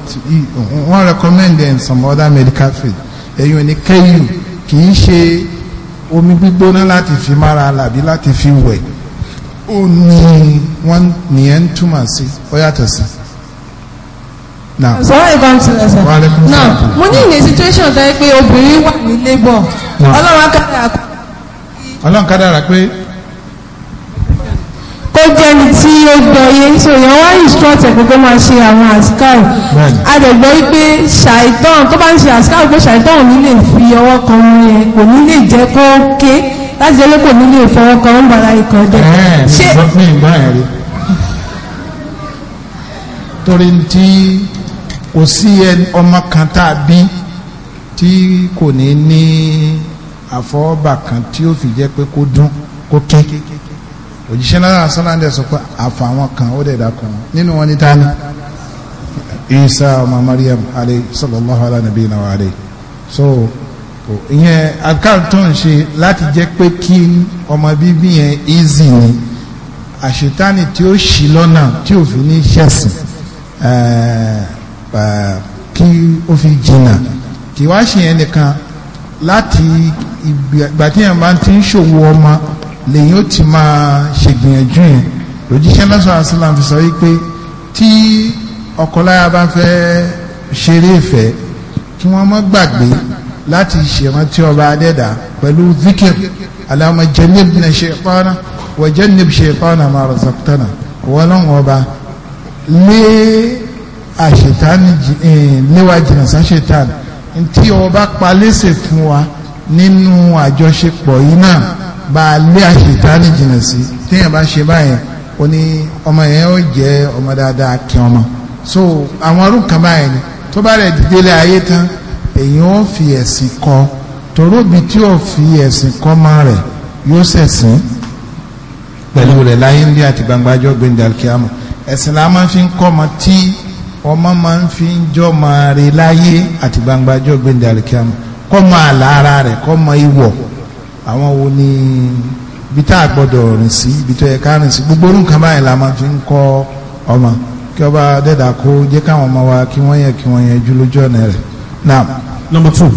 wọ́n recommend in some other medical field. Ẹ̀yìn ni kẹ́yù kì í ṣe omi gbígbóná láti fi mára làbí láti fi wẹ̀. Ó ní wọ́n nìyẹn ń túmọ̀ sí, ó yàtọ̀ sí. Now, mo ní ìní situation tẹ́ pé obìnrin wà ní labour. Ọlọ́run kádàrà pé. Ọlọ́run kádàrà pé jẹ́ni tí ó gbọ́yé so èèyàn wá instruct ẹ̀kọ́ tó máa ṣe àwọn àsìkáì adẹ̀gbọ́ wípé ṣàìtàn tó bá ń ṣe àsìkáì pé ṣàìtàn ò ní lè fi ọwọ́ kan mú yẹn kò ní lè jẹ́ kó ké láti jẹ́ lóko ní lè fọwọ́ kan ń bala ikọ̀ dẹ̀. ṣé mi ìgbà ẹ̀ rí torí tí kò sí ọmọ kan tá a bí tí kò ní ní àfọwọ́bà kan tí ó fi jẹ́ pé kó dún kó ké òjíṣẹ́ náà sọ́láńdẹ̀ sọ pé àfàwọn kan ó dẹ̀ dákun nínú wọn ní tání isa ọmọ mariam alẹ́ sallallahu ala nabiyina alẹ́ so ìyẹn adkar tó ń ṣe láti jẹ́ pé kí ọmọ bíbí yẹn easy ni àṣetánì tí ó ṣì lọ́nà tí ò fi ní ṣẹ̀sìn kí ó fi jìnnà kì wá ṣe yẹn nìkan láti ìgbà tí yẹn bá ti ń ṣòwò ọmọ lèyìn ó ti máa ṣègbìyànjú yẹn lòjíṣẹ́ lọ́sọ̀ àṣìlám fi sọ wípé tí ọkọláya bá fẹ́ ṣeré ìfẹ́ kí wọ́n má gbàgbé láti ṣèrántí ọba adẹ́dà pẹ̀lú zikir alama jẹ́nìbìnà ṣèpọ́nà wọ jẹ́nìbì ṣèpọ́nà máa rọ̀ zọ̀kútọ́nà wọ́n lọ́wọ́ ọba lé àṣetánì léwà jìnnà sáṣetánì tí ọba palẹ́sẹ̀ fún wa nínú àjọṣepọ̀ yìí náà bá lé àṣetánì jìnnà sí téèyàn bá ṣe báyẹn ó ní ọmọ yẹn ó jẹ ọmọ dáadáa kí ọmọ so àwọn ọdún kan báyẹn ni tó bá rẹ̀ dìde lé ayé tán èyàn ó fi ẹ̀sìn kọ́ toróbi tí ó fi ẹ̀sìn kọ́ máa rẹ̀ yóò ṣẹ̀sìn pẹ̀lú rẹ̀ láyé ńlẹ́ àti gbangbájọ́ gbẹ̀ndàkíámọ̀ ẹ̀sìn la máa fi ń kọ́ ọmọ tí ọmọ máa ń fi ń jọ́ máa rí láyé àti gbangbájọ́ gbẹ̀ndàkíámọ̀ kọ́ máa lára rẹ̀ kọ́ máa ìwọ̀ àwọn wo ni ibi tá a gbọ́dọ̀ rìn sí ibi tó yẹ ká rìn sí gbogbo nǹkan báyìí la máa fi ń kọ́ ọmọ kí ọba dẹ́dà kó jẹ́ káwọn ọmọ wa kí wọ́n yẹ kí wọ́n yẹ jù lójú ọ̀nà rẹ̀ number two.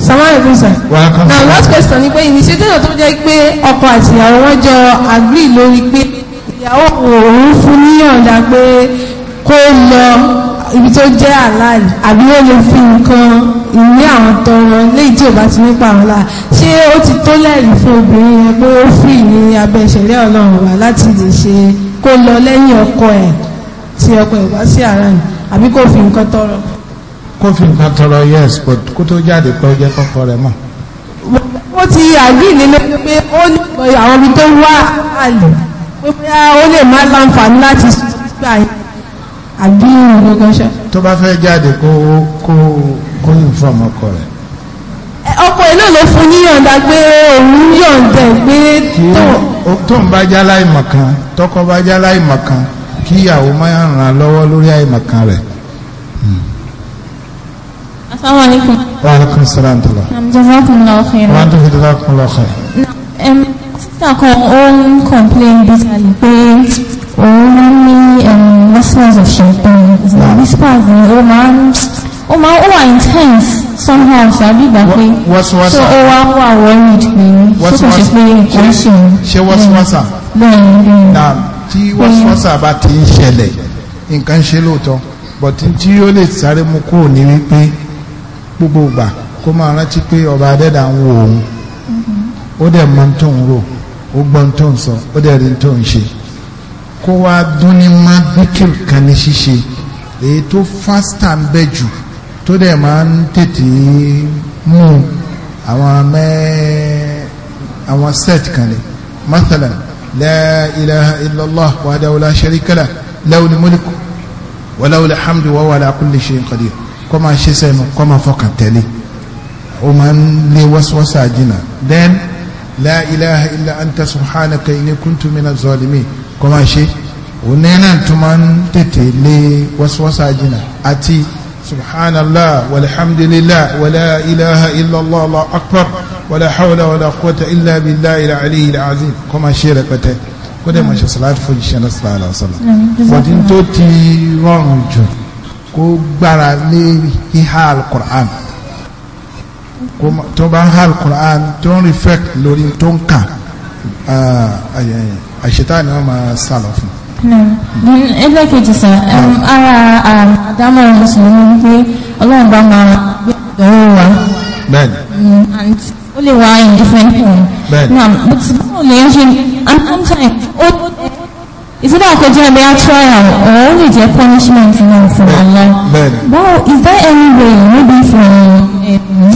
Samara Ibusa. na last question ni pé ìníṣẹ́jọ́ tó jẹ́ pé ọkọ àti ìyàwó wọn jọ agree lórí pé ìyàwó òun fún níyànjá pé kó lọ ibi tó jẹ́ àlàyé àbí ó lè fi nǹkan ìwé àwọn tọrọ léyìí tí ò ti nípa àwọn ṣé ó ti tó lẹ́rìí fún obìnrin yẹn pé ó fì ní abẹ́ ìṣẹ̀lẹ̀ ọlọ́run wà láti lè ṣe kó lọ lẹ́yìn ọkọ ẹ̀ tí ọkọ ẹ̀ wá sí ara ni àbí kó fi nǹkan tọrọ. kó fi nǹkan tọrọ yes but kó tó jáde pé ó jẹ́ kọ́kọ́ rẹ̀ mọ̀. ó ti àgbì nílé pé ó ní àwọn ibi tó wá àlè pé ó lè má láǹfààní láti gbà àbí nǹkan ṣe tó bá fẹ́ jáde kó kó kó inform ọkọ rẹ̀. ọkọ ẹ̀ náà ló fún ní pé òun yọ̀ǹda pé tó. tó ń bá jálá ìmọ̀kan tọkọ bá jálá ìmọ̀kan kí ìyàwó máa ràn án lọ́wọ́ lórí àìmọ̀kan rẹ̀. Hmm. asalaamualeykum. wa aleykum salaam tala. jazakumullahu khairan. wa antum jazakumullahu khairan. sísà kan ó ń complain bitterly pé òun ní whispers of shaitan the whispers ó máa ń ó máa ó wà intense somehow ṣàbí ìgbà pé so ó wá wà what's pé tó kò ṣe pé nǹkan ṣe ṣe wọ́síwọ́sà bẹ́ẹ̀ bẹ́ẹ̀ tí wọ́síwọ́sà bá ti ń ṣẹlẹ̀ nǹkan ṣe lóòótọ́ but tí ó what's sáré mú kúrò ní wípé gbogbo ìgbà kó máa rántí pé ọba adẹ́dà ń wo òun mm-hmm. ó dẹ̀ mọ̀ tó ń rò ó gbọ́n tó ń sọ ó dẹ̀ rí tó ń ṣe kó wá dún ní má bíkìrì kan ní ṣíṣe èyí tó fásità ń bẹ jù tó dẹ̀ máa ń tètè mú àwọn mẹ́ àwọn set kan ní mathalan la ilaha illallah wahdahu la sharika lah lahul mulku wa lahul hamdu wa huwa ala kulli shay'in kọ́ máa ṣe sẹ́mu kọ́ máa fọkàn tẹ̀lé ó máa ń lé wọ́sọ́wọ́sọ́ àjìnà then la ilaha illa anta subhanaka inni kuntu minaz zalimin kọ́ máa ṣe òní náà tó máa ń tètè lé wọ́sọ́wọ́sọ́ àjìnà àti subhanallah walhamdulillah wala ilaha illallah allah akbar wala hawla wala quwwata illa billah ila alihi ila azim kọ́ máa ṣe rẹpẹtẹ kó dẹ̀ máa ṣe salatu fún ìṣẹ́ náà sallallahu alaihi wasallam ọdún tó ti rọrùn jù kó gbára lé híhá alukur'an tó bá ń há alukur'an tó ń reflect lórí tó ń kà Ah, àṣetá ni wọ́n máa sálọ fún. ẹlẹ́kejì sàn ara àdámọ̀ mùsùlùmí wípé ọlọ́run bá máa gbé ìdánwò wa. bẹ́ẹ̀ni. Mm, and ó lè wá in different form. bẹ́ẹ̀ni. na mo ti báwo lè ṣe and sometimes ó ìsìlẹ̀ àkójọ ẹ̀bẹ̀ á trial or ó lè jẹ́ punishment náà fún ọ̀la. bẹ́ẹ̀ni. báwo is there any way maybe from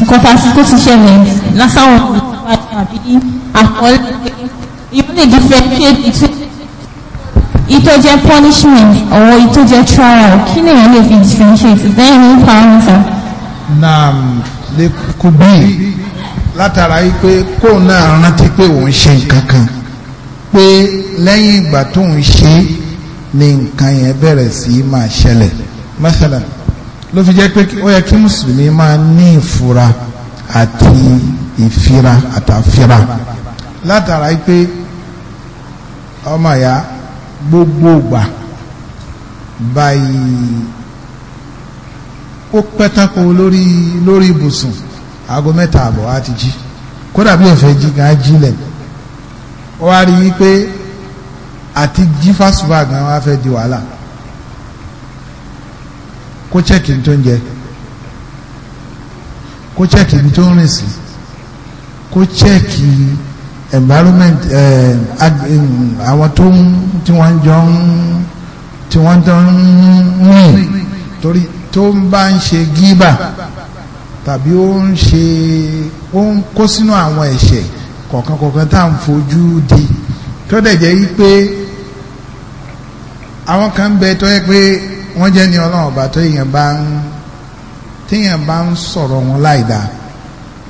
kọ́tà tó ti ṣẹlẹ̀ lásán àbí àkọọ́lẹ̀ ìyọ́n lè differentiate between ìtọ́ jẹ́ punishment or ìtọ́ jẹ́ trial kí ni èèyàn lè fi differentiate is there any answer. naam lè kú bíi látara yìí pé kóun náà rántí pé òun ṣe nǹkan kan pé lẹ́yìn ìgbà tóun ṣe ni nǹkan yẹn bẹ̀rẹ̀ sí í máa ṣẹlẹ̀ mẹ́sàlá ló fi jẹ́ pé ó yẹ kí mùsùlùmí máa ní ìfura àti ìfira àtàfira látara yìí pé ọmọ ya gbogbo gbà báyìí ó pẹ́tàkó lórí lórí ibùsùn aago mẹ́ta àbọ̀ á ti jí kódà bí òfin jí gan jílẹ̀ ó wá rí wípé àti jí fásùbà gan wá fẹ́ di wàhálà kó chẹ́kì tó ń jẹ kó chẹ́kì tó ń rìn sí kó chẹ́kì environment eh, eh, àwọn tó ń tí wọ́n jọ ń tí wọ́n jọ ń rìn torí tó ń bá ń ṣe gíbà tàbí ó ń ṣe ó ń kó sínú àwọn ẹ̀ṣẹ̀ kọ̀ọ̀kan kọ̀ọ̀kan tá à ń fojú di tó dẹ̀ jẹ́ wípé àwọn kan bẹ tó yẹ pé wọ́n jẹ́ ní ọlọ́run ọba tó èèyàn bá ń téèyàn bá ń sọ̀rọ̀ wọn láìda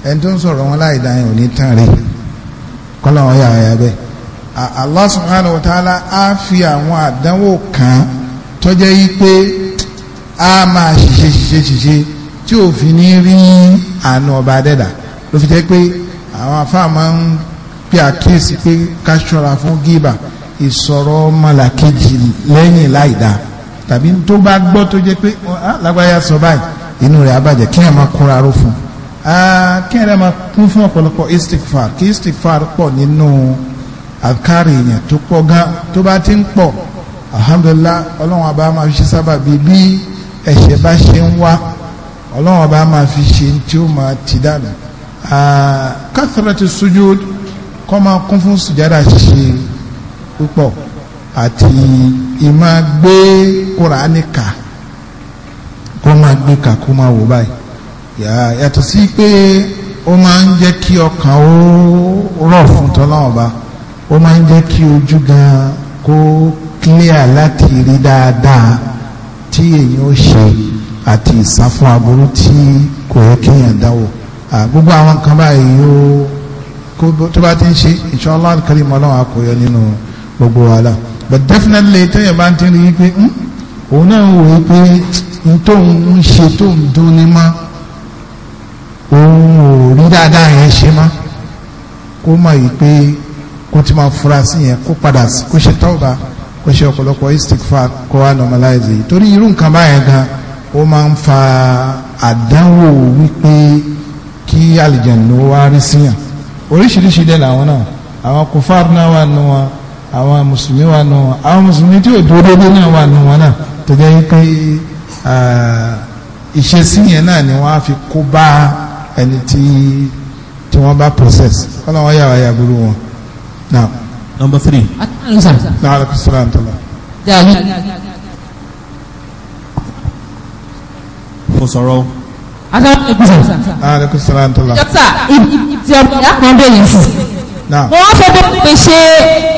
ẹni tó ń sọ̀rọ̀ wọn láìda yẹn ò ní tán rèé kọ́lá wọn yà wọ́n yà bẹ́ẹ̀ Allah subhanahu wa ta'ala á fi àwọn àdánwò kan tó jẹ́ yí pé a máa ṣiṣẹ́ ṣiṣẹ́ ṣiṣẹ́ tí òfin ní rí àna ọba adẹ́dà ló fi jẹ́ pé àwọn afáà máa ń pè àkíyèsí pé ká ṣọ́ra fún gíbà ìsọ̀rọ̀ mọ̀làkejì lẹ́yìn láìda tàbí tó bá gbọ́ tó jẹ́ pé ah, lágbáyà sọ báyìí inú rẹ̀ abàjẹ́ kí ẹ̀ máa kúnra ró fún un Ah, kí ẹ̀rẹ́ máa kún fún ọ̀pọ̀lọpọ̀ istikfar kí istikfar pọ̀ nínú àkárì èèyàn tó pọ̀ gan tó bá ti ń pọ̀ alhamdulillah ọlọ́run ọba máa fi ṣe sábà bíi bí ẹ̀ṣẹ̀ bá ṣe ń wá ọlọ́run ọba máa fi ṣe tí ó máa ti dànù ah, kathratu sujud kọ́ máa kún fún sùjádà ṣe púpọ̀ àti ìmáa gbé kúránì kà kó máa gbé kà kó máa wò báyìí yàtọ̀ sí pé ó máa ń jẹ́ kí ọkàn ó rọ̀ fún tọ́lọ́wọ́n ba ó máa ń jẹ́ kí ojú gan kó clear láti rí dáadáa tí èyí ó ṣe àti ìsáfún aburú tí kò yẹ kéèyàn dáwọ́ gbogbo àwọn kan báyìí ó tó bá ti ń ṣe inshallah al-karim ọlọ́run akọ̀yọ nínú gbogbo wàhálà but definitely téèyàn bá ti rí i pé hmm, òun náà wò ó pé n tóun ń ṣe tóun dún ní máa òun ò rí dáadáa yẹn ṣe má kó mọ̀ yìí pé kó ti máa fura sí yẹn kó padà kó ṣe tọ́ba kó ṣe ọ̀pọ̀lọpọ̀ istikfar kó wá normalize yìí torí irú nǹkan báyẹn gan ó máa ń fa àdánwò wípé kí àlìjẹ̀nù wá rí síyàn oríṣiríṣi dẹ́ làwọn náà àwọn kòfàr náà wà nù wọn àwọn mùsùlùmí wà nù wọn àwọn mùsùlùmí tí ò dúró déédéé náà wà nù wọn náà tó jẹ́ pé ìṣesí yẹn náà ni wọ́n á fi kó bá ẹni tí tí wọ́n bá process wọ́n náà wọ́n yàrá yàgbúrú wọn now. number three. náà alaikum salaam tala. kò sọ̀rọ̀. alaikum salaam tala. dókítà ìdí ọ̀gá kan bẹ̀ yẹn fún. mo wá fẹ́ bẹ́ẹ̀ pé ṣé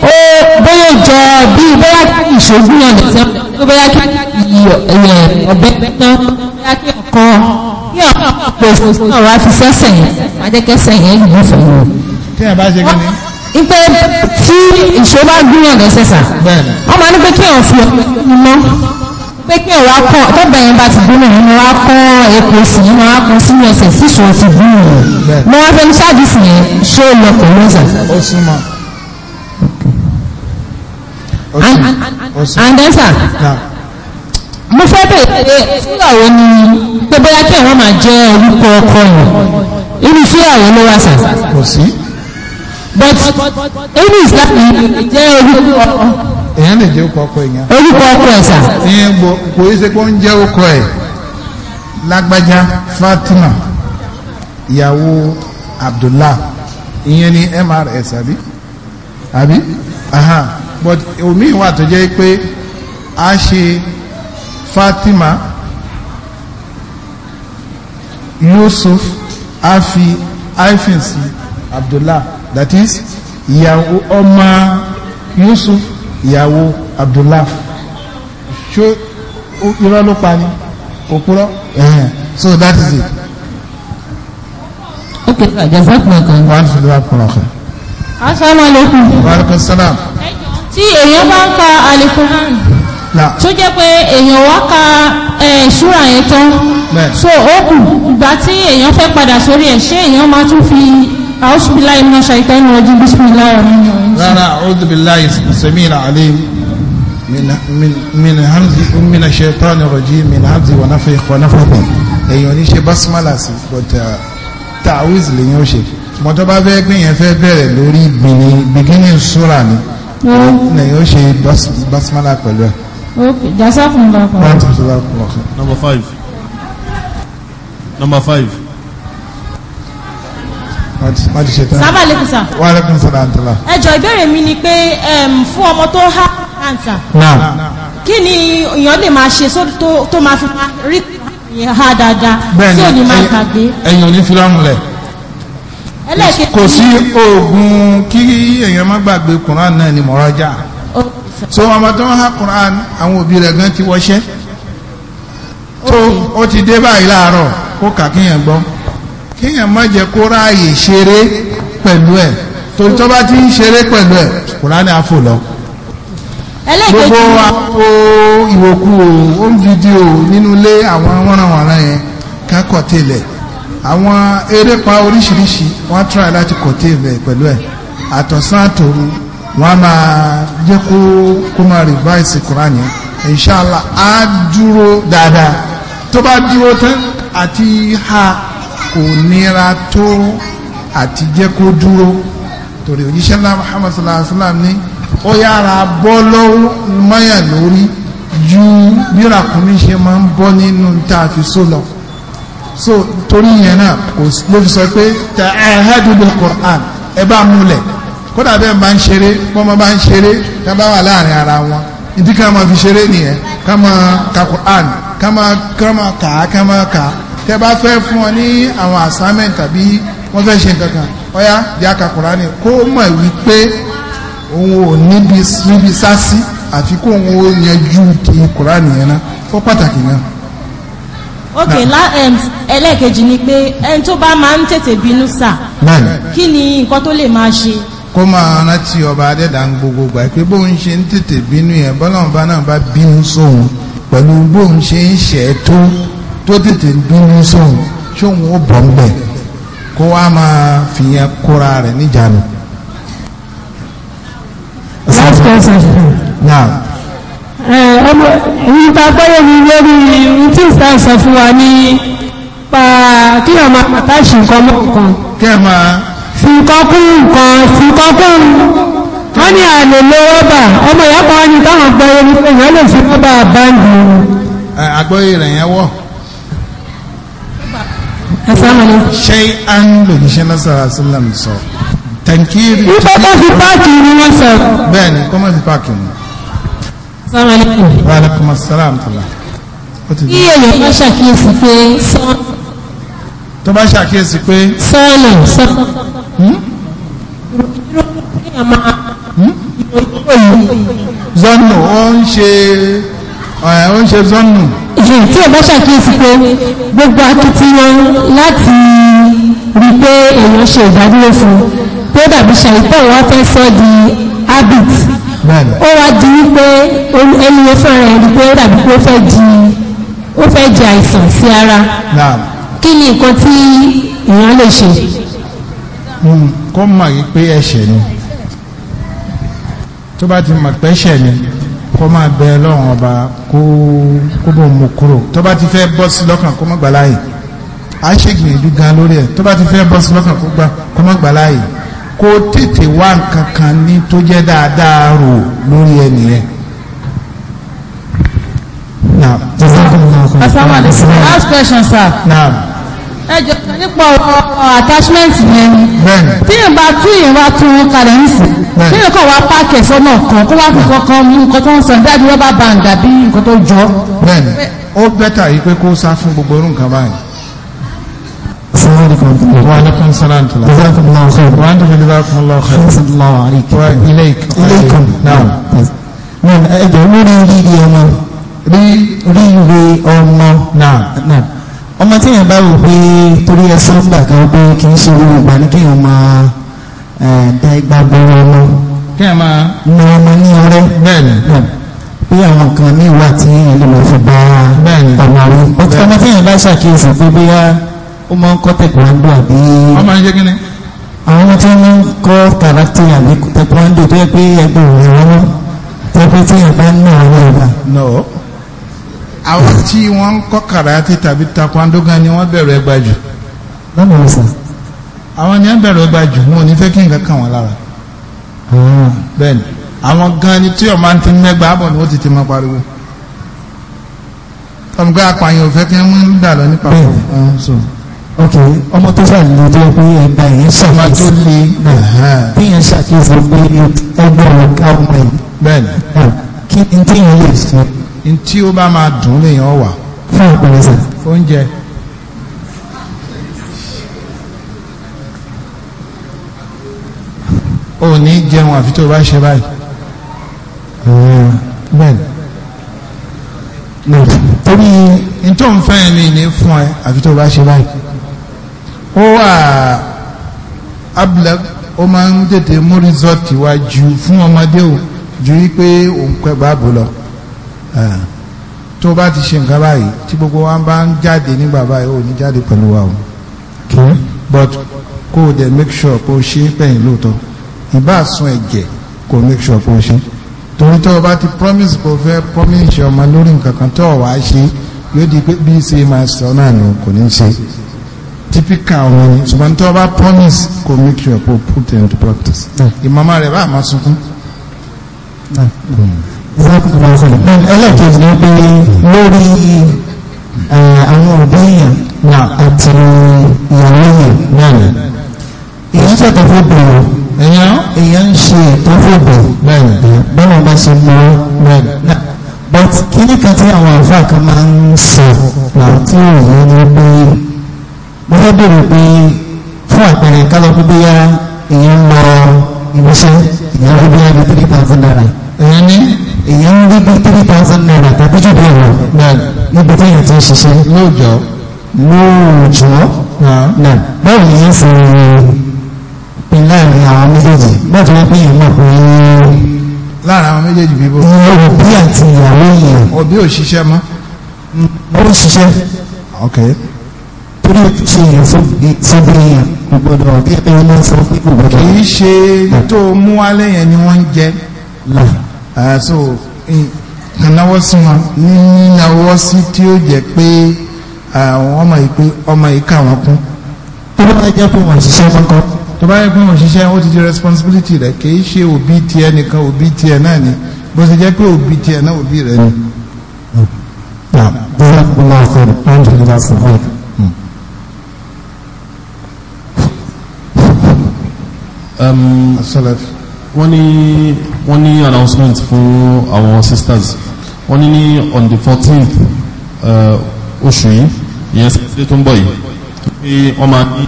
ó bóyá jọ bí bóyá ìṣògùn ọ̀nà ṣe bóyá kí ọ̀bẹ tán bóyá kí ọ̀kan ní ọ̀pọ̀ pòsì náà wá fi sẹ́sẹ̀ yẹn adékẹ́sẹ̀ yẹn yìí fẹ̀ wọ́n. kí ẹ bá ṣe kí ni. ipe tí ìṣó bá gbìyàn lẹ́sẹ̀ sà wọ́n máa ní pé kí ẹ̀ fi ọ̀pọ̀ mọ́ pé kí ẹ̀ wá kọ́ tọ́gbà yẹn bá ti gbìyàn yẹn wá kọ́ epo sí yẹn wá kọ́ sínú ẹsẹ̀ síṣó ti gbìyàn mo wá fẹ́ ní ṣáàjì sí yẹn ṣé ó lọ pẹ̀lú ẹ̀sà. ó súnmọ́ and then sir mo fẹ́ bèèrè fúra wo ni pé bóyá kí àwọn máa jẹ́ orúkọ ọkọ yìí inú fúra wo ló wà sà. kò sí. but inú Islam jẹ́ orúkọ ọkọ. èèyàn lè jẹ́ orúkọ ọkọ èèyàn. orúkọ ọkọ ẹ̀ sà. ìyẹn gbọ́ kò í ṣe pé ó ń jẹ́ orúkọ ẹ̀ lágbájá Fatima ìyàwó Abdullah ìyẹn ni MRS àbí àbí but omi wà tó jẹ́ pé a ṣe. Fatima Yusuf afi hyphen Abdullah that is ìyàwó ọmọ Yusuf ìyàwó Abdullah ṣó irọ́ ló pa ni òpúrọ́ ẹ̀hìn so that is it. ok jazakumullah. wàá fi dúró àpò ọkọ. asalaamualeykum. wa aleykum salaam. tí èèyàn bá ń ka alikuran tó jẹ́ pé èèyàn wá ka ṣúra yẹn tán so ó kù ìgbà tí èèyàn fẹ́ padà sórí ẹ̀ ṣé èèyàn máa tún fi àwòsùbílá iná ṣàìtọ́ inú ọdún bísímìlá ọ̀rọ̀ nínú ọ̀rọ̀. rárá àwòsùbílá sami'il alim min hamzi min ash-shaytan ar-rajim min hamzi wa nafikh wa nafikh èèyàn ní ṣe basmala sí but uh, ta'awiz lèyàn ó ṣe mọ́tọ́ bá fẹ́ pé yẹn fẹ́ bẹ̀rẹ̀ lórí beginning sura ni lèyàn ó ṣe basmala pẹ̀lú ẹ̀. Okay, jasafun lọ́kọ̀. Number five. Number five. Sábà lè kùsà. Wà lẹ́kùn sọ̀rọ̀ àǹtọ́lá. Ẹjọ́ ìbéèrè mi ni pé fún ọmọ tó há àǹtà. Kí ni èèyàn lè máa ṣe tó máa fi rí ha dáadáa tí ò ní máa gbàgbé? Ẹ̀yàn ní fílámù lẹ̀. Kò sí oògùn kí èèyàn má gbàgbé Kùrán náà ni mọ̀rájà so ọmọ tó ń ha Quran àwọn òbí rẹ̀ gan ti wọṣẹ́ tó ó ti dé báyìí láàárọ̀ kó kà kíyàn gbọ́ kíyàn má jẹ́ kó ráàyè ṣeré pẹ̀lú ẹ̀ torí tó bá ti ń ṣeré pẹ̀lú ẹ̀ Quran àfò lọ gbogbo àpò ìwòkú o ó ń nínú ilé àwọn wọ́nranwọ̀nran yẹn ká kọ̀tẹ́lẹ̀ àwọn erépa oríṣiríṣi wọ́n try láti kọ̀tẹ́lẹ̀ pẹ̀lú ẹ̀ àtọ̀sán àtòru wọ́n á máa jẹ́ kó kó máa rìváìsì Kùránì inṣàlá á dúró dáadáa tó bá dúró tán àti ha kò nira tó àti jẹ́ kó dúró torí òjíṣẹ́ ńlá Muhammad sallallahu alayhi wa sallam ní ó yára bọ́ lọ́wọ́ mọ́yà lórí ju bírakùnmí ṣe máa ń bọ́ nínú tá a fi só lọ so torí yẹn náà ló fi sọ pé ta'ahadu bil Qur'an ẹ bá múlẹ̀ kódà bẹ́ẹ̀ bá ń ṣeré bọ́mọ bá ń ṣeré ẹ bá wà láàrin ara wọn ìdí ká máa fi ṣeré nìyẹn ká máa ka Quran ká máa ká máa kà á ká máa kà á tẹ bá fẹ́ fún ọ ní àwọn assignment tàbí wọ́n fẹ́ ṣe nǹkan kan ọ̀yá bí a ka Quran kó mọ̀ wípé òun ò níbi níbi sásí àfi kó òun ó yanjú ti Quran yẹn ná fún pàtàkì náà. ok ẹlẹ́ẹ̀kejì ni pé ẹni tó bá máa ń tètè bínú sà kí ni nǹkan tó lè máa ṣe kó máa rántí ọba adẹ́dà ń gbogbo gbà pé bóun ṣe ń tètè bínú yẹn bọ́lọ́run bá náà bá bínú sóun pẹ̀lú bóun ṣe ń ṣẹ́ tó tó tètè bínú sóun ṣóun ó bọ̀ ń bẹ̀ kó wá máa fìyẹn kóra rẹ̀ níjànú. last question. now. ọmọ èyí ta gbọ́dọ̀ mi lórí tí ìsá sọ fún wa ní pa kí ọmọ àtàṣì nǹkan mọ́ nǹkan. kẹ́ ẹ̀ máa fìkọkún nǹkan fìkọkún wọ́n ní àlè ló rọ́bà ọmọ ìyá kan wọ́n ní táwọn gbọ́yé ní pé ìyá lè fi rọ́bà báńdì àgbọ́yé rẹ̀ yẹn wọ́ ṣe à ń lò ní ṣẹlẹ̀ sọ̀rọ̀ sílẹ̀m sọ tẹ̀kìrì nípa kó fi páàkì ni wọ́n sọ bẹ́ẹ̀ ni kó má fi páàkì ni. wàhálà kọ́mọ sálàm tó la. kí èèyàn bá ṣàkíyèsí pé sọ́ọ̀nù. tó bá ṣàkíyèsí pé. sọ́ọ̀nù sọ́ọ̀nù. Hmm? zọ́nù ó ń ṣe ó ń ṣe zọ́nù. ìṣe tí ẹ bá ṣàkíyèsí pé gbogbo akitiyan láti rí pé èèyàn ṣe ìdádúró fún pé ó dàbí ṣàìpọ̀ wọ́n fẹ́ sọ di habit ó wá di wípé ẹni yẹn fúnra rẹ̀ rí pé ó dàbí pé ó fẹ́ di ó fẹ́ di àìsàn sí ara kí ni nǹkan tí èèyàn lè ṣe. Hmm, kó mọ̀ pé ẹ̀ṣẹ̀ ni tó bá ti mọ̀ pé ẹ̀ṣẹ̀ ni kó máa bẹ lọ́wọ́n ọba kó bò mú kúrò tó bá ti fẹ́ bọ́ lọ́kàn kó mọ̀ gbà láàyè a ṣe gbìyànjú gan lórí ẹ̀ tó bá ti fẹ́ bọ́ sí lọ́kàn kó gbà kó mọ̀ gbà láàyè kó tètè wá nǹkan kan ní tó jẹ́ dáadáa rò lórí ẹnìyẹn. Assalamu alaikum. Last question, sir. Naam ẹjọ nípa ọ̀rọ̀ attachment yẹn tí yẹn bá tún yẹn wá tún wọn kalẹ̀ nísìn tí yẹn kọ̀ wá páàkì sọ́nà kan kó wá fi kankan mú nǹkan tó ń sọ dáàbí rọ́bà bàǹdà bí nǹkan tó jọ. bẹ́ẹ̀ni ó bẹ́tà yìí pé kó sá fún gbogbo orú nǹkan báyìí. Assalamualaikum. Waalaikum salam. Jazakumullahu khair. Wa anta jazakumullahu khair. Sallallahu alayhi wa ilayk. Ilaykum. Naam. Naam. Ẹjọ́ mi rí rí ọmọ. Rí rí ìwé ọmọ tí èèyàn bá wò pé torí ẹsẹ̀ ń gbà kan pé kì í ṣe owó ìgbà ní kí èèyàn máa tẹ igba gbòòrò ọmọ kí èèyàn máa na ọmọ ní ọrẹ bẹ́ẹ̀ni bí àwọn nǹkan míì wà tí èèyàn lè lọ fi bá ọmọ rẹ ọmọ tí èèyàn bá ṣàkíyèsí pé bóyá ó máa ń kọ́ tẹ̀kùwáńdò àbí ọmọ ń ṣe kí ni àwọn ọmọ tí wọ́n ń kọ́ kàràtì àbí tẹ̀kùwáńdò tó yẹ pé ẹgbẹ́ òun rẹ̀ wọ́n tẹ́ pé tí èèyàn bá ń ná ọ̀rẹ́ ìgbà àwọn tí wọ́n ń kọ́ karate tàbí taekwondo gan ni wọ́n bẹ̀rù ẹgbàá jù. báwo ni sà. àwọn ni wọ́n bẹ̀rù ẹgbàá jù wọn ò ní fẹ́ kí nǹkan kàn wọ́n lára. Ah. bẹ́ẹ̀ ni àwọn gan ni tí ọ̀ma ti mẹ́gbàá bọ̀ ni wọ́n ti ti máa pariwo. ọ̀gbẹ́ apààyàn ò fẹ́ kí wọ́n ń dà lọ nípa fún ah, ok ọmọ tó fà ní ọjọ́ pé ẹgbà yẹn ṣàkíyèsí bí yẹn ṣàkíyèsí pé ẹgbẹ́ ọ̀gá ọmọ yìí ah, kí ni tí yẹn lè ṣe ntí ó bá máa dùn léèyàn wà. fún ìpínlẹ̀ sẹ́. oúnjẹ. ò ní jẹun àfi tó o bá ṣe báyìí. Uh, bẹ́ẹ̀ni. torí ntọ́ nfẹ́ mi ní fún ẹ àfi tó o bá ṣe báyìí. ó wà abúlé ó máa ń tètè mú rìsọ́ọ̀tì wá ju fún ọmọdé o ju wípé òun pẹ́ bá bò lọ. Ah. tó bá ti ṣe nǹkan báyìí tí gbogbo wa bá ń jáde nígbà báyìí ò ní jáde pẹ̀lú wa o but kó o dẹ̀ make sure kó o ṣe pẹ̀yìn lóòótọ́ ìbá sun ẹ̀jẹ̀ kó o make sure kó o ṣe torí tó o bá ti promise kó o fẹ́ promise ọmọ lórí nǹkan kan tó o wá ṣe yóò di pé bí ṣe máa sọ náà nù kò ní ṣe typical wọn ni ṣùgbọ́n tó o bá promise kó o make sure kó o put it into practice ah. ìmọ̀mọ́ rẹ̀ bá a máa sunkún. Ah ẹlẹ́kejì ni pé lórí uh, àwọn òbí èèyàn na àti ìyàwó èèyàn náà ni èyí ṣètò fòbò èèyàn ń ṣe ètò fòbò bọ́lá bá ṣe mọ́ but kí ni kan tí àwọn àfáà kan máa ń sọ làwọn tí òun ni pé mo fẹ́ bèrè pé fún àpẹẹrẹ kálọ̀ bíbíyá èèyàn ń lọ ìmúṣẹ́ ìyàwó bíbíyá ní three thousand naira èyàn ń rí bí three thousand naira tàbí jù bẹ́ẹ̀ lọ níbi tí èyàn ti ń ṣiṣẹ́ lóòjọ́ lóòjọ́ náà báwo ni yẹn ṣe pin láàrin àwọn méjèèjì báwo ni wọ́n pín yẹn mọ̀ pé láàrin àwọn méjèèjì bíbó ìyẹn òbí àti ìyàwó yẹn òbí ò ṣiṣẹ́ mọ́ ó ń ṣiṣẹ́ okay torí ó ti ṣe yẹn sóbí yẹn kò gbọdọ̀ kí ẹ lọ sọ pé kò gbọdọ̀ kì í ṣe tó mú wálé yẹn ni wọ́n ń jẹ lọ́wọ́. Ah, so ìnáwó sí wọn ní nínáwó sí tí ó jẹ́ pé àwọn ah, ọmọ ìpé ọmọ ìka wọn kún tó bá jẹ́ pé wọ́n ṣiṣẹ́ kọ́kọ́ tó bá jẹ́ pé wọ́n ṣiṣẹ́ ó ti di responsibility rẹ̀ kì í ṣe òbí tiẹ̀ nìkan òbí tiẹ̀ náà ni bó ṣe jẹ́ pé òbí tiẹ̀ náà òbí rẹ̀ ni. Hmm. Um, Salafi wọ́n ní wọ́n ní announcement fún àwọn sisters wọ́n ní ní on the fourteenth uh, oṣù yìí ìyẹn sẹ́sẹ́ tó ń bọ̀ yìí pé wọ́n máa ní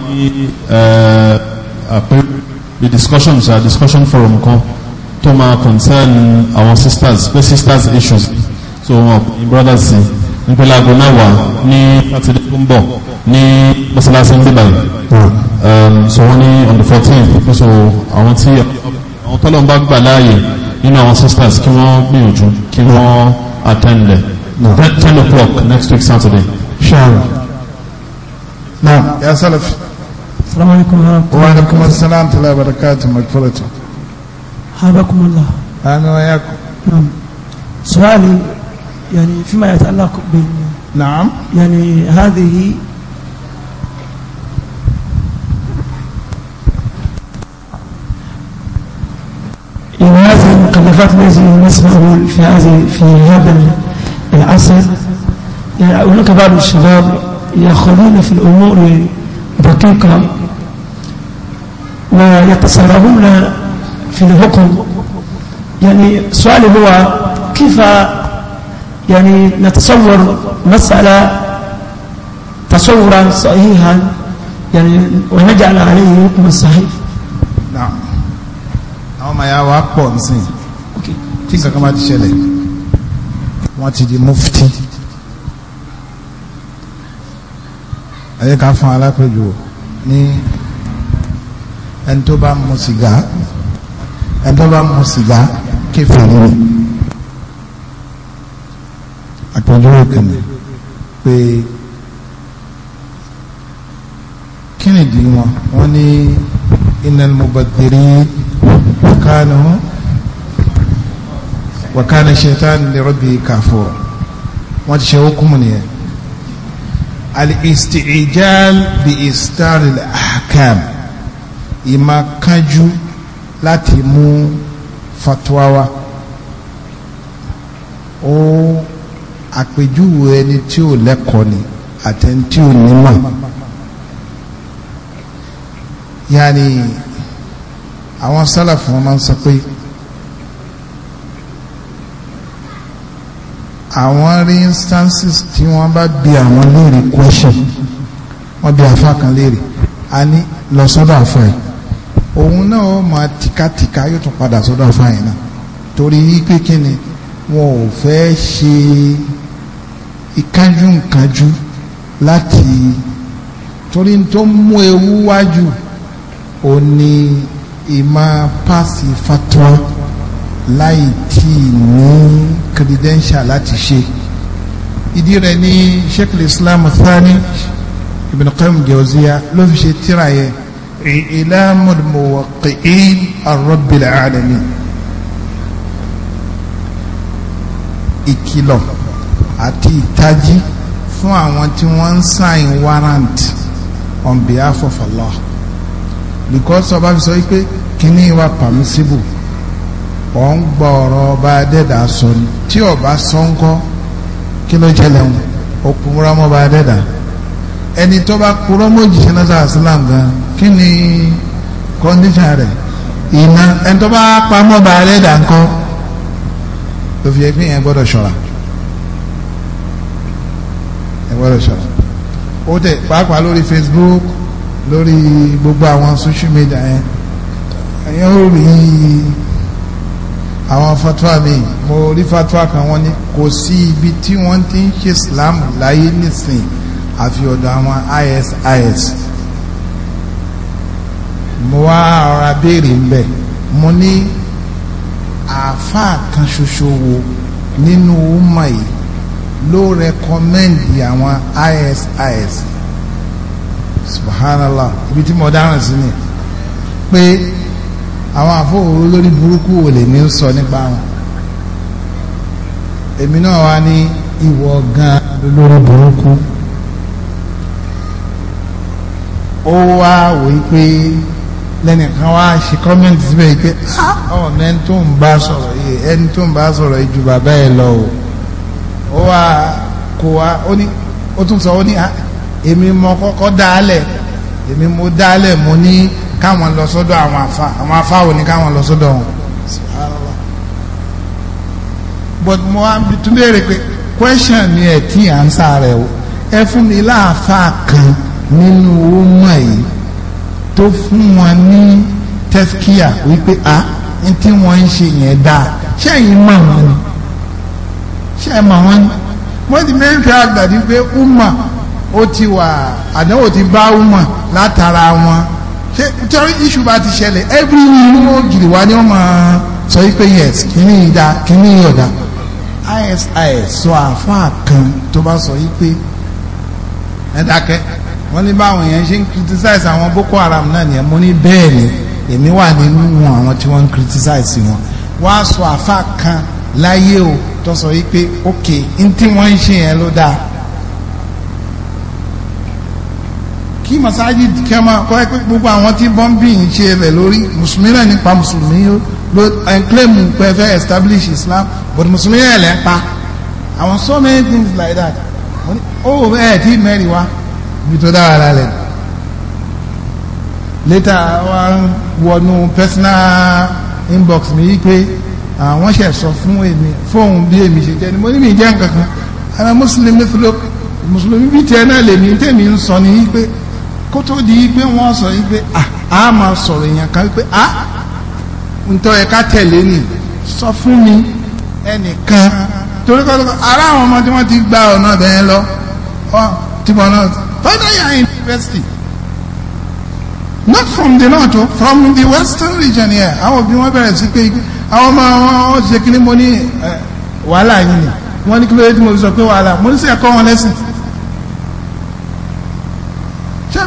àpẹẹrẹ uh, the discussion a discussion forum kan tó máa concern our sisters pé sisters issues so wọn brothers sí nípínlẹ̀ aago mẹ́wàá ní sátidé tó ń bọ̀ ní mọ́sálásí ń bíbáyìí hmm. um, so wọ́n ní on the 14 fourteenth so àwọn tí àwọn tọ́lọ̀ bá gbà láàyè nínú àwọn sisters kí wọ́n gbìyànjú kí wọ́n attend there ten o'clock next week saturday. ṣáàrù náà yà sálẹ̀ fi. salamu alaykum wa rahmatulahi. wa alaykum asalaam tala barakatu makfuratu. habakumullah. ami wa yaku. naam su'ali yani fima yata'allaq bin. naam. yani hadhihi. الخلافات التي نسمع في هذه في هذا العصر يعني هناك بعض الشباب يأخذون في الأمور دقيقة ويتسربون في الحكم يعني السؤال هو كيف يعني نتصور مسألة تصورا صحيحا يعني ونجعل عليه حكم صحيح نعم نعم يا ya wa tí nǹkan kan bá ti ṣẹlẹ̀ wọ́n ti di mufti ẹ̀yẹ ká fún alápèjù ní ẹni tó bá mu sìgá ẹni tó bá mu sìgá kéfèé rẹ̀ àpèjù kẹ̀mí pé kí nìdí wọn wọn ní innal mubaddirin kánú wakana shaitan li rabbi kafura wọ́n ti ṣe hukumu nìyẹn al-isti'ijal bi istar al-ahkam ìmá kánjú láti mú fatwa wa ó àpèjúwe ẹni tí ò lẹ́kọ̀ọ́ ni àtẹni tí ò nímọ̀ yáni àwọn sálàfù wọn máa sọ pé. àwọn rí instances tí wọ́n bá bi àwọn léèrè question wọ́n bi àfa kan léèrè a ní lọ sọ́dọ̀ àfa yìí òun náà ó máa tìkátìká yóò tún padà sọ́dọ̀ àfa yìí náà torí wípé kí ni wọn ò fẹ́ ṣe ìkánjú nkanjú láti torí tó mú ewu wájú òní ìmá pàṣẹ fatwa láì tí ní credential láti ṣe ìdí rẹ̀ ní sheikh islam thani ibn qayyim jawziya ló fi ṣe tíra yẹ ilamul muwaqqi'in ar-rabbil alamin ìkìlọ̀ àti ìtají fún àwọn tí wọ́n ń sign warrant on behalf of Allah because ọba fi sọ wípé kíní wa permissible ọ̀ ń gbọ́ ọ̀rọ̀ ọba adẹ́dà sọ ni tí ọba sọ ń kọ́ kí ló jẹlẹ̀ wọn ó purọ́ mọ́ ọba adẹ́dà ẹni tó bá purọ́ mọ́jìṣẹ́ náà sàásìlám gan kí ni kọ́ndíṣàn rẹ̀ iná ẹni tó bá pamọ́ ọba adẹ́dà ń kọ́ ló yẹn gbọ́dọ̀ ṣọ́ra ẹ gbọ́dọ̀ ṣọ́ra ó tẹ̀ pàápàá lórí Facebook lórí gbogbo àwọn social media yẹn ẹ̀yẹ́ ó rí i àwọn fatwa mi mo rí fatwa kan wọ́n ní kò sí ibi tí wọ́n ti ń ṣe islam láyé nísìn àfi ọ̀dọ̀ àwọn isis mo wá ọ̀rọ̀ béèrè ńbẹ̀ mo ní àáfàá kan ṣoṣo wo nínú umma yìí ló rẹkọmẹ́ndì àwọn isis subhanallah ibi tí mo dáràn sí ni pé àwọn àfọwòrò lórí burúkú ò lè ní sọ nípa wọn èmi náà wá ní ìwọ gan lórí burúkú ó wá wò ó pé lẹ́nìkan wá ṣe kọ́mẹ́ǹtì síbẹ̀ pé ọ̀nà ẹni tó ń bá sọ̀rọ̀ yìí ẹni tó ń bá sọ̀rọ̀ yìí ju bàbá ẹ̀ lọ o ó wá kó wá ó ní ó tún sọ ó ní èmi mọ kọ́kọ́ dálẹ̀ èmi mo dálẹ̀ mo ní káwọn lọ sọ́dọ̀ àwọn afa àwọn afa wo ni káwọn lọ sọ́dọ̀ wọn but mo wá tún béèrè pé question ni ẹ tí à ń sá rẹ o ẹ fún mi láàfáà kan nínú owó mọ̀ yìí tó fún wọn ní tẹ́síkíà wípé a ní tí wọ́n ń ṣe yẹn dáa ṣé ẹ̀yin mọ̀ wọn ni ṣé ẹ̀ mọ̀ wọn ni wọ́n ti mẹ́rin àgbàdì pé umma ó ti wà àdánwò ti bá umma látara wọn ṣe nítorí iṣu bá ti ṣẹlẹ̀ every week inú ògiri wa ni wọ́n máa sọ wípé yes kìíní ìdá kìíní ọ̀dà isis sọ àáfàá kan tó bá sọ wípé ẹ dákẹ́ wọ́n ní báwọn yẹn ṣe ń criticize àwọn boko haram náà nìyẹn mo ní bẹ́ẹ̀ ni èmi wà nínú àwọn tí wọ́n ń criticize wọn wọ́n á sọ àáfàá kan láyé o tó sọ wípé ok n tí wọ́n ń ṣe yẹn ló dáa kí masajid kẹma kọ́ ẹ pé gbogbo àwọn tí bọ́m̀bì ń ṣe rẹ̀ lórí mùsùlùmí rẹ̀ nípa mùsùlùmí ló ń claim pé ẹ fẹ́ establish islam but mùsùlùmí rẹ̀ lẹ́ pa àwọn so many things like that ó wò ẹ tí mẹ́rin wá ibi tó dára ara rẹ̀ later wọ́n wọnú personal inbox mi yí pé àwọn ṣe sọ fún èmi fóun bí èmi ṣe jẹ́ ni mo ní mi jẹ́ nǹkan kan ara mùsùlùmí mùsùlùmí bíi tiẹ̀ náà lèmi tèmi ń sọ ni yí pé kó tó di pé wọ́n sọ yí pé ah, a máa sọ̀rọ̀ èèyàn kan pé a ń ẹ ká tẹ̀lé nì sọ fún mi ẹnìkan torí kọ́ ara àwọn ọmọ tí wọ́n ti gba ọ̀nà bẹ́ẹ̀ lọ tìbọn náà further your university not from the north o oh, from the western region here àwọn òbí wọn bẹ̀rẹ̀ sí pé àwọn ọmọ wọn ṣe kí ni mo ní wàhálà yìí ni wọ́n ní kí ló dé tí mo sọ pé wàhálà mo ní sí ẹ̀kọ́ wọn lẹ́sìn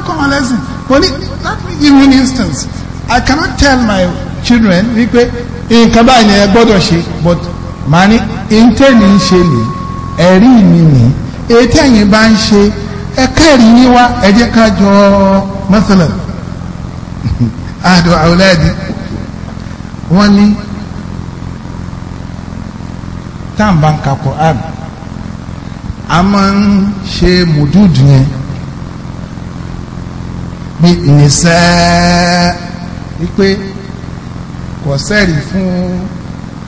not common lesson only me give you instance I cannot tell my children wípé nǹkan báyìí ni ẹ gbọ́dọ̀ ṣe but màá ní intanet ń ṣe lè ẹ̀rí mi nì ètí ẹ̀yìn bá ń ṣe ẹ̀ka ẹ̀rí yín wá ẹ jẹ́ ká jọ mọ́sálà *laughs* àdùn àwòlẹ́ẹ̀dì wọ́n ní táǹbà ń ka Quran a máa ń ṣe mùdúùdù yẹn pé nìṣẹ́ wípé kò sẹ́rì fún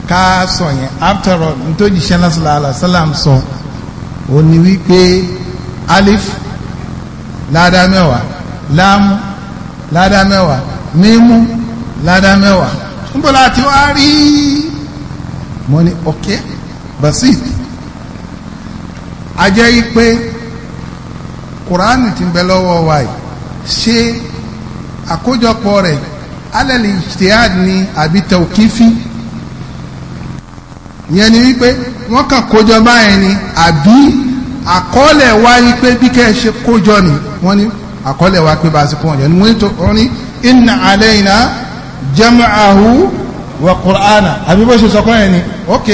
ká sọ yẹn after all nítorí sẹ́lásílá alásálàm sọ ò ní wípé alif ládá mẹ́wàá láàmú ládá mẹ́wàá mímú ládá mẹ́wàá níbo láti wá rí mo ní ọ̀kẹ́ basit a yí pé kùránì ti ń bẹ lọ́wọ́ wa ṣe àkójọpọ̀ rẹ̀ alẹ́lẹ̀ ijtihad ni àbí tawqifi yẹn ni wípé wọ́n kàn kójọ báyẹn ni àbí àkọọ́lẹ̀ wá wípé bí kẹ́ ẹ ṣe kójọ ni wọ́n ní àkọọ́lẹ̀ wá pé bá a ṣe kó wọn jọ ni wọ́n ní inna alayna jam'ahu wa qur'ana àbí bó ṣe sọ kọ́ yẹn ni ok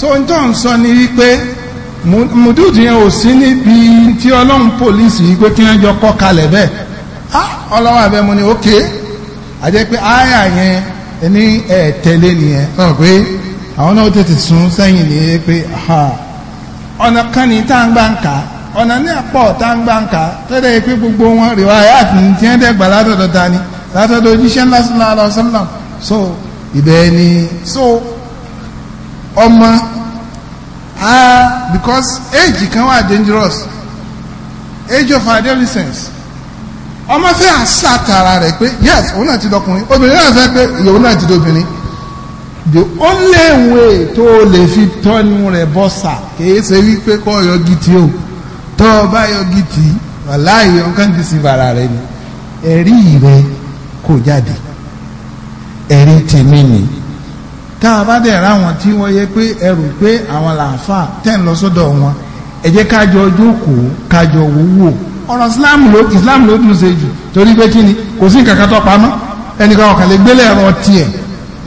so n tó sọ ni wípé mùdúdú yẹn ò sí níbi tí ọlọ́run pòlíìsì yìí pé kí wọ́n jọ kọ́ kalẹ̀ bẹ́ẹ̀ ọlọ́wọ́ abẹ́ mo ní ókè àjẹ́ pé àyà yẹn ní ẹ̀ tẹ̀lé nìyẹn náà pé àwọn náà tètè sún sẹ́yìn ní pé ọ̀nà kan ní tá à ń gbà ń kà ọ̀nà ní àpọ̀ tá à ń gbà ń kà tẹ́lẹ̀ pé gbogbo wọn rèwà ayáàtì ní tiẹ́ dẹ́gbà látọ̀dọ̀ ta látọ̀dọ̀ ojúṣe ńlá sí lára ọ̀sánlá so ibẹ̀ ni so ọmọ ah because age kan wà dangerous age of adolescence ọmọ fẹ́ àṣàtàrà rẹ̀ pé yes òun náà ti dọkùnrin obìnrin náà fẹ́ pé òun náà ti dọbìnrin the only way tó o lè fi tọ́nu rẹ̀ bọ́sà kìí ṣe wípé kọ́ yọgi tí o tọ́ ọ bá yọgi tí wàláyé ọkàn ti sin bàrà rẹ ni ẹ̀rí rẹ kò jáde ẹ̀rí tèmi ni tá a bá dẹ̀ ráwọn tí wọ́n yẹ pé ẹrù pé àwọn làáfà tẹ̀ ń lọ sọ́dọ̀ wọn ẹ jẹ́ kájọ ọjọ́ kò kájọ wò wò ọ̀rọ̀ islam ló islam ló dùn ṣe jù torí pé kí ni kò sí kankan tó pamọ́ ẹnìkan ọ̀kan lè gbélé ẹ̀rọ tiẹ̀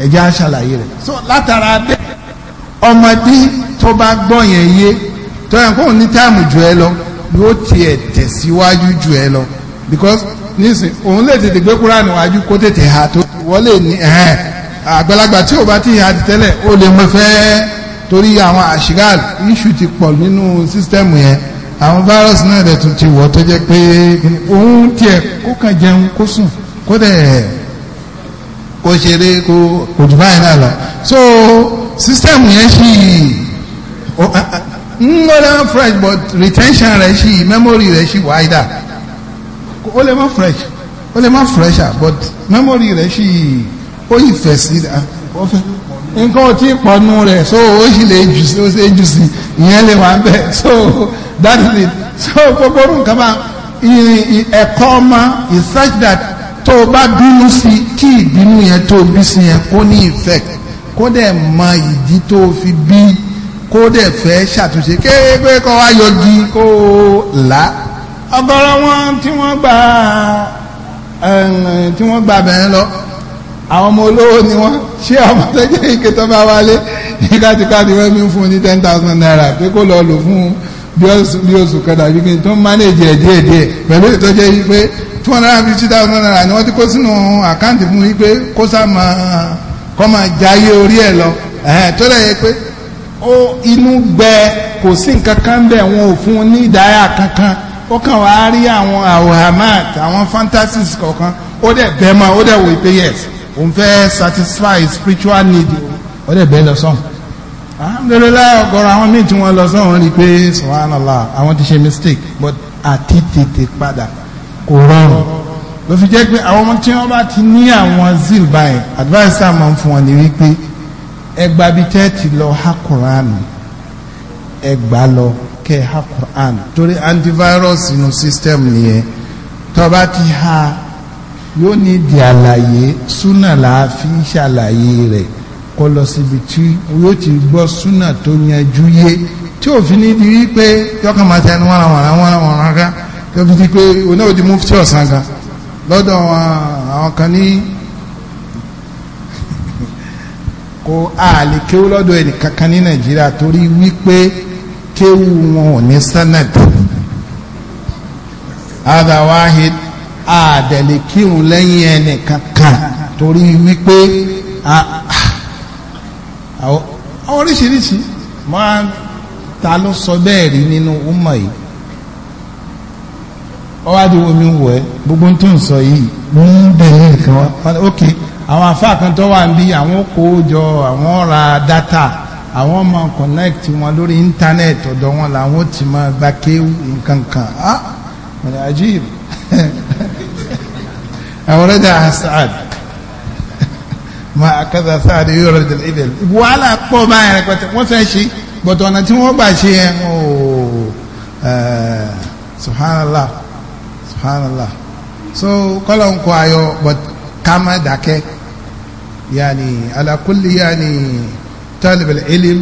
ẹ̀jẹ̀ á ṣàlàyé rẹ̀ so látara bẹ́ẹ̀ ọmọdé tó bá gbọ́ yẹn yé tó yẹn kóun ní táìmù jù ẹ lọ yóò tiẹ̀ tẹ̀síwájú jù ẹ lọ because nísìn òun lè tètè gbé kúránì wájú kó tètè ha tó wọ́n lè ní ẹ̀hẹ́n àgbàlagbà tí ò bá ti ha ti tẹ́lẹ̀ ó lè mọ fẹ́ẹ́ torí àwọn àṣìgáàlì iṣu ti pọ̀ nínú sísítẹ́ẹ̀mù yẹn àwọn virus náà dẹ̀ tún ti wọ̀ tó jẹ́ pé òun tiẹ̀ kó kàn jẹun kó sùn kó dẹ̀ kó ṣeré kó kò jù báyìí náà lọ so system yẹn ṣì ńlọ́dá fresh but retention rẹ̀ ṣì memory rẹ̀ ṣì wider ó lè má fresh ó lè má fresher, but memory rẹ̀ ṣì ó yìí fẹ̀ sí nǹkan tí pọnú rẹ̀ so ó sì lè jù sí ó sì ìyẹn lè wà ń so that is it so gbogbo orun kan máa ẹ̀kọ́ ọmọ is such that tó o bá bínú sí kí ìbínú yẹn tó o bí sí yẹn kó ní effect kó dẹ̀ mọ ìdí tó o fi bí kó dẹ̀ fẹ́ ṣàtúnṣe kéèpé kó wá yọjú kó o là ọ̀gọ̀rọ̀ wọn tí wọ́n gbà tí wọ́n gbà bẹ́ẹ̀ lọ àwọn ọmọ olówó ni wọ́n ṣé ọmọ tẹ́jẹ́ ike tó bá wálé ní kátikáti wọ́n fi ń fún ní ten thousand naira pé kó lọ lò fún un bí oṣù bí oṣù kẹta bí kí n tó manage ẹ̀ díẹ̀ díẹ̀ pẹ̀lú ìtọ́jẹ́ yìí pé two hundred and fifty thousand naira ni wọ́n ti kó sínú àkáǹtì fún yìí pé kó sá máa kọ́ máa jayé orí ẹ̀ lọ tó lẹ̀ yẹ pé ó inú gbẹ kò sí nǹkan kan bẹ́ẹ̀ wọn ò fún ní ìdáyà kankan ó kàn wá rí àwọn awhamat àwọn fantasies kọ̀ọ̀kan ó dẹ̀ bẹ́ẹ̀ mọ́ ó dẹ̀ wò pé yes òun fẹ́ satisfy spiritual need ó dẹ̀ bẹ́ẹ̀ lọ sọ́hùn alhamdulilayi ọ̀gọ̀rọ̀ àwọn míì tí wọ́n lọ sọ́wọ́n rí pé subhanallah àwọn ti ṣe mistake but àti tètè padà kò rọrùn ló fi jẹ́ pé àwọn ọmọ tí wọ́n bá ti ní àwọn zeal báyìí advice tá a máa ń fún wọn ní wípé ẹgbà bíi tẹ́ẹ̀tì lọ ha kùránù ẹgbà lọ kẹ́ ha kùránù torí antivirus inú system nìyẹn tó bá ti ha yóò ní di àlàyé súnà làá fi ń ṣàlàyé rẹ̀ kó lọ síbi tí yóò ti gbọ́ súnà tó yanjú yé tí òfin ní di wípé yọkàn máa tẹnu wọn àwọn àwọn àwọn ọ̀rá tó fi di pé onáwó di mufti ọ̀sán ga lọ́dọ̀ àwọn kan ní *laughs* kó àlè kéwú lọ́dọ̀ ẹnì kankan ní Nàìjíríà torí wípé kéwú wọn ò ní sanad adawahid àdẹ̀lẹ̀ lẹ́yìn ẹnì kankan torí wípé àwọn oríṣiríṣi máa ta ló sọ bẹ́ẹ̀ rí nínú umma yìí wọ́n wá di omi wọ̀ ẹ́ gbogbo tó ń sọ yìí mú bẹ̀rẹ̀ nìkan ok àwọn àfáà kan tó wà ń bí àwọn kó jọ àwọn ra data àwọn máa connect wọn lórí internet ọ̀dọ̀ wọn làwọn ti máa gba kéwù nǹkan kan ah mọ̀lẹ́ *laughs* àjíìbù àwọn rẹ̀ dà Asad. máa kẹ́sà sáré yóò rẹ̀ dẹ̀lẹ̀ ìdẹ̀lẹ̀ wàhálà pọ̀ báyìí rẹpẹtẹ wọ́n fẹ́ ṣe bọ̀tọ̀ ọ̀nà tí wọ́n bá ṣe yẹn ooo subhanallah subhanallah so kala on kọ́ ayọ̀ but kama dákẹ́ yani ala kulli yani talib al-ilm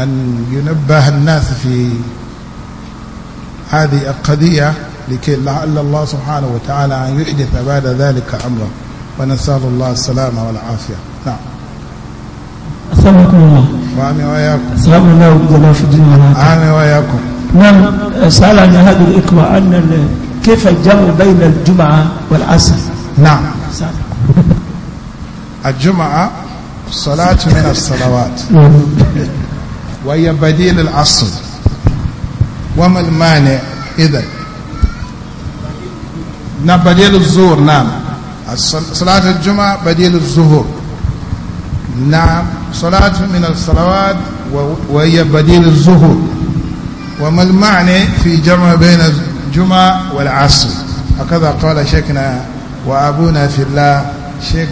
an yunabbah an-nas fi hadhihi al-qadiyya لكي لعل الله سبحانه وتعالى أن يحدث بعد ذلك أمره ونسأل الله السلامة والعافية نعم السلام الله وعمي وإياكم أثابنا الله جل في الدنيا والآخرة عمي وإياكم نعم سألني هذه الإخوة أن كيف الجمع بين الجمعة والعصر نعم الجمعة صلاة من الصلوات نعم. وهي بديل العصر وما المانع إذا نعم، بديل الزور نعم صلاة الجمعة بديل الظهور نعم صلاة من الصلوات وهي بديل الظهور وما المعنى في جمع بين الجمعة والعصر هكذا قال شيخنا وأبونا في الله شيخ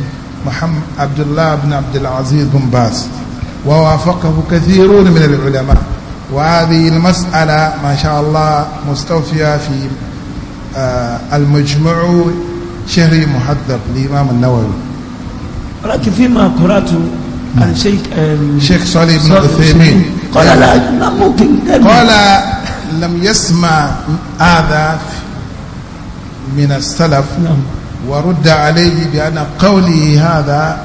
محمد عبد الله بن عبد العزيز بن باز ووافقه كثيرون من العلماء وهذه المسألة ما شاء الله مستوفية في آه، المجمع شهري محدق للإمام النووي ولكن فيما قرأته عن نعم. شيخ شيخ صالح بن عثيمين قال إيه؟ لا ممكن قال لم يسمع هذا من السلف نعم ورد عليه بأن قوله هذا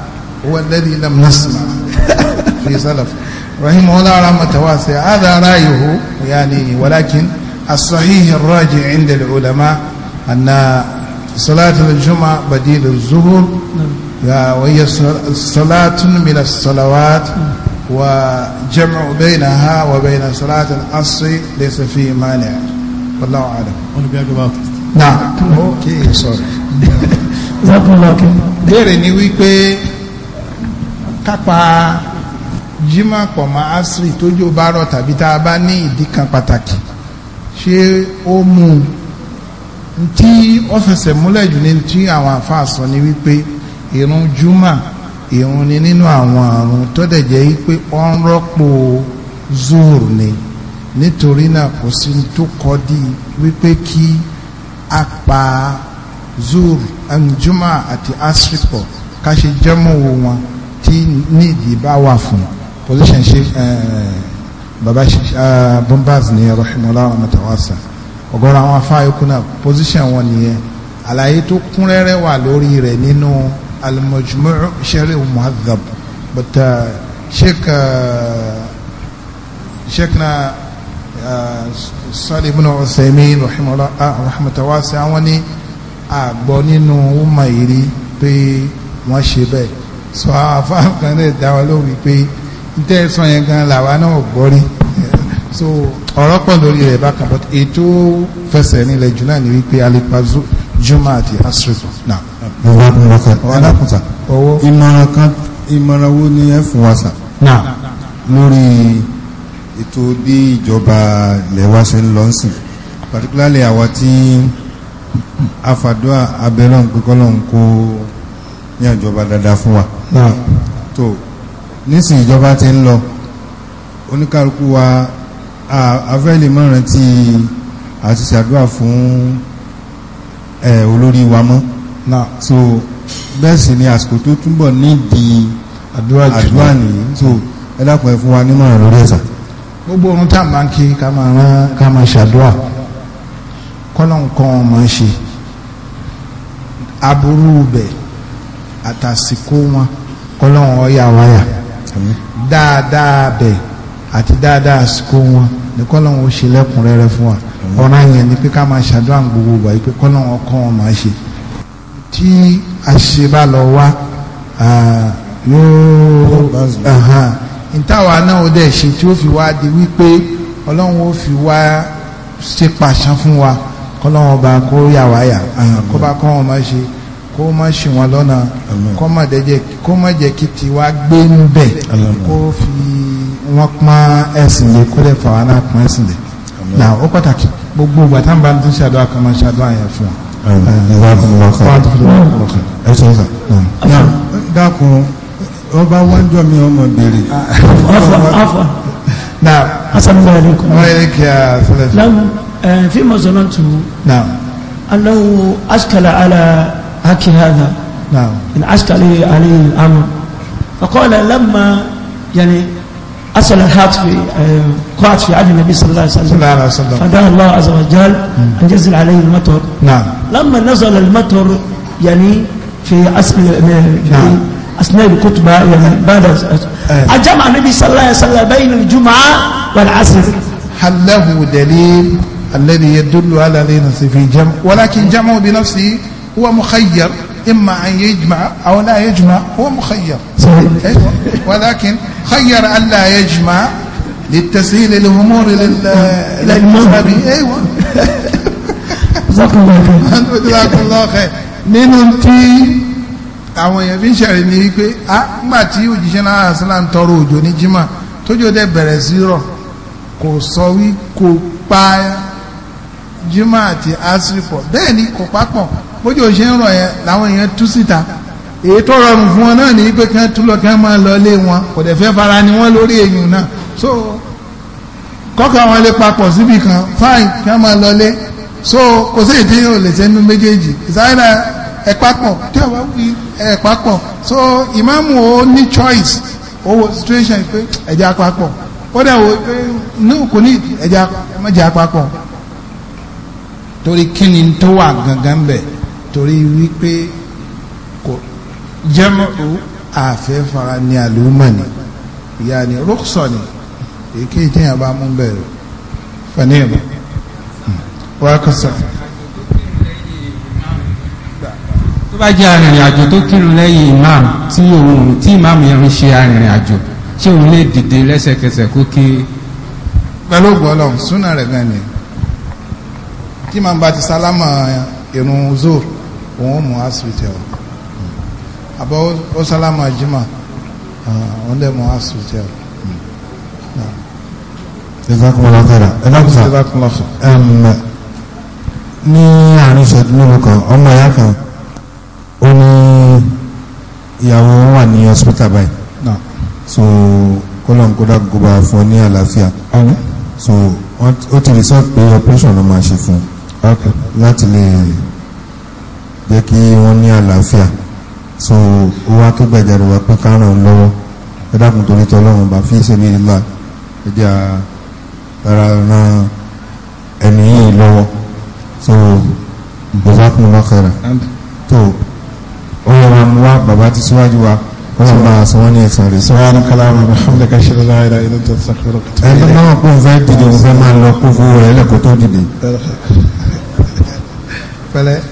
هو الذي لم نسمع في سلف رحمه الله رحمة واسعة هذا رأيه يعني ولكن الصحيح الراجع عند العلماء أن صلاة الجمعة بديل الظهر وهي صلاة من الصلوات وجمع بينها وبين صلاة العصر ليس فيه مانع والله أعلم نعم اوكي سوري béèrè ni wípé kápá jimá pọ̀ mọ́ asiri tójú bá rọ̀ tàbí tá a bá ní ìdí kan pàtàkì ṣé ó mú un tí ó fẹsẹ̀ múlẹ̀ jù ní tí àwọn àfáà sọ ni wípé ìrun juma ìrun ni nínú àwọn àrùn tó dẹ̀ jẹ́ wípé ó ń rọ́pò zuhur ni nítorí náà kò sí tó kọ́ di wípé kí a pa zuhur juma àti asripọ̀ ká ṣe jẹ́mọ̀ wọn tí nídìí bá wà fún position ṣe eh, baba eh, bombaz ni rahimahullah wa matawasa ọ̀gọ́rọ̀ àwọn afá yòókù náà position wọn nìyẹn àlàyé tó kún rẹ́rẹ́ wà lórí rẹ̀ nínú al-Majmu' sharh al-Muhadhab but uh, sheikh uh, sheikh na uh, Salih ibn Uthaymin rahmatan wasi'a àwọn ní àgbọ̀ nínú ọmọ ìrí pé wọ́n ṣe bẹ́ẹ̀ sọ àwọn afá kan náà dáwọ́ lórí pé ní tẹ́ sọ yẹn gan làwa náà gbọ́ rí so ọ̀rọ̀ pọ̀ lórí rẹ̀ bákan but ètò fẹsẹ̀ nílẹ̀ jù náà ni wípé alipazu juma àti asritu náà. ọwọ́ ọkọ alákùtà ìmọ̀ràn kan ìmọ̀ràn wo ni ẹ fún wa sà. náà lórí ètò bí ìjọba ilẹ̀ wa ṣe ń lọ sí particularly àwa tí afàdúrà abẹ́lọ́n pẹ́kọ́lọ́n kó ní ìjọba dáadáa fún wa tó nísìn ìjọba ti ń lọ oníkálukú wa afẹ́lẹ̀ mọ́ràn tí a ti ṣàdúrà fún ẹ̀ olórí wa mọ́ so bẹ́ẹ̀ sì ni àsìkò tó túnbọ̀ nídìí àdúrà nìyí so ẹ dákun ẹ fún wa nímọ̀ràn lórí ẹ̀sà. gbogbo ohun tá a máa ń kí ká máa rán ká máa ṣàdúrà kọ́nà nǹkan máa ń ṣe aburú bẹ̀ àtàsìkò wọn kọ́nà wọn wáyà dáadáa bẹ̀ àti dáadáa àsìkò wọn ní kọ́lọ́hún ó ṣe lẹ́kùnrẹ́rẹ́ fún wa ọ̀nà yẹn ni pé ká máa ṣàdúrà gbogbo wa pé kọ́lọ́hún ọkọ́ wọn máa ṣe tí àṣìṣe bá lọ wá yóò ìtawà náà ó dẹ̀ ṣe tí ó fi wá di wípé ọlọ́run ó fi wá ṣe pàṣán fún wa kọ́lọ́hún ọba kó yà wáyà kó bá kọ́ wọn máa ṣe kó má ṣì wọn lọ́nà kó má jẹ́ kí tiwa gbé ń bẹ̀ kó fi wọ́n pọ́n ẹ̀sìn lé kó dẹ̀ fàwọn náà pọ́n ẹ̀sìn lé na ó pàtàkì gbogbo ìgbà tá n bá ń tún ṣàdúrà kan máa ṣàdúrà yẹn fún wa. dákun ó bá wọ́n jọ mi ọmọ béèrè. na asalaamualeykum. tu. na. anahu askala ala haki hada. na. in askali ali amu. فقال لما يعني أصل في آه، قعد في عهد النبي صلى الله عليه وسلم فدعا الله عز وجل أن ينزل عليه المطر نعم لما نزل المطر يعني في أصل آه، نعم. أثناء الخطبة يعني بعد آه، أجمع النبي صلى الله عليه وسلم بين الجمعة والعصر هل له دليل الذي يدل على ليلة في جمع ولكن جمعه بنفسه هو مخير إما أن يجمع أو لا يجمع هو مخير صحيح ولكن خير أن لا يجمع للتسهيل الأمور للمذهبي أيوة جزاكم الله خير جزاكم الله خير nínú tí àwọn èèyàn fi ń ṣẹ̀rẹ̀ ní wípé a nígbà tí òjíṣẹ́ náà aslan tọrọ òjò ní jimá tójò dẹ̀ bẹ̀rẹ̀ sí rọ̀ kò sọ wí kò pa jimá àti asrifọ̀ bẹ́ẹ̀ ni kò papọ̀ bójú òṣè ń rọ̀ yẹn làwọn èèyàn tú síta èyí tó rọrùn fún wọn náà ní pé kí tú lọ kí máa lọ lé wọn kò dẹ̀ fẹ́ fara ni wọ́n lórí èèyàn náà so kọ́kọ́ wọn lè papọ̀ síbi kan fine kí wọ́n máa lọ lé so kò sí ìdí yóò lè sẹ́nu méjèèjì ìsáyẹ̀dá ẹ̀ papọ̀ tí wọ́n wí ẹ̀ papọ̀ so ìmáàmù ó ní choice ó situation pé ẹ̀jẹ̀ apapọ̀ ó dẹ̀ wo pé ní kò ní ẹ̀jẹ̀ apapọ̀ torí kí ni tó wà gangan bẹ́ẹ̀ torí wípé kò jẹ́mọ̀ọ́ àfẹ́ fara ní àlùmọ̀nì ìyá ni rúkṣọ̀nì èké ìjẹ́yàn bá mú bẹ̀rẹ̀ fanẹ́ẹ̀mù wákàtí. tó bá jẹ́ arìnrìn àjò tó kírun lẹ́yìn imam tí òun tí imam yẹn ń ṣe arìnrìn àjò ṣé òun lè dìde lẹ́sẹ̀kẹsẹ̀ kó kí. pẹ̀lú gbọ́lọ̀ súnà rẹ̀ gan ni tí màá bá ti sálámà irun zoro òun mú asibiti wa o ó sálámà jimá ah, òun dẹ̀ mú asibiti wa. jazakumullahu khairan ẹ dákúsà ní àárín ìṣẹ́jú níbi kan ọmọ ìyá kan ó ní ìyàwó wà ní hospital báyìí so kọ́lọ̀n kó dágbóbá fún ní àlàáfíà so ó ti rí sọ pé operation ló máa ṣe fún láti lè jẹ́ kí wọ́n ní àlàáfíà so ó wá tó gbàjáde wá pé ká ràn lọ́wọ́ ẹ dákun torí tọ́lọ́run bá fi ṣe ní ìlà ẹjẹ́ ara ran ẹni yìí lọ́wọ́ so ìgbésàkùn lọ́kẹ̀rẹ̀ tó ó yẹ wa mú wa bàbá ti síwájú wa wọ́n bá sọ wọ́n ní ẹ̀sán rẹ̀ sọ wọ́n kálá wọn mọ̀hánlẹ̀ káṣílẹ̀ láìra ilé tó sàkúrò kìtà ẹni náà kó fẹ́ dìde òun fẹ́ máa lọ kó fowó rẹ̀ lẹ́kọ̀ọ́ tó dìde. pẹ̀lẹ́